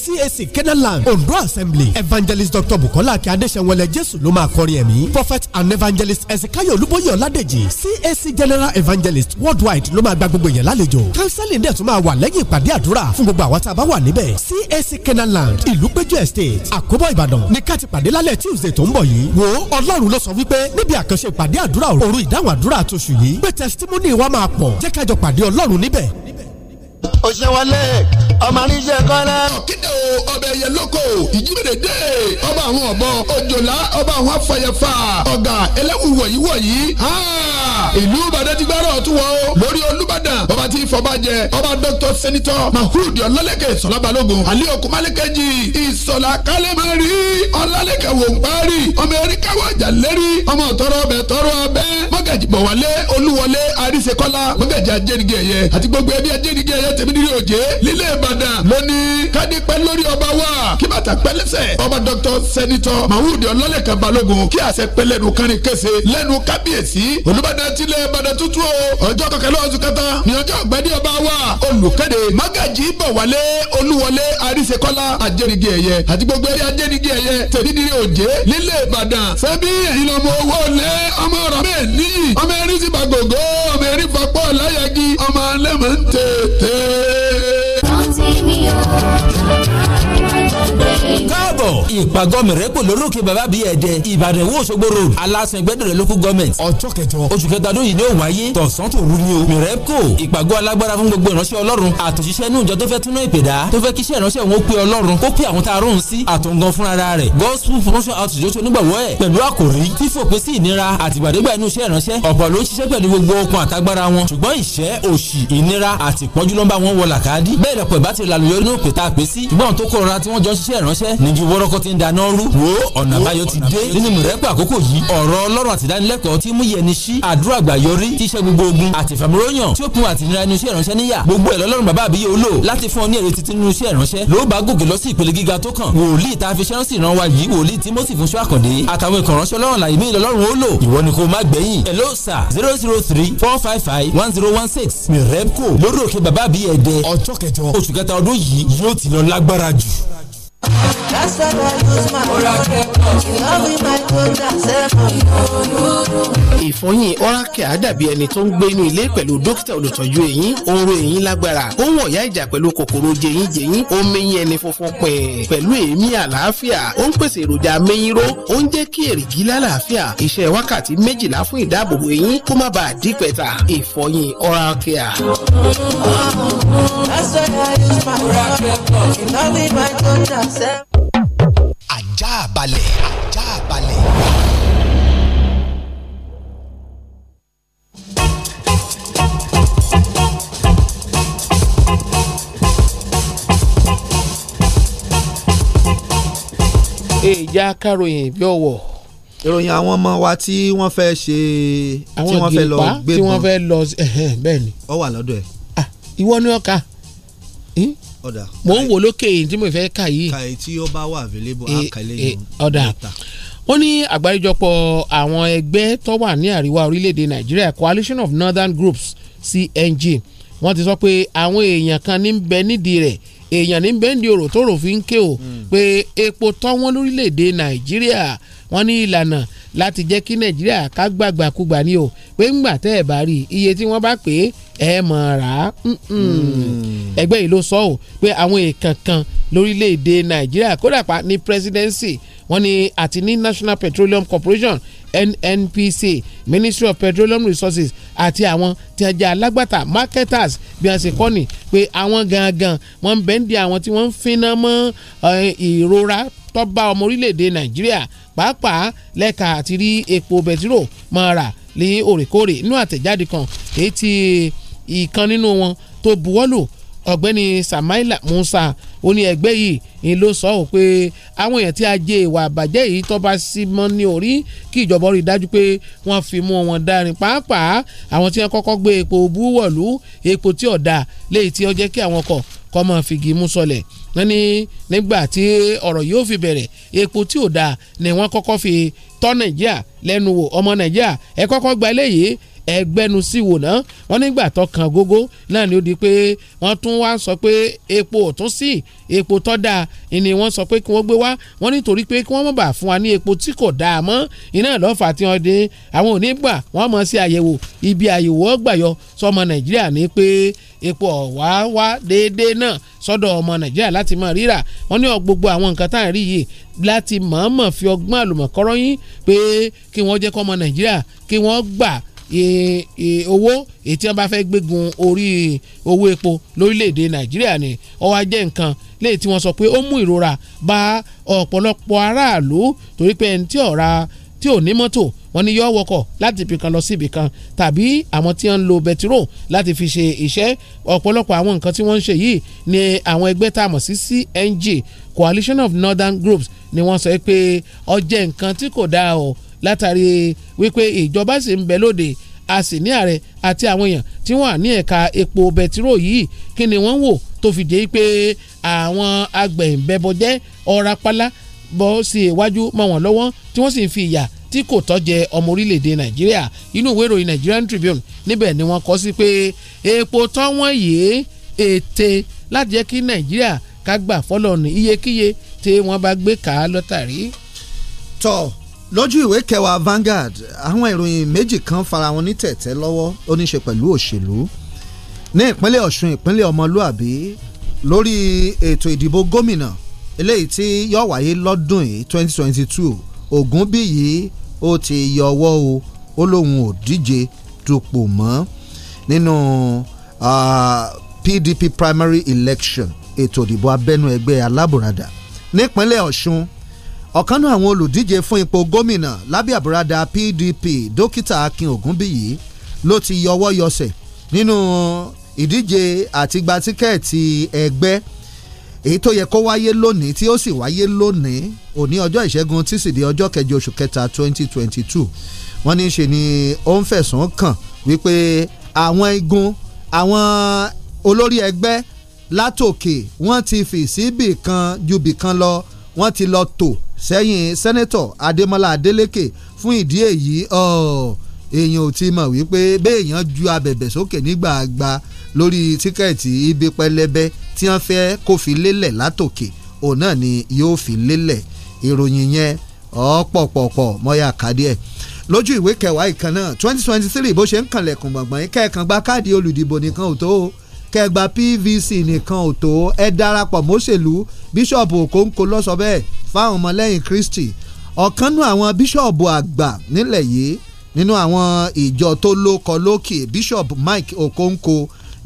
Speaker 3: cac kenaland Quran Ondo Assembly Evangelist Dr. Bukola Akin Adéṣẹ́wọlẹ̀ Jésù ló máa kọrin ẹ̀mí Prophet and Evangelist Ezekiel Olúbóyè Ọládèjì CAC General Evangelist Worldwide ló máa gba gbogbo èèyàn lálejò counseling dẹ̀ tún máa wà lẹ́yìn ìpàdé àdúrà fún gbogbo àwọn tá a bá wà níbẹ̀ CAC Kenaland Ìlúpéjú Estate Àkóbọ̀ Ìbàdàn ní ká ti pàdé lálẹ́ Tuesday tó ń bọ̀ yìí wo Ọlọ́run ló sọ wípé níbi àkànṣe ìpàdé àdúrà òru ìdáhùn àdúrà àtúnṣù yìí pé testimony wa máa pọ̀ jẹ́ kájọ pàdé Ọlọ́run níbẹ̀
Speaker 11: òṣèwọlé ọmọ oníṣẹ kọlẹ. kíndé o ọbẹ̀ yẹn lóko ìjímèrè dé ọba àwọn ọ̀bọ òjòlá ọba àwọn afọyẹfà ọ̀gá ẹlẹ́wù wọ̀nyí wọ̀nyí ìlú ìbàdàn ti gbára ọ̀tún wọ̀ o lórí olúbàdàn ọba tí ìfọba ọba dr senator mahood ọlọ́lẹ́kẹ̀ ìsọ̀lá balógun ali okumalekeji ìsọ̀lá kálẹ̀mọ́rí ọlọ́lẹ́kẹ̀ wòǹparí ọmọ eríkàwọ̀ àjàlérí ọmọ tọrọ ọbẹ̀ tọrọ ọbẹ̀ mọ́gàjì bọ̀wálé olúwọlé àríṣekọ́lá mọ́gàjì ajẹ́nigẹ̀yẹ àti gbogbo ẹbí ajẹ́nigẹ̀yẹ ìyá tèmi ní òjé lílé ìbàdàn lónìí kádé pẹ́ lórí ọba wa kí bàtà pẹ́ lẹ́sẹ̀ ọba dr sẹ́nitọ́ mahud ọlọ́lẹ̀kan balógun kí àṣẹ pẹ́ lẹ́nu kárin kése lẹ́nu kábíyèsí olùbàdàn tilẹ̀ ìbàdàn tuntun o ọjọ́ kọkànlá oṣù kẹta ní ọjọ́ ọ̀gbẹ́ni ọba wa olùkéde magaji bọ̀wálé olúwọlé àríṣekọ́lá ajẹ́nigi ẹ̀yẹ àti gbogbo ẹ̀yẹ ajẹ́nigi ẹ̀yẹ tèmi ní òjé lílé ìbàdàn Don't take me
Speaker 14: over.
Speaker 13: káàbọ̀ ìpàgọ́ mẹ̀rẹ́pò lórúkẹ bàbá bíi ẹ̀dẹ ìbàdàn wo Òṣogbo road alásan ìgbẹ́dẹ̀rẹ̀ local government ọjọ́ kẹjọ oṣù kẹta lóyìn ni ó wáyé tọ̀sán tòru ni o mẹ̀rẹ́pò ìpàgọ́ alágbára fún gbogbo ìránṣẹ́ ọlọ́run àtòṣiṣẹ́ inú ìjọ tó fẹ́ túná ìpèdá tó fẹ́ kíṣẹ́ ìránṣẹ́ òun ó pé ọlọ́run ó pé àwọn tá sí àtòǹgàn fúnra rẹ̀ gospel promotion outreach ó ṣe onígbàwọ́ ẹ̀ pẹ̀lú àkòrí fífòpin sí ìnira àtìgbàdégbà inú iṣẹ́ ìránṣẹ́ ọ̀pọ̀ ló ń ṣiṣẹ́ pẹ̀lú gbogbo okun àtagbára wọn ṣùgbọ́n ìṣẹ́ òṣì ìnira àti ìpọ́njú ló ń bá wọn wọ làkàdí bẹ́ẹ̀ lọ́pọ̀ ìbátìrì làlùyọrí ní òpè tá a pè lálẹ́ níjú wọ́rọ́kọ́ ti ń dáná rú wo ọ̀nà àbáyọ ti dé nínú ìrẹ́pọ̀ àkókò yìí ọ̀rọ̀ ọlọ́run àtìdánilẹ́kọ̀ọ́ ti mú yẹni sí àdúrà àgbà yọrí tí iṣẹ́ gbogbo ogun àtìfàmúròyàn tí ó kún àtìnira inú iṣẹ́ ìránṣẹ́ níyà gbogbo ẹ̀ lọ́lọ́run bàbá àbíyẹ olò láti fún ọ ní èrè títí nínú iṣẹ́ ìránṣẹ́ ló bá gòkè lọ sí ìpele gíga tó kàn wòlíì tá a fi ṣẹ́rán sí zero zero three four five five one zero one six mirepco lórí òkè bàbá àbíyẹ dẹ ọjọ́ kẹjọ oṣù kẹta ọdún yìí yóò ti lọ lágbára jù.
Speaker 15: That's why I use my
Speaker 8: product. You love me, my product, seven. Ìfọyín
Speaker 10: Oracle á dàbí ẹni tó ń gbé inú ilé pẹ̀lú dókítà olùtọ́jú eyín, oró eyín lágbára, ó ń wọ̀yá ìjà pẹ̀lú kòkòrò jẹyínjẹyín, ó mẹ́yìn ẹni funfun pẹ̀ pẹ̀lú èémí àlàáfíà, ó ń pèsè èròjà mẹ́yìnró, ó ń jẹ́ kí èrìgì lálàáfíà, iṣẹ́ wákàtí méjìlá fún ìdáàbòbò eyín kó má bàa dí pẹ̀tà, ìfọyín Oracle.
Speaker 8: That's why I use my Oracle. You love me, my tó jà sẹ́. ajá
Speaker 3: balẹ̀ ajá balẹ̀.
Speaker 9: ìjà karòyìn bí ọwọ́ ìròyìn àwọn ọmọ wa tí wọ́n fẹ́ ṣe tí wọ́n fẹ́ lọ gbé bọ́n tí wọ́n fẹ́
Speaker 10: lọ bẹ́ẹ̀ ni. ọ wà lọ́dọ̀ ẹ̀. Ah, ìwọ ni ọkà mo ń wò lókè yìí tí mo fẹ́ kà yìí.
Speaker 9: kàyé tí ó bá wà available àkàlẹ́ eh, eh, yìí ọ̀dà
Speaker 10: ó ní àgbáríjọpọ̀ àwọn ẹgbẹ́ tó wà ní àríwá orílẹ̀-èdè Nàìjíríà Coalition of Northern Groups CNG wọ́n ti sọ pé àwọn èèyàn kan ní bẹ nídìí rẹ̀ èèyàn ní bẹ́ẹ̀ ní òrò tó rò fi ń ké o hmm. pé epo tọ́wọ́n lórílẹ̀-èdè Nàìjíríà wọ́n ní ìlànà láti jẹ́ kí nàìjíríà ká gbàgbàkúgbà ni o pé ńgbà tẹ́ ẹ̀ bá rí iye tí wọ́n bá pè é ẹ mọ̀ rà á hmm. ẹgbẹ́ yìí ló sọ ọ́ pé àwọn èèkàn kan lórílẹ̀‐èdè nàìjíríà kódà pa ní presidency wọ́n ní àti ní National Petroleum Corporation NNPC Ministry of Petroleum Resources àti àwọn tí wọ́n jẹ́ alágbàtà marketers bí wọ́n ṣe kọ́ ni pé àwọn gangan wọ́n ń bẹ́ẹ̀ di àwọn tí wọ́n ń finá mọ́ ìrora tó ọmọ orílẹ̀‐èdè nàìjíríà pàápàá lẹ́ka àti rí epo bẹtiró máa rà ní òrèkóòrè inú àtẹ̀jáde kan èyí tí ìkan nínú wọn tó buwọ́lù ọ̀gbẹ́ni Samaila Musa ó ní ẹgbẹ́ yìí ni ló sọ ọ́ pé àwọn èèyàn tí a jẹ ìwà àbàjẹ́ yìí tó bá sí mọ́ ní orí kí ìjọba rí dájú pé wọ́n fi mú wọn darin pàápàá àwọn tí wọ́n kọ́kọ́ gbé epo búwọ̀lú epo tí ọ̀dà léyìí tí ó jẹ́ kí àwọn ọkọ̀ kọ́ mọ́ figi mú sọlẹ̀ wọ́n ní nígbà tí ọ̀rọ̀ yóò fi bẹ̀rẹ̀ epo tí ò dáa ni wọ́n kọ́kọ́ fi tọ́ nàìjíríà lẹ́nu wò ọmọ nàìjíríà ẹ kọ́kọ́ gba eléyìí ẹgbẹ́nu sí wò ná wọ́n nígbà tó kan gógó náà ni ó di pé wọ́n tún wá sọ pé epo ò sí epo tó dáa ni wọ́n sọ pé kí wọ́n gbé wá wọ́n nítorí pé kí wọ́n má bàa fún wa ní epo tí kò dáa mọ́ iná lọ́fà tí wọ́n dé àwọn ò ní gbà wọ́n mọ̀ sí àyẹ̀wò ibi àyẹ̀wò ọgbàyọ sọmọ nàìjíríà ní pé epo ọ̀wá wá déédéé náà sọ́dọ̀ ọmọ nàìjíríà láti máa ríra wọ́n ní gbogbo àwọn nǹkan tá à ń rí yìí láti mọ̀ọ́mọ̀ fi ọgbọ́n àlùmọ̀kọ́rọ́ pé kí wọ́n jẹ́ kọ́ ọmọ nàìjíríà kí wọ́n gbà owó ètí wọn bá fẹ́ gbégun orí owó epo lórílẹ̀‐èdè nàìjíríà ni ó wá jẹ́ nǹkan léyìí tí wọ́n sọ pé ó mú ìrora bá ọ̀pọ̀lọpọ̀ aráàlú torí pé ẹni tí ó ra tí ò ní mọ́tò wọn ni yóò wọkọ̀ láti ibì kan lọ sí ibì kan tàbí àwọn tí wọ́n ń lo bẹtiró láti fi ṣe iṣẹ́ ọ̀pọ̀lọpọ̀ àwọn nǹkan tí wọ́n ń ṣe yìí ni àwọn ẹgbẹ́ tá a mọ̀ sí CNG Coalition of Northern Groups ni wọ́n sọ pé ó jẹ́ nǹkan tí kò dáa o látàrí wípé ìjọba sì ń bẹ lóde a sì ní ààrẹ àti àwọn èèyàn tí wọ́n wà ní ẹ̀ka epo bẹtiró yìí kí ni wọ́n wò tó fi dé pé àwọn agbẹ̀ǹbẹ̀bọjẹ́ ọ̀rapálá bọ́ sí iwájú mọ́ wọn lọ́wọ́ tí wọ́n sì ń fi ìyà tí kò tọ́jẹ ọmọ orílẹ̀-èdè nàìjíríà inú ìwé ìròyìn Nigerian Tribune níbẹ̀ ni wọ́n kọ sí pé epo tọ́wọ́n yìí ète láti jẹ́ kí nàìjíríà ká gbà fọ́lọ́ọ̀nù iyekíye tí wọ́n bá gbé kà lọ́tàrí. tọ́ lójú ìwé kẹwàá Vanguard àwọn ìròyìn méjì kan fara wọn ní
Speaker 9: tẹ̀tẹ̀ lọ́wọ́ ó ní ṣe pẹ̀lú òṣèlú ní ìpínlẹ̀ Ọ̀ṣun ìpínlẹ̀ ọmọlúàbí lórí ètò ìdìbò gómìnà eléyìí tí yóò wáyé lọ́dún yìí twenty twenty two Ògúnbíyì ó ti yọwọ́ o ó lóun ò díje dupò mọ́ nínú PDP primary election ètò ìdìbò abẹ́nú ẹgbẹ́ alábùradà nípínlẹ̀ Ọ̀ṣun ọ̀kan náà àwọn olùdíje fún ipò gómìnà lábẹ́ àbúradà PDP dókítà Akin Ògúnbíyì ló ti yọwọ́ yọsẹ̀ nínú ìdíje àti gba tíkẹ́ẹ̀tì ẹgbẹ́ èyí tó yẹ kó wáyé lónìí tí ó sì wáyé lónìí òní ọjọ́ ìṣẹ́gun tísídẹ̀ẹ́ ọjọ́ kẹjọ oṣù kẹta 2022 wọ́n ní í ṣe ni ó ń fẹ̀sùn kàn wípé àwọn igun àwọn olórí ẹgbẹ́ látòkè wọ́n ti fì síbì kan ju bì kan lọ wọ́n ti lọ tò sẹ́yìn sẹ́nẹ́tọ̀ adémọ́lá adélékè fún ìdí èyí èèyàn ò ti mọ̀ wípé béèyàn ju abẹ̀bẹ̀ sókè nígbàgbà lórí tíkẹ́ẹ̀tì ibi pẹlẹbẹ tí wọ́n fẹ́ kó fi lélẹ̀ látòkè òun náà ni yóò fi lélẹ̀ ìròyìn yẹn ọ̀pọ̀pọ̀pọ̀ mọ́yà kádìẹ̀ lójú ìwé kẹwàá ìkan náà twenty twenty three bó ṣe ń kànlẹ̀kùn gbọ̀ngbọ̀n kẹ́ẹ̀kan gba káàdì olùdìbò nìkan ò tó o kẹgbà PVC nìkan ò tó ẹ darapọ̀ mọ́ṣèlú bíṣọ̀bù Okonkwo ló sọ bẹ́ẹ̀ fáwọn ọmọlẹ́yìn Kristi ọ̀kanú àwọn bíṣọ̀bù àgbà nílẹ̀ yìí nínú àwọn ìjọ tó lókọ lókè bíṣọ̀bù Mike Okonkwo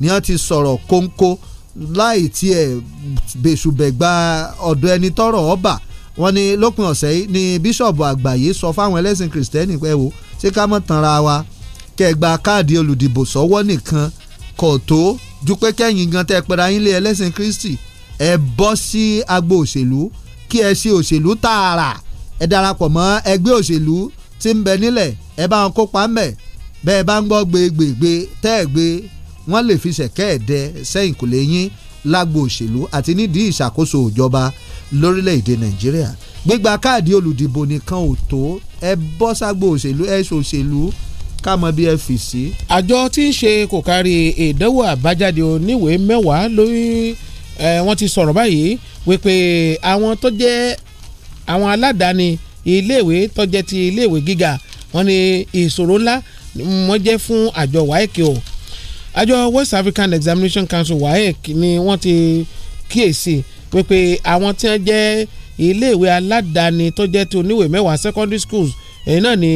Speaker 9: ni wọ́n ti sọ̀rọ̀ kónkó láì tiẹ̀ bẹ̀ṣùbẹ̀gbà ọ̀dọ̀ ẹni tọ́rọ̀ ọba wọ́n ní lópin ọ̀sẹ̀ yìí ni bíṣọ̀bù àgbà yìí sọ fáwọn ẹlẹ́sìn kìrìsìtẹ́nì pé wo ṣé ká mọ̀ tanra wa kẹ́ ẹ gba káàdì olùdìbò sọ́wọ́ nìkan kò tó ju pé kẹ́yìn gan tẹ́ pera yín lé ẹlẹ́sìn Kristi ẹ bọ́ sí agbo òṣèlú kí ẹ ṣe òṣèlú tààrà ẹ darapọ̀ mọ́ ẹgbẹ́ òṣèlú tí ń bẹ nílẹ̀ ẹ bá wọn kópa ńbẹ̀ bẹ́ẹ̀ bá ń gbọ́ gbégbègbè tẹ́ ẹ gbé wọ́n lè fi ṣẹ̀kẹ́ ẹ̀ dẹ sẹ́yìn kò lè yín lágbo òṣèlú àti nídìí ìṣàkóso ìjọba lórílẹ̀‐èdè Nàìjíríà gbígba káàdì
Speaker 10: olùdìbò nìkan ò tó ẹ bọ́ òṣèlú ẹ ṣòṣèlú ká mọ bí ẹ fì sí. àjọ tí ń ṣe kò kárí ìdánwò àbájáde oníwèé mẹ́wàá lórí wọ́n ti sọ̀rọ̀ báyìí wípé àwọn tó jẹ́ àwọn aládàáni iléèwé tó jẹ́ ti iléèwé gíga wọ́n ní ìṣòro ńlá wọ́n jẹ́ fún àjọ WAEC o àjọ West African Examination Council WAEC ni wọ́n ti kíyèsí wípé àwọn tí wọ́n jẹ́ iléèwé aládàáni tó jẹ́ ti oníwèé mẹ́wàá secondary schools ẹ̀yìn náà ni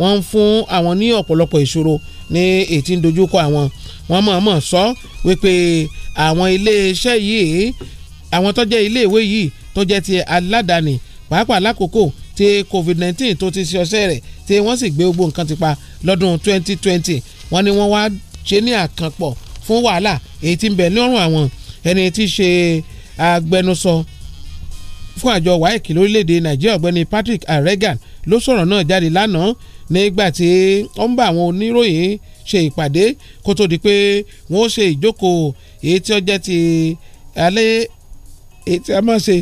Speaker 10: wọ́n ń fún àwọn ní ọ̀pọ̀lọpọ̀ ìṣòro ní ètí ń dojúkọ àwọn wọ́n mọ̀ọ́mọ̀ sọ wípé àwọn iléeṣẹ́ yìí àwọn tó jẹ́ iléèwé yìí tó jẹ́ ti aládàáni pàápàá lákòókò tí covid-19 tó ti ṣe ọṣẹ́ rẹ̀ tí wọ́n sì gbé gbogbo nǹkan ti pa lọ́dún 2020 wọ́n ní wọ́n wá ṣe ní àkànpọ̀ fún wàhálà èyí tí ń bẹ ní ọrùn àwọn ẹni tí ṣe agbẹnusọ fún àjọ WAEC lórílẹ̀‐èdè Nàìjíríà ọ̀gbẹ́ni Patrick Aregan ló sọ̀rọ̀ náà jáde lánàá nígbà tí ó ń bá àwọn oníròyìn ṣe ìpàdé kó tó di pé wọ́n ó ṣe ìjókòó èyí tí ó jẹ́ ti alẹ́ èyí tí a máa ṣe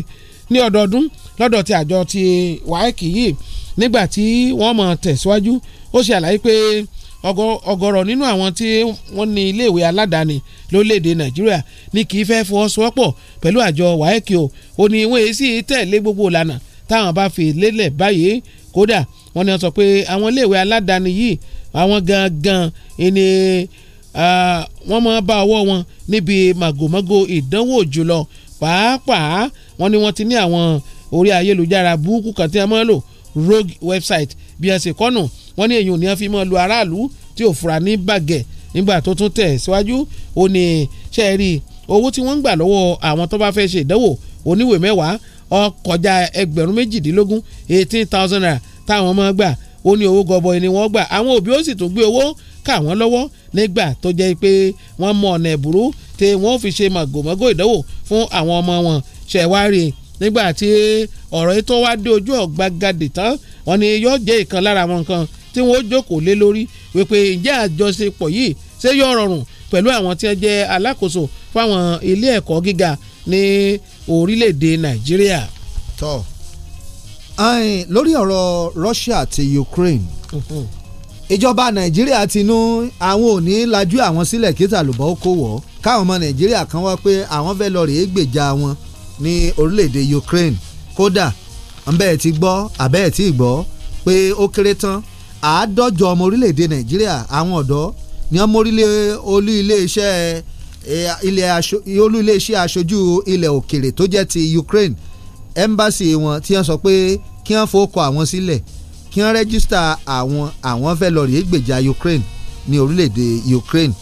Speaker 10: ní ọdọọdún lọ́dọ̀ ti àjọ ti WAEC yìí nígbà tí wọ́n mọ̀ tẹ̀síwájú ó ṣe àlàyé pé ọ̀gọ̀rọ̀ nínú àwọn tí wọ́n ní iléèwé aládàáni lórílẹ̀‐èdè nàìjíríà ní kì í fẹ́ fọwọ́sowọ́pọ̀ pẹ̀lú àjọ waec o ò ní ìwé sí tẹ̀lé gbogbo ìlànà táwọn bá fi lélẹ̀ báyìí kódà wọ́n ní wọ́n sọ pé àwọn iléèwé aládàáni yìí àwọn gangan ni wọ́n máa bá ọwọ́ wọn níbi màgòmágó ìdánwò jùlọ pàápàá wọ́n ní wọ́n ti ní àwọn orí ayélujára búùkù kan tí a máa lò rogue website bí ẹ ṣe kọ́nù wọ́n ní èyí ò ní wọ́n fi mọ́ lu aráàlú tí ò fura ní bàgẹ́ nígbà tó tún tẹ̀ síwájú ó ní ṣe rí owó tí wọ́n ń gbà lọ́wọ́ àwọn tó bá fẹ́ ṣe ìdánwò oníwèé mẹ́wàá ó ẹgbẹ̀rún méjìdínlógún eighteen thousand naira táwọn ọmọ gbà ó ní owó gọbọi ni wọ́n gbà àwọn òbí ó sì tún gbé owó kà wọ́n lọ́wọ́ nígbà tó jẹ́ pé wọ́n mọ ọ̀nà ẹ̀bùrú tí wọ́n fi ṣe màgòmágó ìdánwò fún àwọn ọmọ wọn ṣẹ̀wárí nígbà tí ọ̀rọ̀ yìí tó wá dé ojú ọ̀gbagadè tán wọ́n ní yóò jẹ́ ìkan lára àwọn nǹkan tí wọ́n jókòó lé lórí wípé ǹjẹ́ àjọṣepọ̀ yìí ṣé yóò rọrùn pẹ̀lú àwọn tí wọ́n jẹ́ alákòóso fáwọn ilé ẹ̀kọ́ gíga ní orílẹ̀-èdè nàìjíríà. tọ́
Speaker 9: lórí ọ̀rọ̀ Russia àti Ukraine ìjọba nàìjíríà ti nú àwọn ò ní lajú àwọn sílẹ̀ kíta lùbọ́ kó wọ̀ káwọn ọmọ nàìjíríà kan wá pé àwọn fẹ́ lọ rèé gbèjà wọn ní orílẹ̀-èdè Ukraine kódà ńbẹ́ ti gbọ́ àbẹ́ ti gbọ́ pé ó kéré tán àádọ́jọ ọmọ orílẹ̀-èdè Nàìjíríà àwọn ọ̀dọ́ ni wọ́n mórílẹ̀ olú ilé-iṣẹ́ olú ilé-iṣẹ́ aṣojú ilẹ̀ òkèrè tó jẹ́ ti Ukraine embassy wọn ti wọ́n sọ pé kí wọ́n fowó kọ àwọn sílẹ̀ kí wọ́n rẹ́gísítà àwọn àwọn fẹ́ lọ rèé gbèjà Ukraine ní orílẹ̀-èdè Ukraine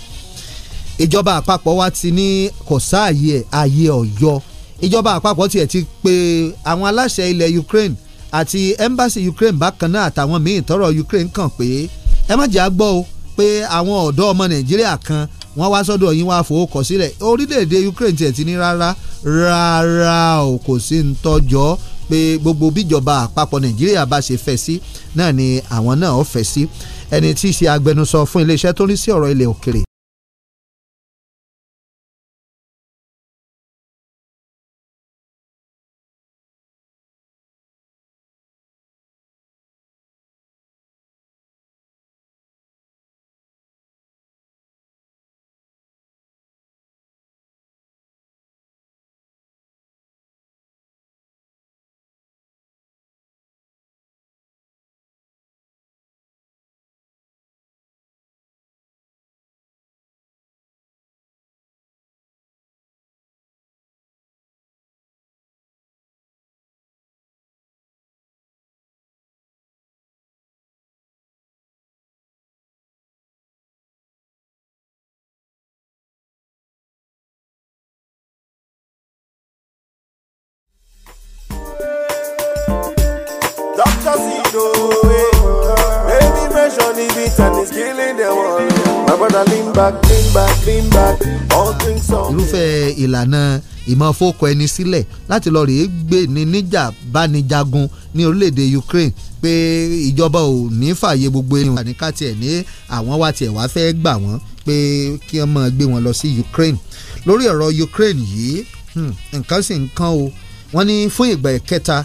Speaker 9: ìjọba àpapọ̀ wa ti ní kò sáàyè ẹ̀ ààyè ọ̀yọ́ ìjọba àpapọ̀ tiẹ̀ ti pe àwọn aláṣẹ ilẹ̀ Ukraine àti embassy Ukraine bákan náà àtàwọn míì tọrọ Ukraine kàn pé ẹ má jẹ́ àgbọ́ o pé àwọn ọ̀dọ́ ọmọ Nàìjíríà kan wọ́n wá sọ́dọ̀ yín wá fowó sílẹ̀ orílẹ̀-èdè Ukraine tiẹ̀ ti ní rárá rárá o kò sí ń tọ́jọ́ pé gbogbo bíjọba àpapọ̀ Nàìjíríà bá ṣe fẹ́ sí náà ni àwọn náà ó fẹ́ sí ẹni tí í ṣe agbẹnusọ fún iléeṣẹ́
Speaker 14: tó ń sí ọ̀rọ̀ ilẹ̀ òkèrè
Speaker 9: irúfẹ́ ìlànà ìmọ̀fókọ ẹni sílẹ̀ láti lọ rèé gbé ní níjà bánijagun ní orílẹ̀-èdè Ukraine pé ìjọba ò ní fààyè gbogbo èèyàn wà ní káàtì ẹ̀ ní àwọn wá tiẹ̀ wá fẹ́ gbà wọ́n pé kí wọ́n máa gbé wọn lọ sí Ukraine lórí ọ̀rọ̀ Ukraine yìí hmm, nǹkan sì ń kán o wọ́n ní fún ìgbà ìkẹta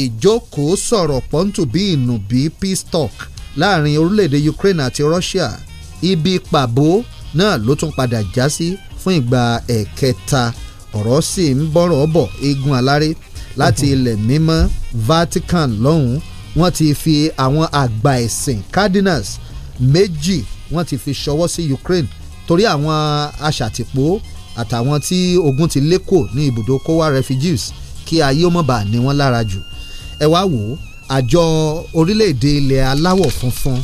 Speaker 9: ìjókòó sọ̀rọ̀ pọ́ńtù bí ìnùbí peace talk láàrin orílẹ̀-èdè Ukraine àti Russia ibi pàbó náà ló tún padà já sí fún ìgbà ẹ̀kẹta ọ̀rọ̀ sì ń bọ̀rọ̀ bọ̀ eégún aláré láti ilẹ̀ mímọ́ Vatican lọ́hùn-ún wọ́n ti fi àwọn àgbà ẹ̀sìn cardinals méjì wọ́n ti fi ṣọwọ́ sí Ukraine torí àwọn aṣàtìpó àtàwọn tí ogun ti lékò ní ibùdó kówá refugees kí ayé ó ni bàa ní wọ́n lára jù ẹ wá wò ó àjọ orílẹ̀-èdè ilẹ̀ aláwọ̀ funfun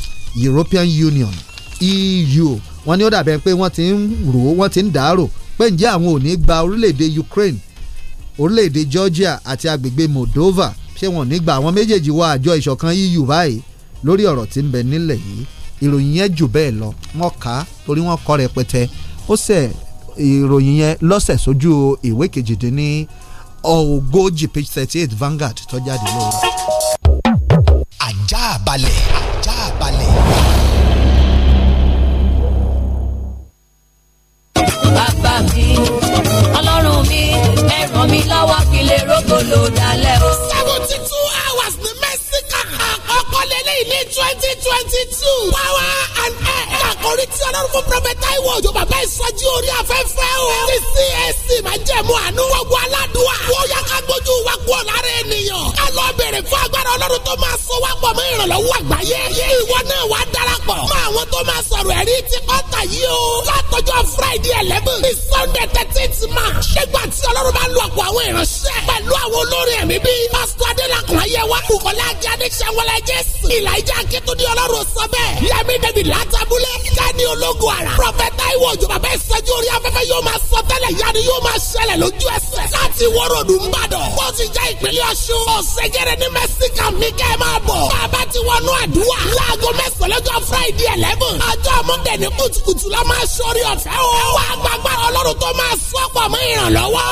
Speaker 9: European Union EU wọ́n ní ó dàbẹ̀ pé wọ́n ti ń rò ó wọ́n ti ń dàárò pé ǹjẹ́ àwọn ò ní gba orílẹ̀-èdè Ukraine orílẹ̀-èdè Georgia àti agbègbè Moldova ṣé wọn ò ní gba àwọn méjèèjì wọ àjọ ìṣọ̀kan EU báyìí lórí ọ̀rọ̀ tí ń bẹ nílẹ̀ yìí ìròyìn yẹn jù bẹ́ẹ̀ lọ wọ́n kà á torí wọ́n kọ rẹpẹtẹ ó ṣe ìròyìn yẹn lọ́sẹ̀ sójú ìwé kejìdínní ogójì page thirty eight Vanguard tó jáde lóru.
Speaker 8: ajá balẹ̀ ajá balẹ̀. bá mi. ọlọ́run mi
Speaker 1: ẹ ràn mí lọ́wọ́ kí lè rógò lò o. seventy two hours yìí ní twenty twenty two power and air àkòrí tí ọlọ́run fún pírọfẹ́tà ìwọ òjò bàbá ìsọjí orí afẹ́fẹ́ o ti CAC máa jẹ̀mú àánú gbogbo aládùúwà ó yá ká gbójú wa kú ọ̀lára ènìyàn ká lọ bèrè fún agbára ọlọ́run tó máa sọ wá pọ̀ mọ́ ìrànlọ́wọ́ àgbáyé ìwọ náà wá darapọ̀ mọ́ àwọn tó máa sọ̀rọ̀ ẹ̀rí ti kọ́ta yìí o látọjọ́ Friday eleven ní Sunday thirteenth March nígbà tí ọlọ́run bá lu ọ̀pọ̀ àwọn ìránṣẹ́ pẹ̀lú àwọn olórin ẹ̀mí bíi pásítọ̀ adélakùn ayẹwa kùkọ́lá ajé adéṣẹ́wọlá jésù Elijah Akitunde Ọlọ́run sọ bẹ́ẹ̀. Yẹmi David Latabule. Kẹ́ni ológun ara. Prọfẹ̀tà Iwo Òjò bàbá ìṣẹ́jú orí afẹ́fẹ́ yóò máa sọ tẹ́lẹ̀ yanni yóò máa ṣẹlẹ̀ lójú ẹsẹ̀. Láti wọ́rọ̀dù ń bàdàn. Bó ti jẹ́ ìpínlẹ̀ Ọ̀ṣun. Ọ̀sẹ̀gẹ̀rẹ̀ ní Mẹ́síkà mi kẹ́ ẹ máa bọ̀. Bàbá ti wọnú àdúrà. Láago mẹ́sàn-án Friday eleven. Àjọ Monday ní kùtùkùtù la máa ṣorí ọ̀fẹ́ o. Wàá gbàgbà Ọlọ́run tó máa sọ́pọ̀ mọ́ ìrànlọ́wọ́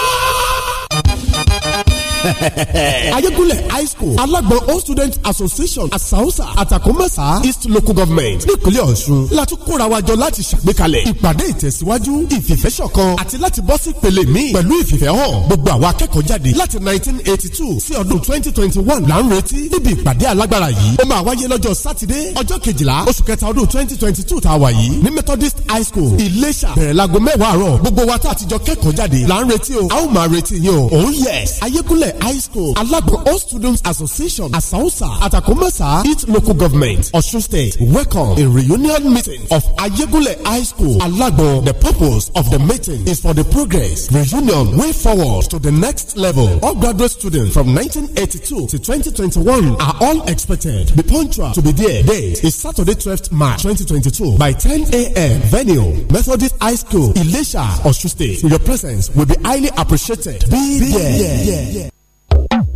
Speaker 3: ayégúnlẹ̀ high school alágbọn old students association àsáúsà àtàkùnmẹ́sà east local government nípínlẹ̀ ọ̀ṣun láti kóra wa jọ láti ṣàgbékalẹ̀ ìpàdé ìtẹ̀síwájú ìfìfẹ́sọ̀kan àti láti bọ́ sí ìpele míì pẹ̀lú ìfìfẹ́hàn gbogbo àwọn akẹ́kọ̀ọ́ jáde láti nineteen eighty two sí ọdún twenty twenty one là ń retí níbi ìpàdé alágbára yìí ó máa wáyé lọ́jọ́ sátidé ọjọ́ kejìlá oṣù kẹta ọdún twenty twenty two tá a wà yìí ní methodist high school ìlẹ́ṣà bẹ̀rẹ̀ láago mẹ́wàá àárọ̀ gbogbo wa ti jọ kẹ́kọ̀ọ́ jáde là ń retí o a oh yes ayégúnlẹ̀ high school Alagbo all students association Asausa Atakomasa each local government Osun state welcome a reunion meeting of Ayegule high school Alagbo. The purpose of the meeting is for the progress reunion way forward to the next level. All graduate students from 1982 to 2021 are all expected. Be punctual to be there. Date is Saturday 12th March 2022 by 10 a.m. Venue Methodist High School, Ilesha, Osun State. Your presence will be highly appreciated. Be, be there. Yeah, yeah, yeah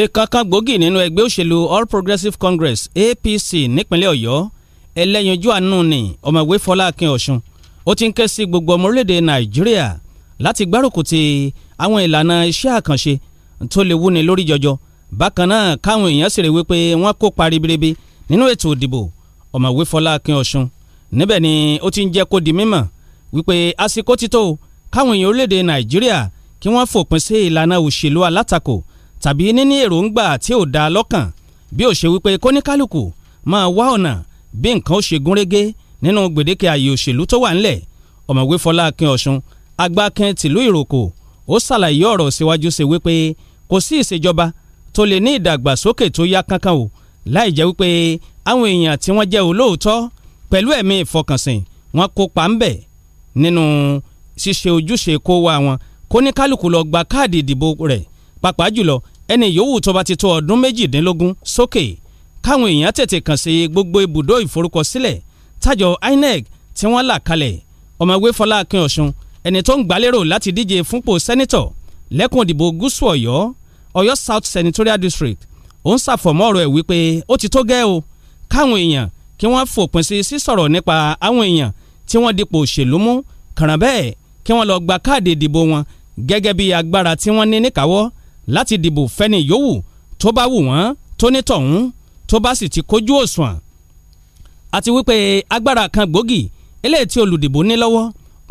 Speaker 15: èèkàn kan gbòógì nínú ẹgbẹ́ òṣèlú All Progressives Congress APC nípínlẹ̀ Ọ̀yọ́ ẹlẹ́yinjú àánú ni ọ̀mọ̀wé Fọlá Akin Ọ̀ṣun ó ti ń ké sí gbogbo ọmọ orílẹ̀-èdè Nàìjíríà láti gbárùkù ti àwọn ìlànà iṣẹ́ àkànṣe tó lè wúni lórí jọjọ bákan náà káwọn èèyàn sì rè wípé wọ́n kópa ribiribi nínú ètò ìdìbò ọ̀mọ̀wé Fọlá Akin níbẹ̀ ni ó ti ń jẹ́ kó di mímọ̀ wípé àsìkò ti tó káwọn èèyàn orílẹ̀-èdè Nàìjíríà kí wọ́n fòpin sí ìlànà òṣèlú alátakò tàbí níní èròǹgbà tí ò dáa lọ́kàn bí ó ṣe wípé kóníkálùkù máa wá ọ̀nà bí nǹkan ó ṣe gúnrégé nínú gbèdéke ààyè òṣèlú tó wà ńlẹ̀ ọ̀mọ̀wé Fọlákin Ọ̀ṣun agbákin tìlú Ìrókò ó ṣàlàyé ọ̀rọ̀ síwájú sí wípé kò sí ìṣèjọba tó lè ní ìdàgbàsókè tó yá kánkán o láì jẹ́ wípé àwọn èèyàn tí wọ́n jẹ́ olóòótọ́ pẹ̀lú ẹ̀mí ìfọkànsìn wọn kópa ńbẹ̀ nínú ṣíṣe ojúṣe kó wa wọn kóníkálùkù lọ gba káàdì ìdìbò rẹ̀ pàápàá jùlọ ẹni yòówù tó bá ti tó ọdún méjìdínlógún sókè káwọn èèyàn tètè kàn sí gbogbo ibùdó ìforúkọsílẹ̀ tájọ INEC tí wọ́n là kalẹ̀ ọ̀mọ̀wé Fọlá Akin Ọ̀ṣun ẹni tó ń gbàlérò láti díje fúnpò sẹ́nítọ̀ lẹ́kùn òdìbò gúúsù Ọ̀yọ́ Ọ̀yọ́ South Senatorial District ó ń ṣàfọ̀mọ́ ọ̀rọ̀ ẹ̀ wípé ó ti tó gẹ́ o káwọn èèyàn kí wọ́n fòpin sí sísọ̀rọ̀ nípa àwọn èèyàn tí wọ́n dipò òṣèlú mú kàràn bẹ́ẹ̀ kí wọ́n lọ gba káàdì ìdìbò wọn gẹ́gẹ́ bí agbára tí wọ́n ní níkàáwọ́ láti dìbò fẹ́ni yòówù tó bá wù wọ́n tó ní tọ̀hún tó bá sì ti kójú òṣùwọ̀n àti wípé agbára kan gbòógì eléyìí tí olùdìbò ní lọ́wọ́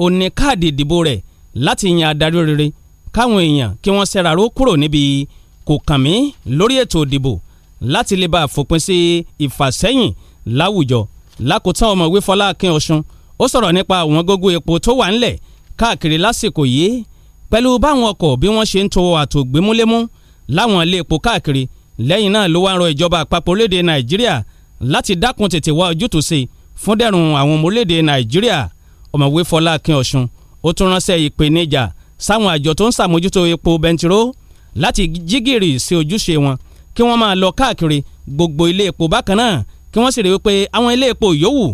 Speaker 15: ò ní káàdì ìdìbò rẹ̀ láti yan adarí rere káwọn èèyàn kí wọ́n ṣẹ́ra ró kúrò níbi kò kàn mí lórí ètò ìdìbò láti lè bá àfòpin sí ìfàsẹ́yìn láwùjọ lákòótán ọmọwé Fọlá Akín ó sọ̀rọ̀ nípa àwọn gógó epo tó wà ńlẹ̀ káàkiri lásìkò yìí pẹ̀lú báwọn ọkọ̀ bí wọ́n ṣe ń to àtògbémúlémú láwọn ilé epo káàkiri lẹ́yìn náà ló wá ń rọ ìjọba àpapọ̀ orílẹ̀-èdè nàìjíríà láti dákun tètè wá ojútùú sí fún dẹ̀rùn àwọn ọmọ orílẹ̀-èdè nàìjíríà ọ̀mọ̀wé fọlákin ọ̀ṣun ó tún ránṣẹ́ ìpèníjà sáwọn àjọ tó ń ṣàmójútó epo bẹntiró láti jígìrì sí ojúṣe wọn kí wọ́n máa lọ káàkiri gbogbo ilé epo bákan náà kí wọ́n sì rí wípé àwọn ilé epo yòówù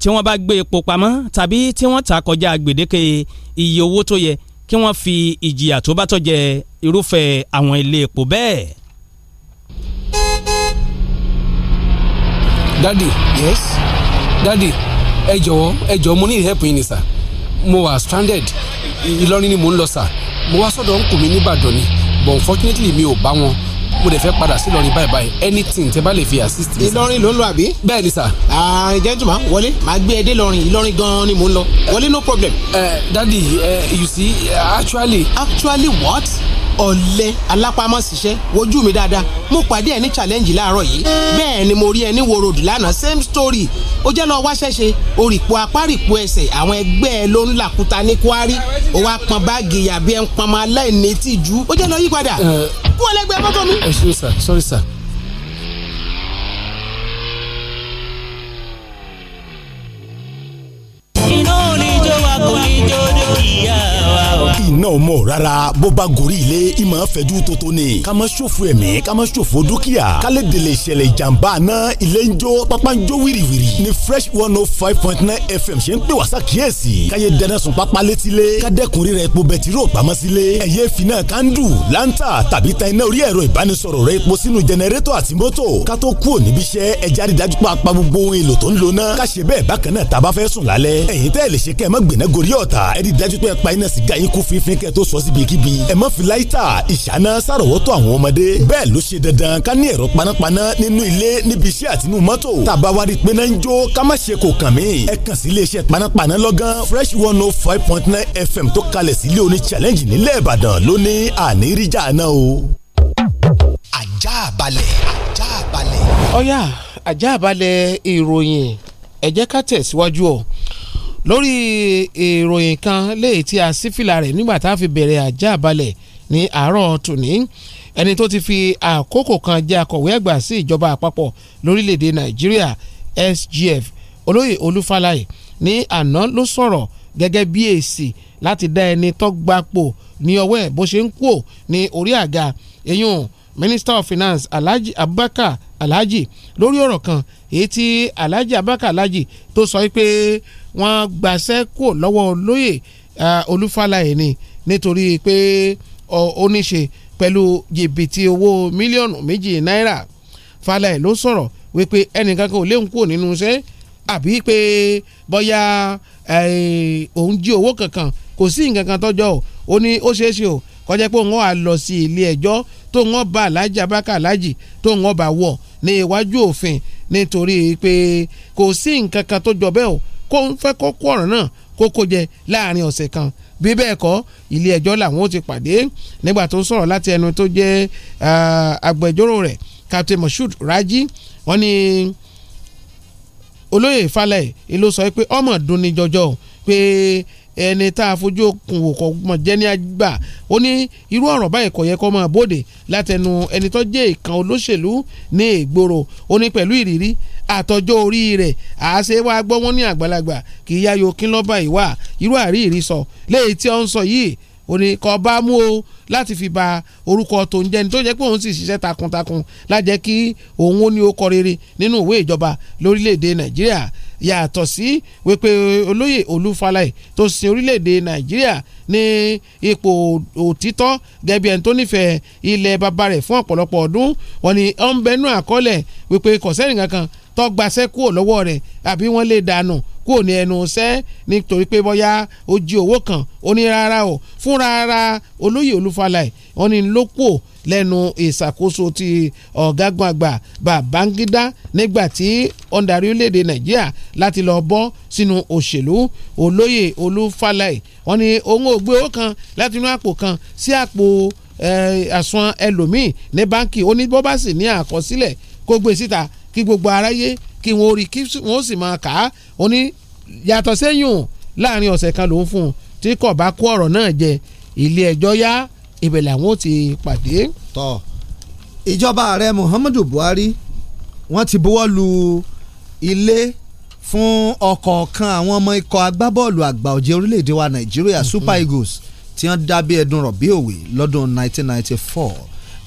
Speaker 15: tí wọ́n bá gbé epo pamọ́ tàbí tí wọ́n ta kọjá gbèdéke iye owó tó yẹ kí wọ́n fi ìjìyà tó bá tọ́jẹ irúfẹ́ àwọn ilé epo bẹ́ẹ̀.
Speaker 13: dadi yes dadi ẹ jọ̀wọ́ ẹ jọ̀wọ́ mo ní help yín ni sà mo wà stranded Ìlọrin ni mo ń lọ sà mo wá sọ́dọ̀ ń nìbàdàn ni but unfortunately mi ò bá wọn mo dẹ̀ fẹ́ padà sí Ìlọrin báyìí báyìí anything tẹ́ bá lè fi assist mi. Ìlọrin ló
Speaker 10: ń lọ àbí. bẹ́ẹ̀ ni sà. gentleman wọlé màá gbé ẹ dé Ìlọrin Ìlọrin gan ni mò ń lọ wọlé no problem. Uh, daddy uh, you see actually. actually what? ọ̀lẹ́ alápámọ́síṣẹ́ wojú mi dáadáa mo pàdé ẹ ní challenge láàárọ̀ yìí bẹ́ẹ̀ ni mo rí ẹ ní wo road lánàá same story ó jẹ́ lọ́ọ́ wá ṣẹ́ṣe orìpọ̀ apárìpọ̀ ẹsẹ̀ àwọn ẹgbẹ́ ẹ ló ń làkúta ní kwari ó wá pọn báàgì yàbí ẹ ń pọn máa láìní tìjú ó jẹ́ lọ́ọ́ yí padà kú ọlẹ́gbẹ́ mọ́tò mi. ẹ ṣé sir sorry sir.
Speaker 8: iná ò ní jó wa kò ní jó dé ìyá wa.
Speaker 3: iná ò mọ̀ rárá bó bá gorí ilé ìmọ̀ fẹ́jú tótó ni ká má ṣòfò ẹ̀mí ká má ṣòfò dúkìá ká lè dèlè ìṣẹ̀lẹ̀ ìjàmbá náà ilé ń jó pápá ń jó wìrìwìrì ni fresh one oh five point nine fm ṣe ń pè wá sàkíyèsí káyé dẹ́nà sùn pápá létílé ká dẹ́kun rírẹ̀ epo bẹtiró pamọ́ sílé ẹ̀yẹ́ fínà kándù láńtà tàbí ta iná orí ẹ̀rọ ìbánisọ̀rọ̀ rẹ epo sínú jẹnẹrétọ̀ àti mọ́tò ká tó kúrò níbi iṣẹ́ ẹ̀jáde dájú pa gbogbo ohun èlò ẹ̀yin tẹ́ ẹ lè ṣe kẹ́ ẹ má gbéná gorí ọ̀tà ẹ dájú pé ẹ pa iná sìgá yín kú fífín kẹ́ ẹ tó sọ síbi kíbi ẹ má fi láìtà ìṣáná sàrọ̀wọ́tò àwọn ọmọdé bẹ́ẹ̀ ló ṣe dandan ká ní ẹ̀rọ panápaná nínú ilé níbi iṣẹ́ àtinú mọ́tò tàbá wa rí i pé náà ń jó ká má ṣe kò kàn mí ẹ kàn sí iléeṣẹ́ panápaná lọ́gán fresh one oh five point nine fm tó kalẹ̀ sílé oní challenge nílẹ̀
Speaker 10: ajá balẹ̀ ìròyìn ẹ ká tẹ̀síwájú ọ̀ lórí ìròyìn kan léyìí tí a sí fìlà rẹ̀ nígbà tá a fi bẹ̀rẹ̀ àjà balẹ̀ ní àárọ̀ tòní ẹni tó ti fi àkókò kan jẹ́ akọ̀wé àgbà sí ìjọba àpapọ̀ lórílẹ̀‐èdè nàìjíríà SGF olóyè olúfàlàyé ní àná ló sọ̀rọ̀ gẹ́gẹ́ bí èsì láti dá ẹni tó gbapò ní ọwọ́ ẹ̀ bó ṣe ń kú ní orí àga eyín minister of finance alhaji abubakar alhaji lórí ọ̀rọ̀ kan èyí tí alhaji abubakar alhaji tó sọ pé wọ́n gbaṣẹ́ kò lọ́wọ́ olóyè olúfàlàyé ni nítorí pé ó ní ṣe pẹ̀lú jìbìtì owó mílíọ̀nù méjì náírà Fálàyé ló sọ̀rọ̀ wípé ẹnìkan kan ò léwu kúrò nínú iṣẹ́ àbí pé bóyá òun jí owó kankan kò sí nǹkan kan tọ́jọ́ o ó ní ó ṣeé ṣe o kọjá pé òun á lọ sí ilé ẹjọ́ tó ń bá aláàjì abáka aláàjì tó ń bá wọ̀ ní iwájú òfin nítorí pé kò sí nǹkan tó jọ bẹ́ẹ̀ o kó fẹ́ kó kó ọ̀ràn náà kó kó jẹ láàrin ọ̀sẹ̀ kan bí bẹ́ẹ̀ kọ́ ilé ẹjọ́ làwọn ó ti pàdé nígbà tó ń sọ̀rọ̀ láti ẹnu tó jẹ́ agbẹjọ́rò rẹ̀ Captain Moshood Raji wọ́n ní olóyè falẹ̀ ìlú sọ pé ọmọ dùn ní jọjọ pé ẹni tá a fojú okùn wò kọ́ mọ̀ jẹ́ ní àgbà ó ní irú ọ̀rọ̀ báyìí kò yẹ kó máa bòde látẹnu ẹni tó jẹ́ ìkan olóṣèlú ní ìgboro ó ní pẹ̀lú ìrírí àtọjọ́ orí rẹ̀ àṣẹ wa gbọ́ wọn ní àgbàlagbà kì í yáyọ kí lọ́ba ìwà irú àríyìí sọ léyìí tí ó ń sọ yìí ó ní kọ́ bá mú o láti fi ba orúkọ tó ń jẹni tó jẹ́ pé òun sì ṣiṣẹ́ takuntakun lájẹ́ kí òun ó ní okọ rere nínú ìwé ìjọba lórílẹ̀‐èdè nàìjíríà yàtọ̀ sí wípé olóyè olúfalẹ̀ tó sin orílẹ̀‐èdè nàìjíríà ní ipò òtítọ́ gẹ́gẹ́ bí ẹni tó nífẹ̀ẹ́ ilẹ̀ bàbá rẹ̀ fún ọ̀pọ̀lọpọ̀ ọdún wọ́n ní ọ̀nbẹ́nu àkọọ́lẹ̀ wípé kọ̀sẹ́nì kankan tó gbaṣẹ́ kúrò lọ́wọ́ rẹ̀ àbí wọ́n lè dànù kúrò ní ẹnu iṣẹ́ nítorí pé bóyá ó jí owó kan ó ní rárá o fúnra ara olóyè olúfalàì wọ́n ní lópò lẹ́nu ìṣàkóso ti ọ̀gágun àgbà Babangida nígbà tí ọ̀ndarí orílẹ̀-èdè Nàìjíríà láti lọ bọ́ sínú òṣèlú olóyè olúfalàì wọ́n ní òun ò gbé owó kan láti inú àpò kan sí àpò eh, àsùn ẹlòmíì ní báńkì ó ní bó bá sì ní àkọsílẹ̀ kó gbé síta kí gbogbo aráyé kí wọ́n rí kí wọ́n sì máa kà á ó ní yàtọ̀ sẹ́yìn láàrin ọ̀sẹ̀ kan lòún fún un tí kò bá kó ọ̀rọ̀ náà jẹ ilé ẹjọ́ yá ibẹ̀ làwọn ti pàdé. tọ ìjọba ààrẹ Muhammadu Buhari wọ́n ti buwọ́ lu
Speaker 9: ilé fún ọ̀kọ̀ọ̀kan àwọn ọmọ ikọ̀ agbábọ́ọ̀lù àgbà ọ̀jẹ̀ orílẹ̀ wa Nàìjíríà mm-hmm. Super Eagles tí wọ́n dábí ẹdun rọ̀bí òwe lọ́dún 1994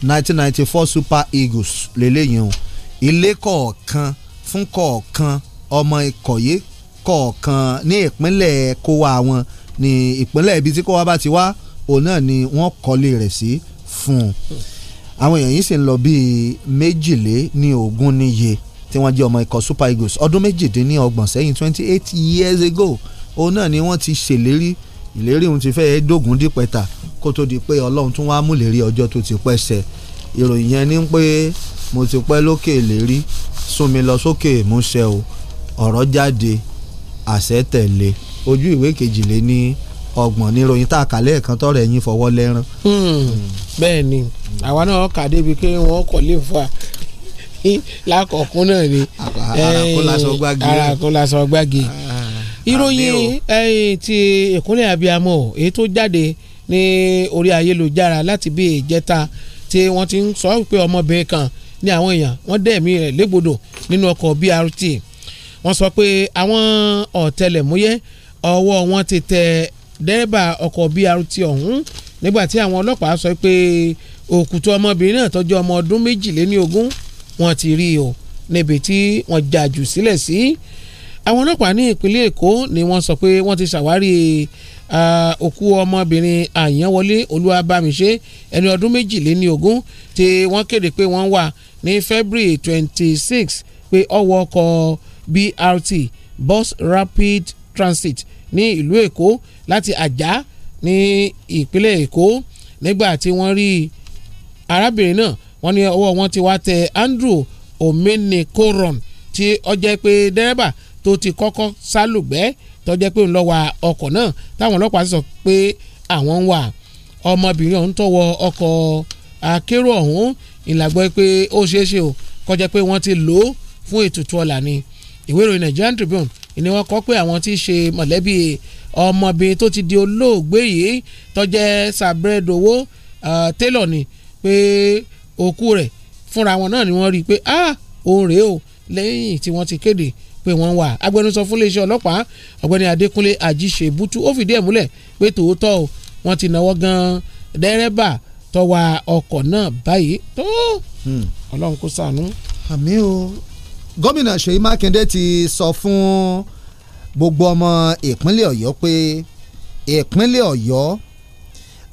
Speaker 9: 1994 Super Eagles lélẹ́yìn o ilé kọ̀ọ̀kan fún kọ̀ọ̀kan ọmọ ìkọ̀yé kọ̀ọ̀kan ní ìpínlẹ̀ kówá wọn ní ìpínlẹ̀ ibi tí kówá bá ti wá òun náà ni wọ́n kọ́lé rẹ̀ sí fún un àwọn èèyàn yìí sì ń lọ bíi méjìlé ní ogún níye tí wọ́n jẹ́ ọmọ ikọ̀ Super Eagles ọdún méjìdínlọ́gbọ̀n sẹ́yìn twenty eight years ago òun náà ni wọ́n ti ṣèlérí ìlérí òun ti fẹ́ dógùn dípẹ́ta kó tó di pé ọlọ́run tún wá múlérí ọjọ́ tó ti pẹ́ sẹ́ ìròyìn yẹn ni pé mo ti pẹ́ lókè lérí sún mi lọ sókè ìmúṣẹ o ọ̀rọ̀ jáde àṣẹ tẹ̀lé ojú ìwé kejìlé ní ọgbọ̀n níròyìn tá a kà lẹ́ẹ̀kan tọrọ ẹ̀yìn fọwọ́ lẹ́rán.
Speaker 10: Hmm. bẹ́ẹ̀ ni àwa náà kà débi pé wọ́n kọ̀ lè fa lákọ̀ọ́kún náà ni arakun lásán gbági. Ah, ìròyìn eh, ti ìkúnlẹ̀ abiyamọ èyí tó jáde ní orí ayélujára láti bí ìjẹta tí wọ́n ti ń sọ pé ọmọbìnrin kan ni àwọn èèyàn wọ́n dẹ̀ ẹ̀mí rẹ̀ légbodò nínú ọkọ̀ BRT wọ́n sọ pé àwọn ọ̀tẹlẹ̀múyẹ́ ọwọ́ wọn ti tẹ dẹ́rẹ́bà ọkọ̀ BRT ọ̀hún nígbà tí àwọn ọlọ́pàá sọ pé òkùtù ọmọbìnrin náà tọ́jú ọmọ ọdún méjìléní ogún ti rí o níbi tí wọ́n jàjù sílẹ̀ sí àwọn ọlọ́pàá ní ìpínlẹ̀ Èkó ni wọ́n sọ pé wọ́n ti ṣàwárí òkú ọmọbìnrin àyànwọlé olúwabàmíṣe ẹni ọdún méjìléní ogún tí wọ́n kéde pé wọ́n wà ní February twenty six pé ọwọ́ ọkọ̀ BRT Bus Rapid Transit ní ìlú Èkó láti Àjá ní ìpínlẹ̀ Èkó nígbà tí wọ́n rí arábìnrin náà wọ́n ní ọwọ́ wọn ti wá tẹ Andrew Omenekoron tí ó jẹ́ pé dẹ́rẹ́bà tó ti kọ́kọ́ sálùgbẹ́ tó jẹ́ pé ń lọ wa ọkọ̀ náà táwọn ọlọ́pàá sọ pé àwọn ń wà ọmọbìnrin ọ̀hún tọwọ́ ọkọ̀ akérò ọ̀hún ìlàgbọ́ pé ó ṣeéṣe o kọjá pé wọ́n ti lò ó fún ètùtù ọ̀la ni ìwé ìròyìn Nigerian Tribune ni wọ́n kọ pé àwọn tí í ṣe mọ̀lẹ́bí ọmọbìnrin tó ti di olóògbé yìí tọ́jẹ́ sàbẹ̀dọ̀wọ́ tẹ́lọ̀ ni pé òkú rẹ̀ fúnra wọn náà ni wọ́n rí i pé ah òun rèé o lẹ́yìn tí wọ́n ti kéde pé wọ́n wà agbẹnusọ fún iléeṣẹ́ ọlọ́pàá ọ̀gbẹ́ni Adékúnlé Àjíṣebútú ó fìdí ẹ̀ múlẹ̀ pé tòótọ́ o wọ́n ti náwó gan dẹ́rẹ́bà tọ́wa ọkọ̀ náà báyìí tó hmm. ọlọ́run kó ṣàánú. àmì o gómìnà
Speaker 9: Ṣèyí Mákindé ti sọ fún gbogbo ọmọ ìpínlẹ̀ Ọ̀yọ́ pé ìpínlẹ̀ Ọ̀yọ́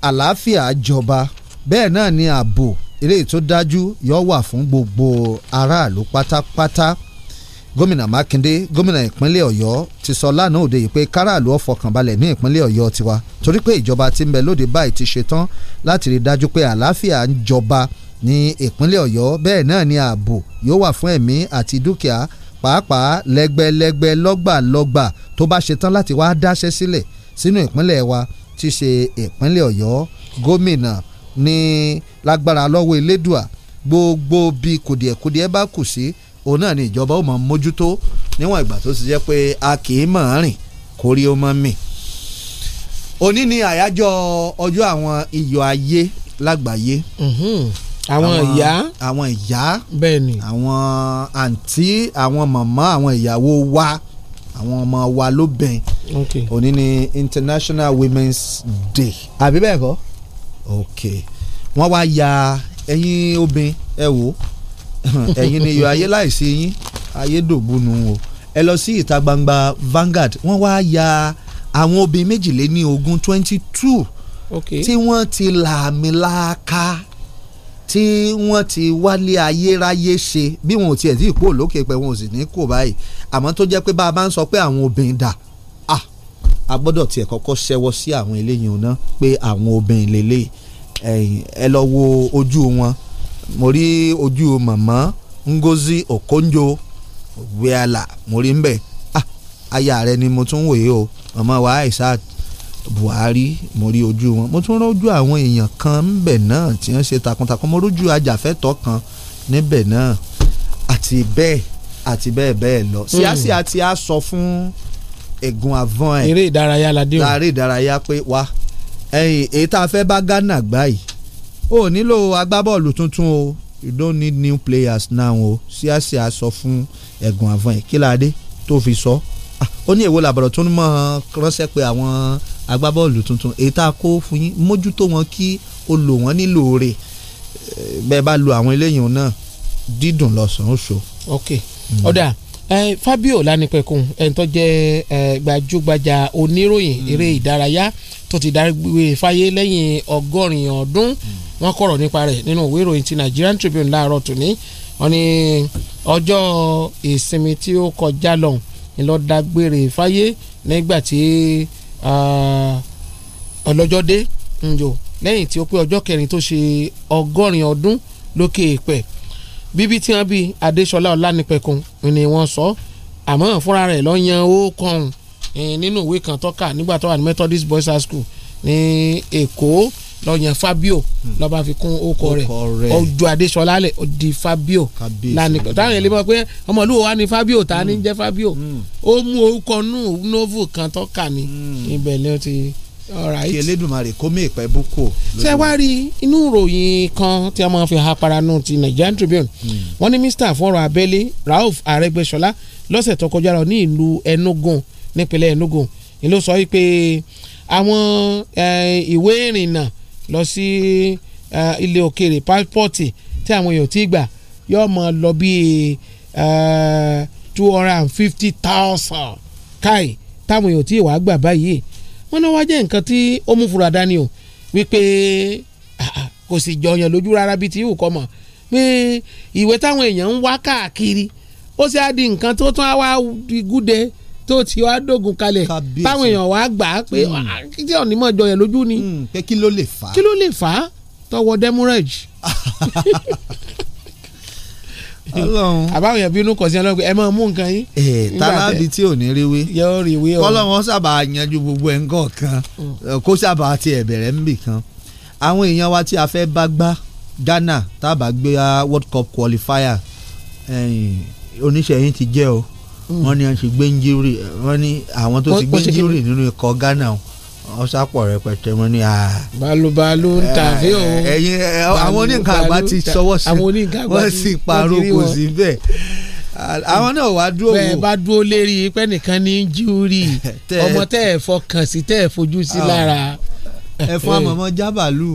Speaker 9: àlàáfíà jọba bẹ́ẹ̀ náà ni ààbò eléyìí tó dájú yóò wà fún gbogbo aráàlú pátápátá. pata gómìnà mákindé gómìnà ìpínlẹ̀ ọ̀yọ́ ti sọ lánàá òde yìí pé káràlú ó fọkànbalẹ̀ ní ìpínlẹ̀ ọ̀yọ́ tiwa torí pé ìjọba ti ń bẹ lóde báyìí ti ṣetán láti rí dájú pé àlàáfíà ń jọba ní ìpínlẹ̀ ọ̀yọ́ bẹ́ẹ̀ náà ni ààbò yóò wà fún ẹ̀mí àti dúkìá pàápàá lẹ́gbẹ́lẹ́gbẹ́ lọ́gbàlọ́gbà tó bá ṣetán láti wá dáṣẹ́ sílẹ̀ sínú ìpínlẹ̀ wa ti ṣe ìpínlẹ̀ ọ̀yọ́ gómìnà ní lágbára lọ́wọ́ elédùà gbogbo bíi kùdìẹ̀kùdìẹ̀ bá kù sí òun náà ni ìjọba ó mọ̀ mójútó níwọ̀n ìgbà tó ti jẹ́ pé a kì í mọ̀ rìn kórí ó mọ̀ mì. òní ni àyájọ́ ọjọ́ àwọn iyọ̀ ayé lágbàáyé. Mhm. àwọn ìyá àwọn ìyá bẹ́ẹ̀ ni àwọn àǹtí àwọn màmá àwọn ìyàwó wa àwọn ọmọ wa lóbìn okay. òní ni International Women's Day. àbí bẹ́ẹ̀ kọ́. ok wọ́n wá ya ẹ̀yin obìn ẹ wò ó ẹ̀yin ni iyọ̀ ayé láìsí yín ayé dògbónu o ẹ lọ sí ìta gbangba Vanguard wọ́n wá ya àwọn obìnrin méjìléní ogún twenty two tí wọ́n ti làmìlàaka tí wọ́n ti wálé ayéráyé ṣe bí wọn ò tiẹ̀ tí ì òlókè pé wọn ò sì ní kó báyìí àmọ́ tó jẹ́ pé bá a bá ń sọ pé àwọn obìnrin dà a gbọ́dọ̀ tiẹ̀ kọ́kọ́ ṣẹ́wọ́ sí àwọn eléyìí ọ̀nà pé àwọn obìnrin lélẹ̀ ẹ lọ wo ojú wọn mo rí ojú màmá Ngozi Okonjo Iweala mo rí nbẹ ah aya rẹ ni mo tún wòye o màmá wa Aishat Buhari mo rí ojú wọn mo tún rójú àwọn èèyàn kan nbẹ náà tí wọn ṣe takuntakun mo rójú ajàfẹ́tọ̀ọ́ kan níbẹ̀ náà àti bẹ́ẹ̀ àti bẹ́ẹ̀ bẹ́ẹ̀ lọ hmm. síásí àti a sọ fún ẹ̀gùn avon ẹ̀ eré ìdárayá la dé o eré ìdárayá pé wá ẹ̀yìn èyí tá a fẹ́ bá Ghana gbá yìí o ò nílò agbábọ́ọ̀lù tuntun o you don't need new players now o ṣíàṣì a sọ fún ẹ̀gùn àfọ̀n ìkíládé tó fi sọ ah, ó ní èwo làbọ̀rọ̀ tó ń mọ̀ ránṣẹ́ pé àwọn agbábọ́ọ̀lù tuntun èyí tá a kó fún yín mójútó wọn kí o lò wọ́n nílò rẹ̀ eh, bẹ́ẹ̀ bá lo àwọn eléyìí náà dídùn lọ́sàn-án oṣù.
Speaker 10: ok ọ̀dà Fabio Lanipẹ̀kun ẹni tó jẹ́ gbajúgbajà oníròyìn eré hmm. ìdárayá tó ti darúgbó fáyé lẹ́yìn ọgọ́rin ọdún. Mm wọ́n kọ̀rọ̀ nípa rẹ̀ nínú ìwé ìròyìn ti Nigerian Tribune láàárọ̀ tòní wọ́n ní ọjọ́ ìsinmi tí ó kọjá lọ́hùn ni lọ́ọ́ dágbére fáyé nígbà tí ọlọ́jọ́ dé njò lẹ́yìn tí ó pé ọjọ́ kẹrin tó ṣe ọgọ́rin ọdún lókè èèpẹ̀ bíbí tí wọ́n bí Adéṣọlá Ọlánìpẹ̀kun ni wọ́n sọ àmọ́ fúnra rẹ̀ lọ́ọ́ yan ó kọ̀ọ̀hún nínú ìwé kan tọ́ka nígbà tó wà ní Methodist Boys High School ní Èkó lọ yan Fabio hmm. ló bá fi kún ọkọ rẹ̀ ọjọ́ Adéṣọlá lẹ̀ di Fabio lánìkan táwọn èlé mọ̀ pé ọmọlúwo wa ni Fabio ta ni jẹ́ Fabio hmm. hmm. ó mú orúkọ nù novo kan tó kà ní ibẹ̀ ni ó ti kí Elédùmarè kó mé ìpẹ́ búkò. ṣé wàá rí inú ìròyìn kan tí a máa fi hapara nù ti Nigerian Tribune wọ́n ní mr fọ́nrọ̀ abẹ́lé Rauf Arẹ́gbẹ́ṣọlá lọ́sẹ̀ tó kọjá lọ ní ìlú Enugu nípínlẹ̀ Enugu ni ló sọ wípé àwọn eh, ìwé ìrìnnà lọ sí ilé òkèèrè pásítọ̀tì tí àwọn èèyàn ti gbà yóò mọ lọ bí two hundred and fifty thousand káì táwọn èèyàn ti wàá gbà báyìí wọn náà wá jẹ́ nǹkan tí ó mú fura dání o wípé kò sì jọyàn lójú rárá bíi ti ìwù kọ́ mọ̀ pé ìwé táwọn èèyàn ń wá káàkiri ó sì á di nǹkan tó tún á wá gúde tó ti wá dógun kalẹ̀ báwọn èèyàn wá gbà á pé hmm. ah, kí ọ̀nì mọ̀ jọyọ̀ lójú ni. Hmm, pé kí ló lè fà á. kí ló lè fà á tọwọ́ demurrage. Ọlọ́run àbáwọn yẹn bínú kọsí Ọlọ́run pé ẹ máa mú nǹkan yín. ẹ eh, tara bi
Speaker 9: tí ò ní ríwé yóò ríwé o kọlọ́wọ́n
Speaker 10: sábà yanjú gbogbo ẹ̀ ńkọ̀
Speaker 9: kan hmm. kó sábà ti ẹ̀bẹ̀rẹ̀ ńbì kan àwọn èèyàn wa tí a fẹ́ bá gbá Ghana tábà gbé World Cup qualifier oníṣẹ́ yín ti jẹ́ o wọ́n ní wọ́n ti gbé injury wọ́n ní àwọn tó ti gbé injury nínú ikọ̀ Ghana
Speaker 10: wọ́n sápọ̀ rẹpẹtẹ wọ́n ní. Ah. balùbalù ń tàbí eh, òun. ẹyin eh, àwọn oníkan àgbà ti sọwọ́ sí wọ́n sì parọ́ kò sí bẹ́ẹ̀ àwọn náà wàá dúró wò. bẹ́ẹ̀ bá dúró lérí pé nìkan ní júùrì ọmọ tẹ́ ẹ̀ fọkàn sí tẹ́ ẹ̀ fojú sí ah. lára. ẹ̀fọn àmọ̀mọ́ jábàlú.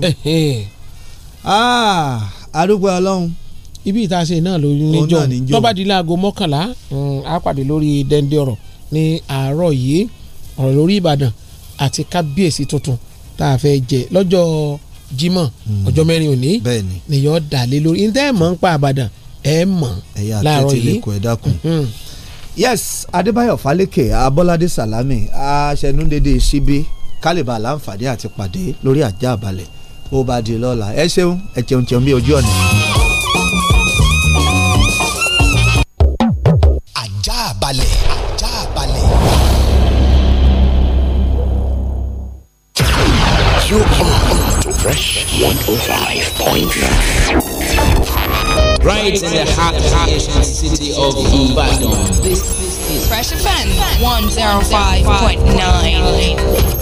Speaker 10: àdúgbò ah, ọlọ́run ibi ìtaṣe náà ló níjọ tọ́ba di láago mọ́kànlá á mm, pàdé lórí dẹ́ndé ọ̀rọ̀ ní àárọ̀ yìí ọ̀rọ̀ lórí Ìbàdàn àti kábíyèsí tuntun tá a fẹ́ jẹ lọ́jọ́ Jímọ̀ hmm. ọjọ́ mẹ́rin òní nìyọ́ dàlé lórí ní tẹ́ ẹ̀ mọ̀ ń pa Ìbàdàn ẹ̀ mọ̀ láàárọ̀ yìí
Speaker 9: hmm. yes Adébáyọ̀ Fálékè Abọ́ládé Sàlámì aṣẹnudédé síbí kálíbà láǹfààní àti pàdé lórí àjà àbálẹ̀ bó bá di lọ́la ẹ ṣeun ẹ jẹun jẹun bí ojú ọ̀nà.
Speaker 6: You are to Fresh 105.9. Right in the hot, hot city of Ibadan. This is Fresh Offense 105.9.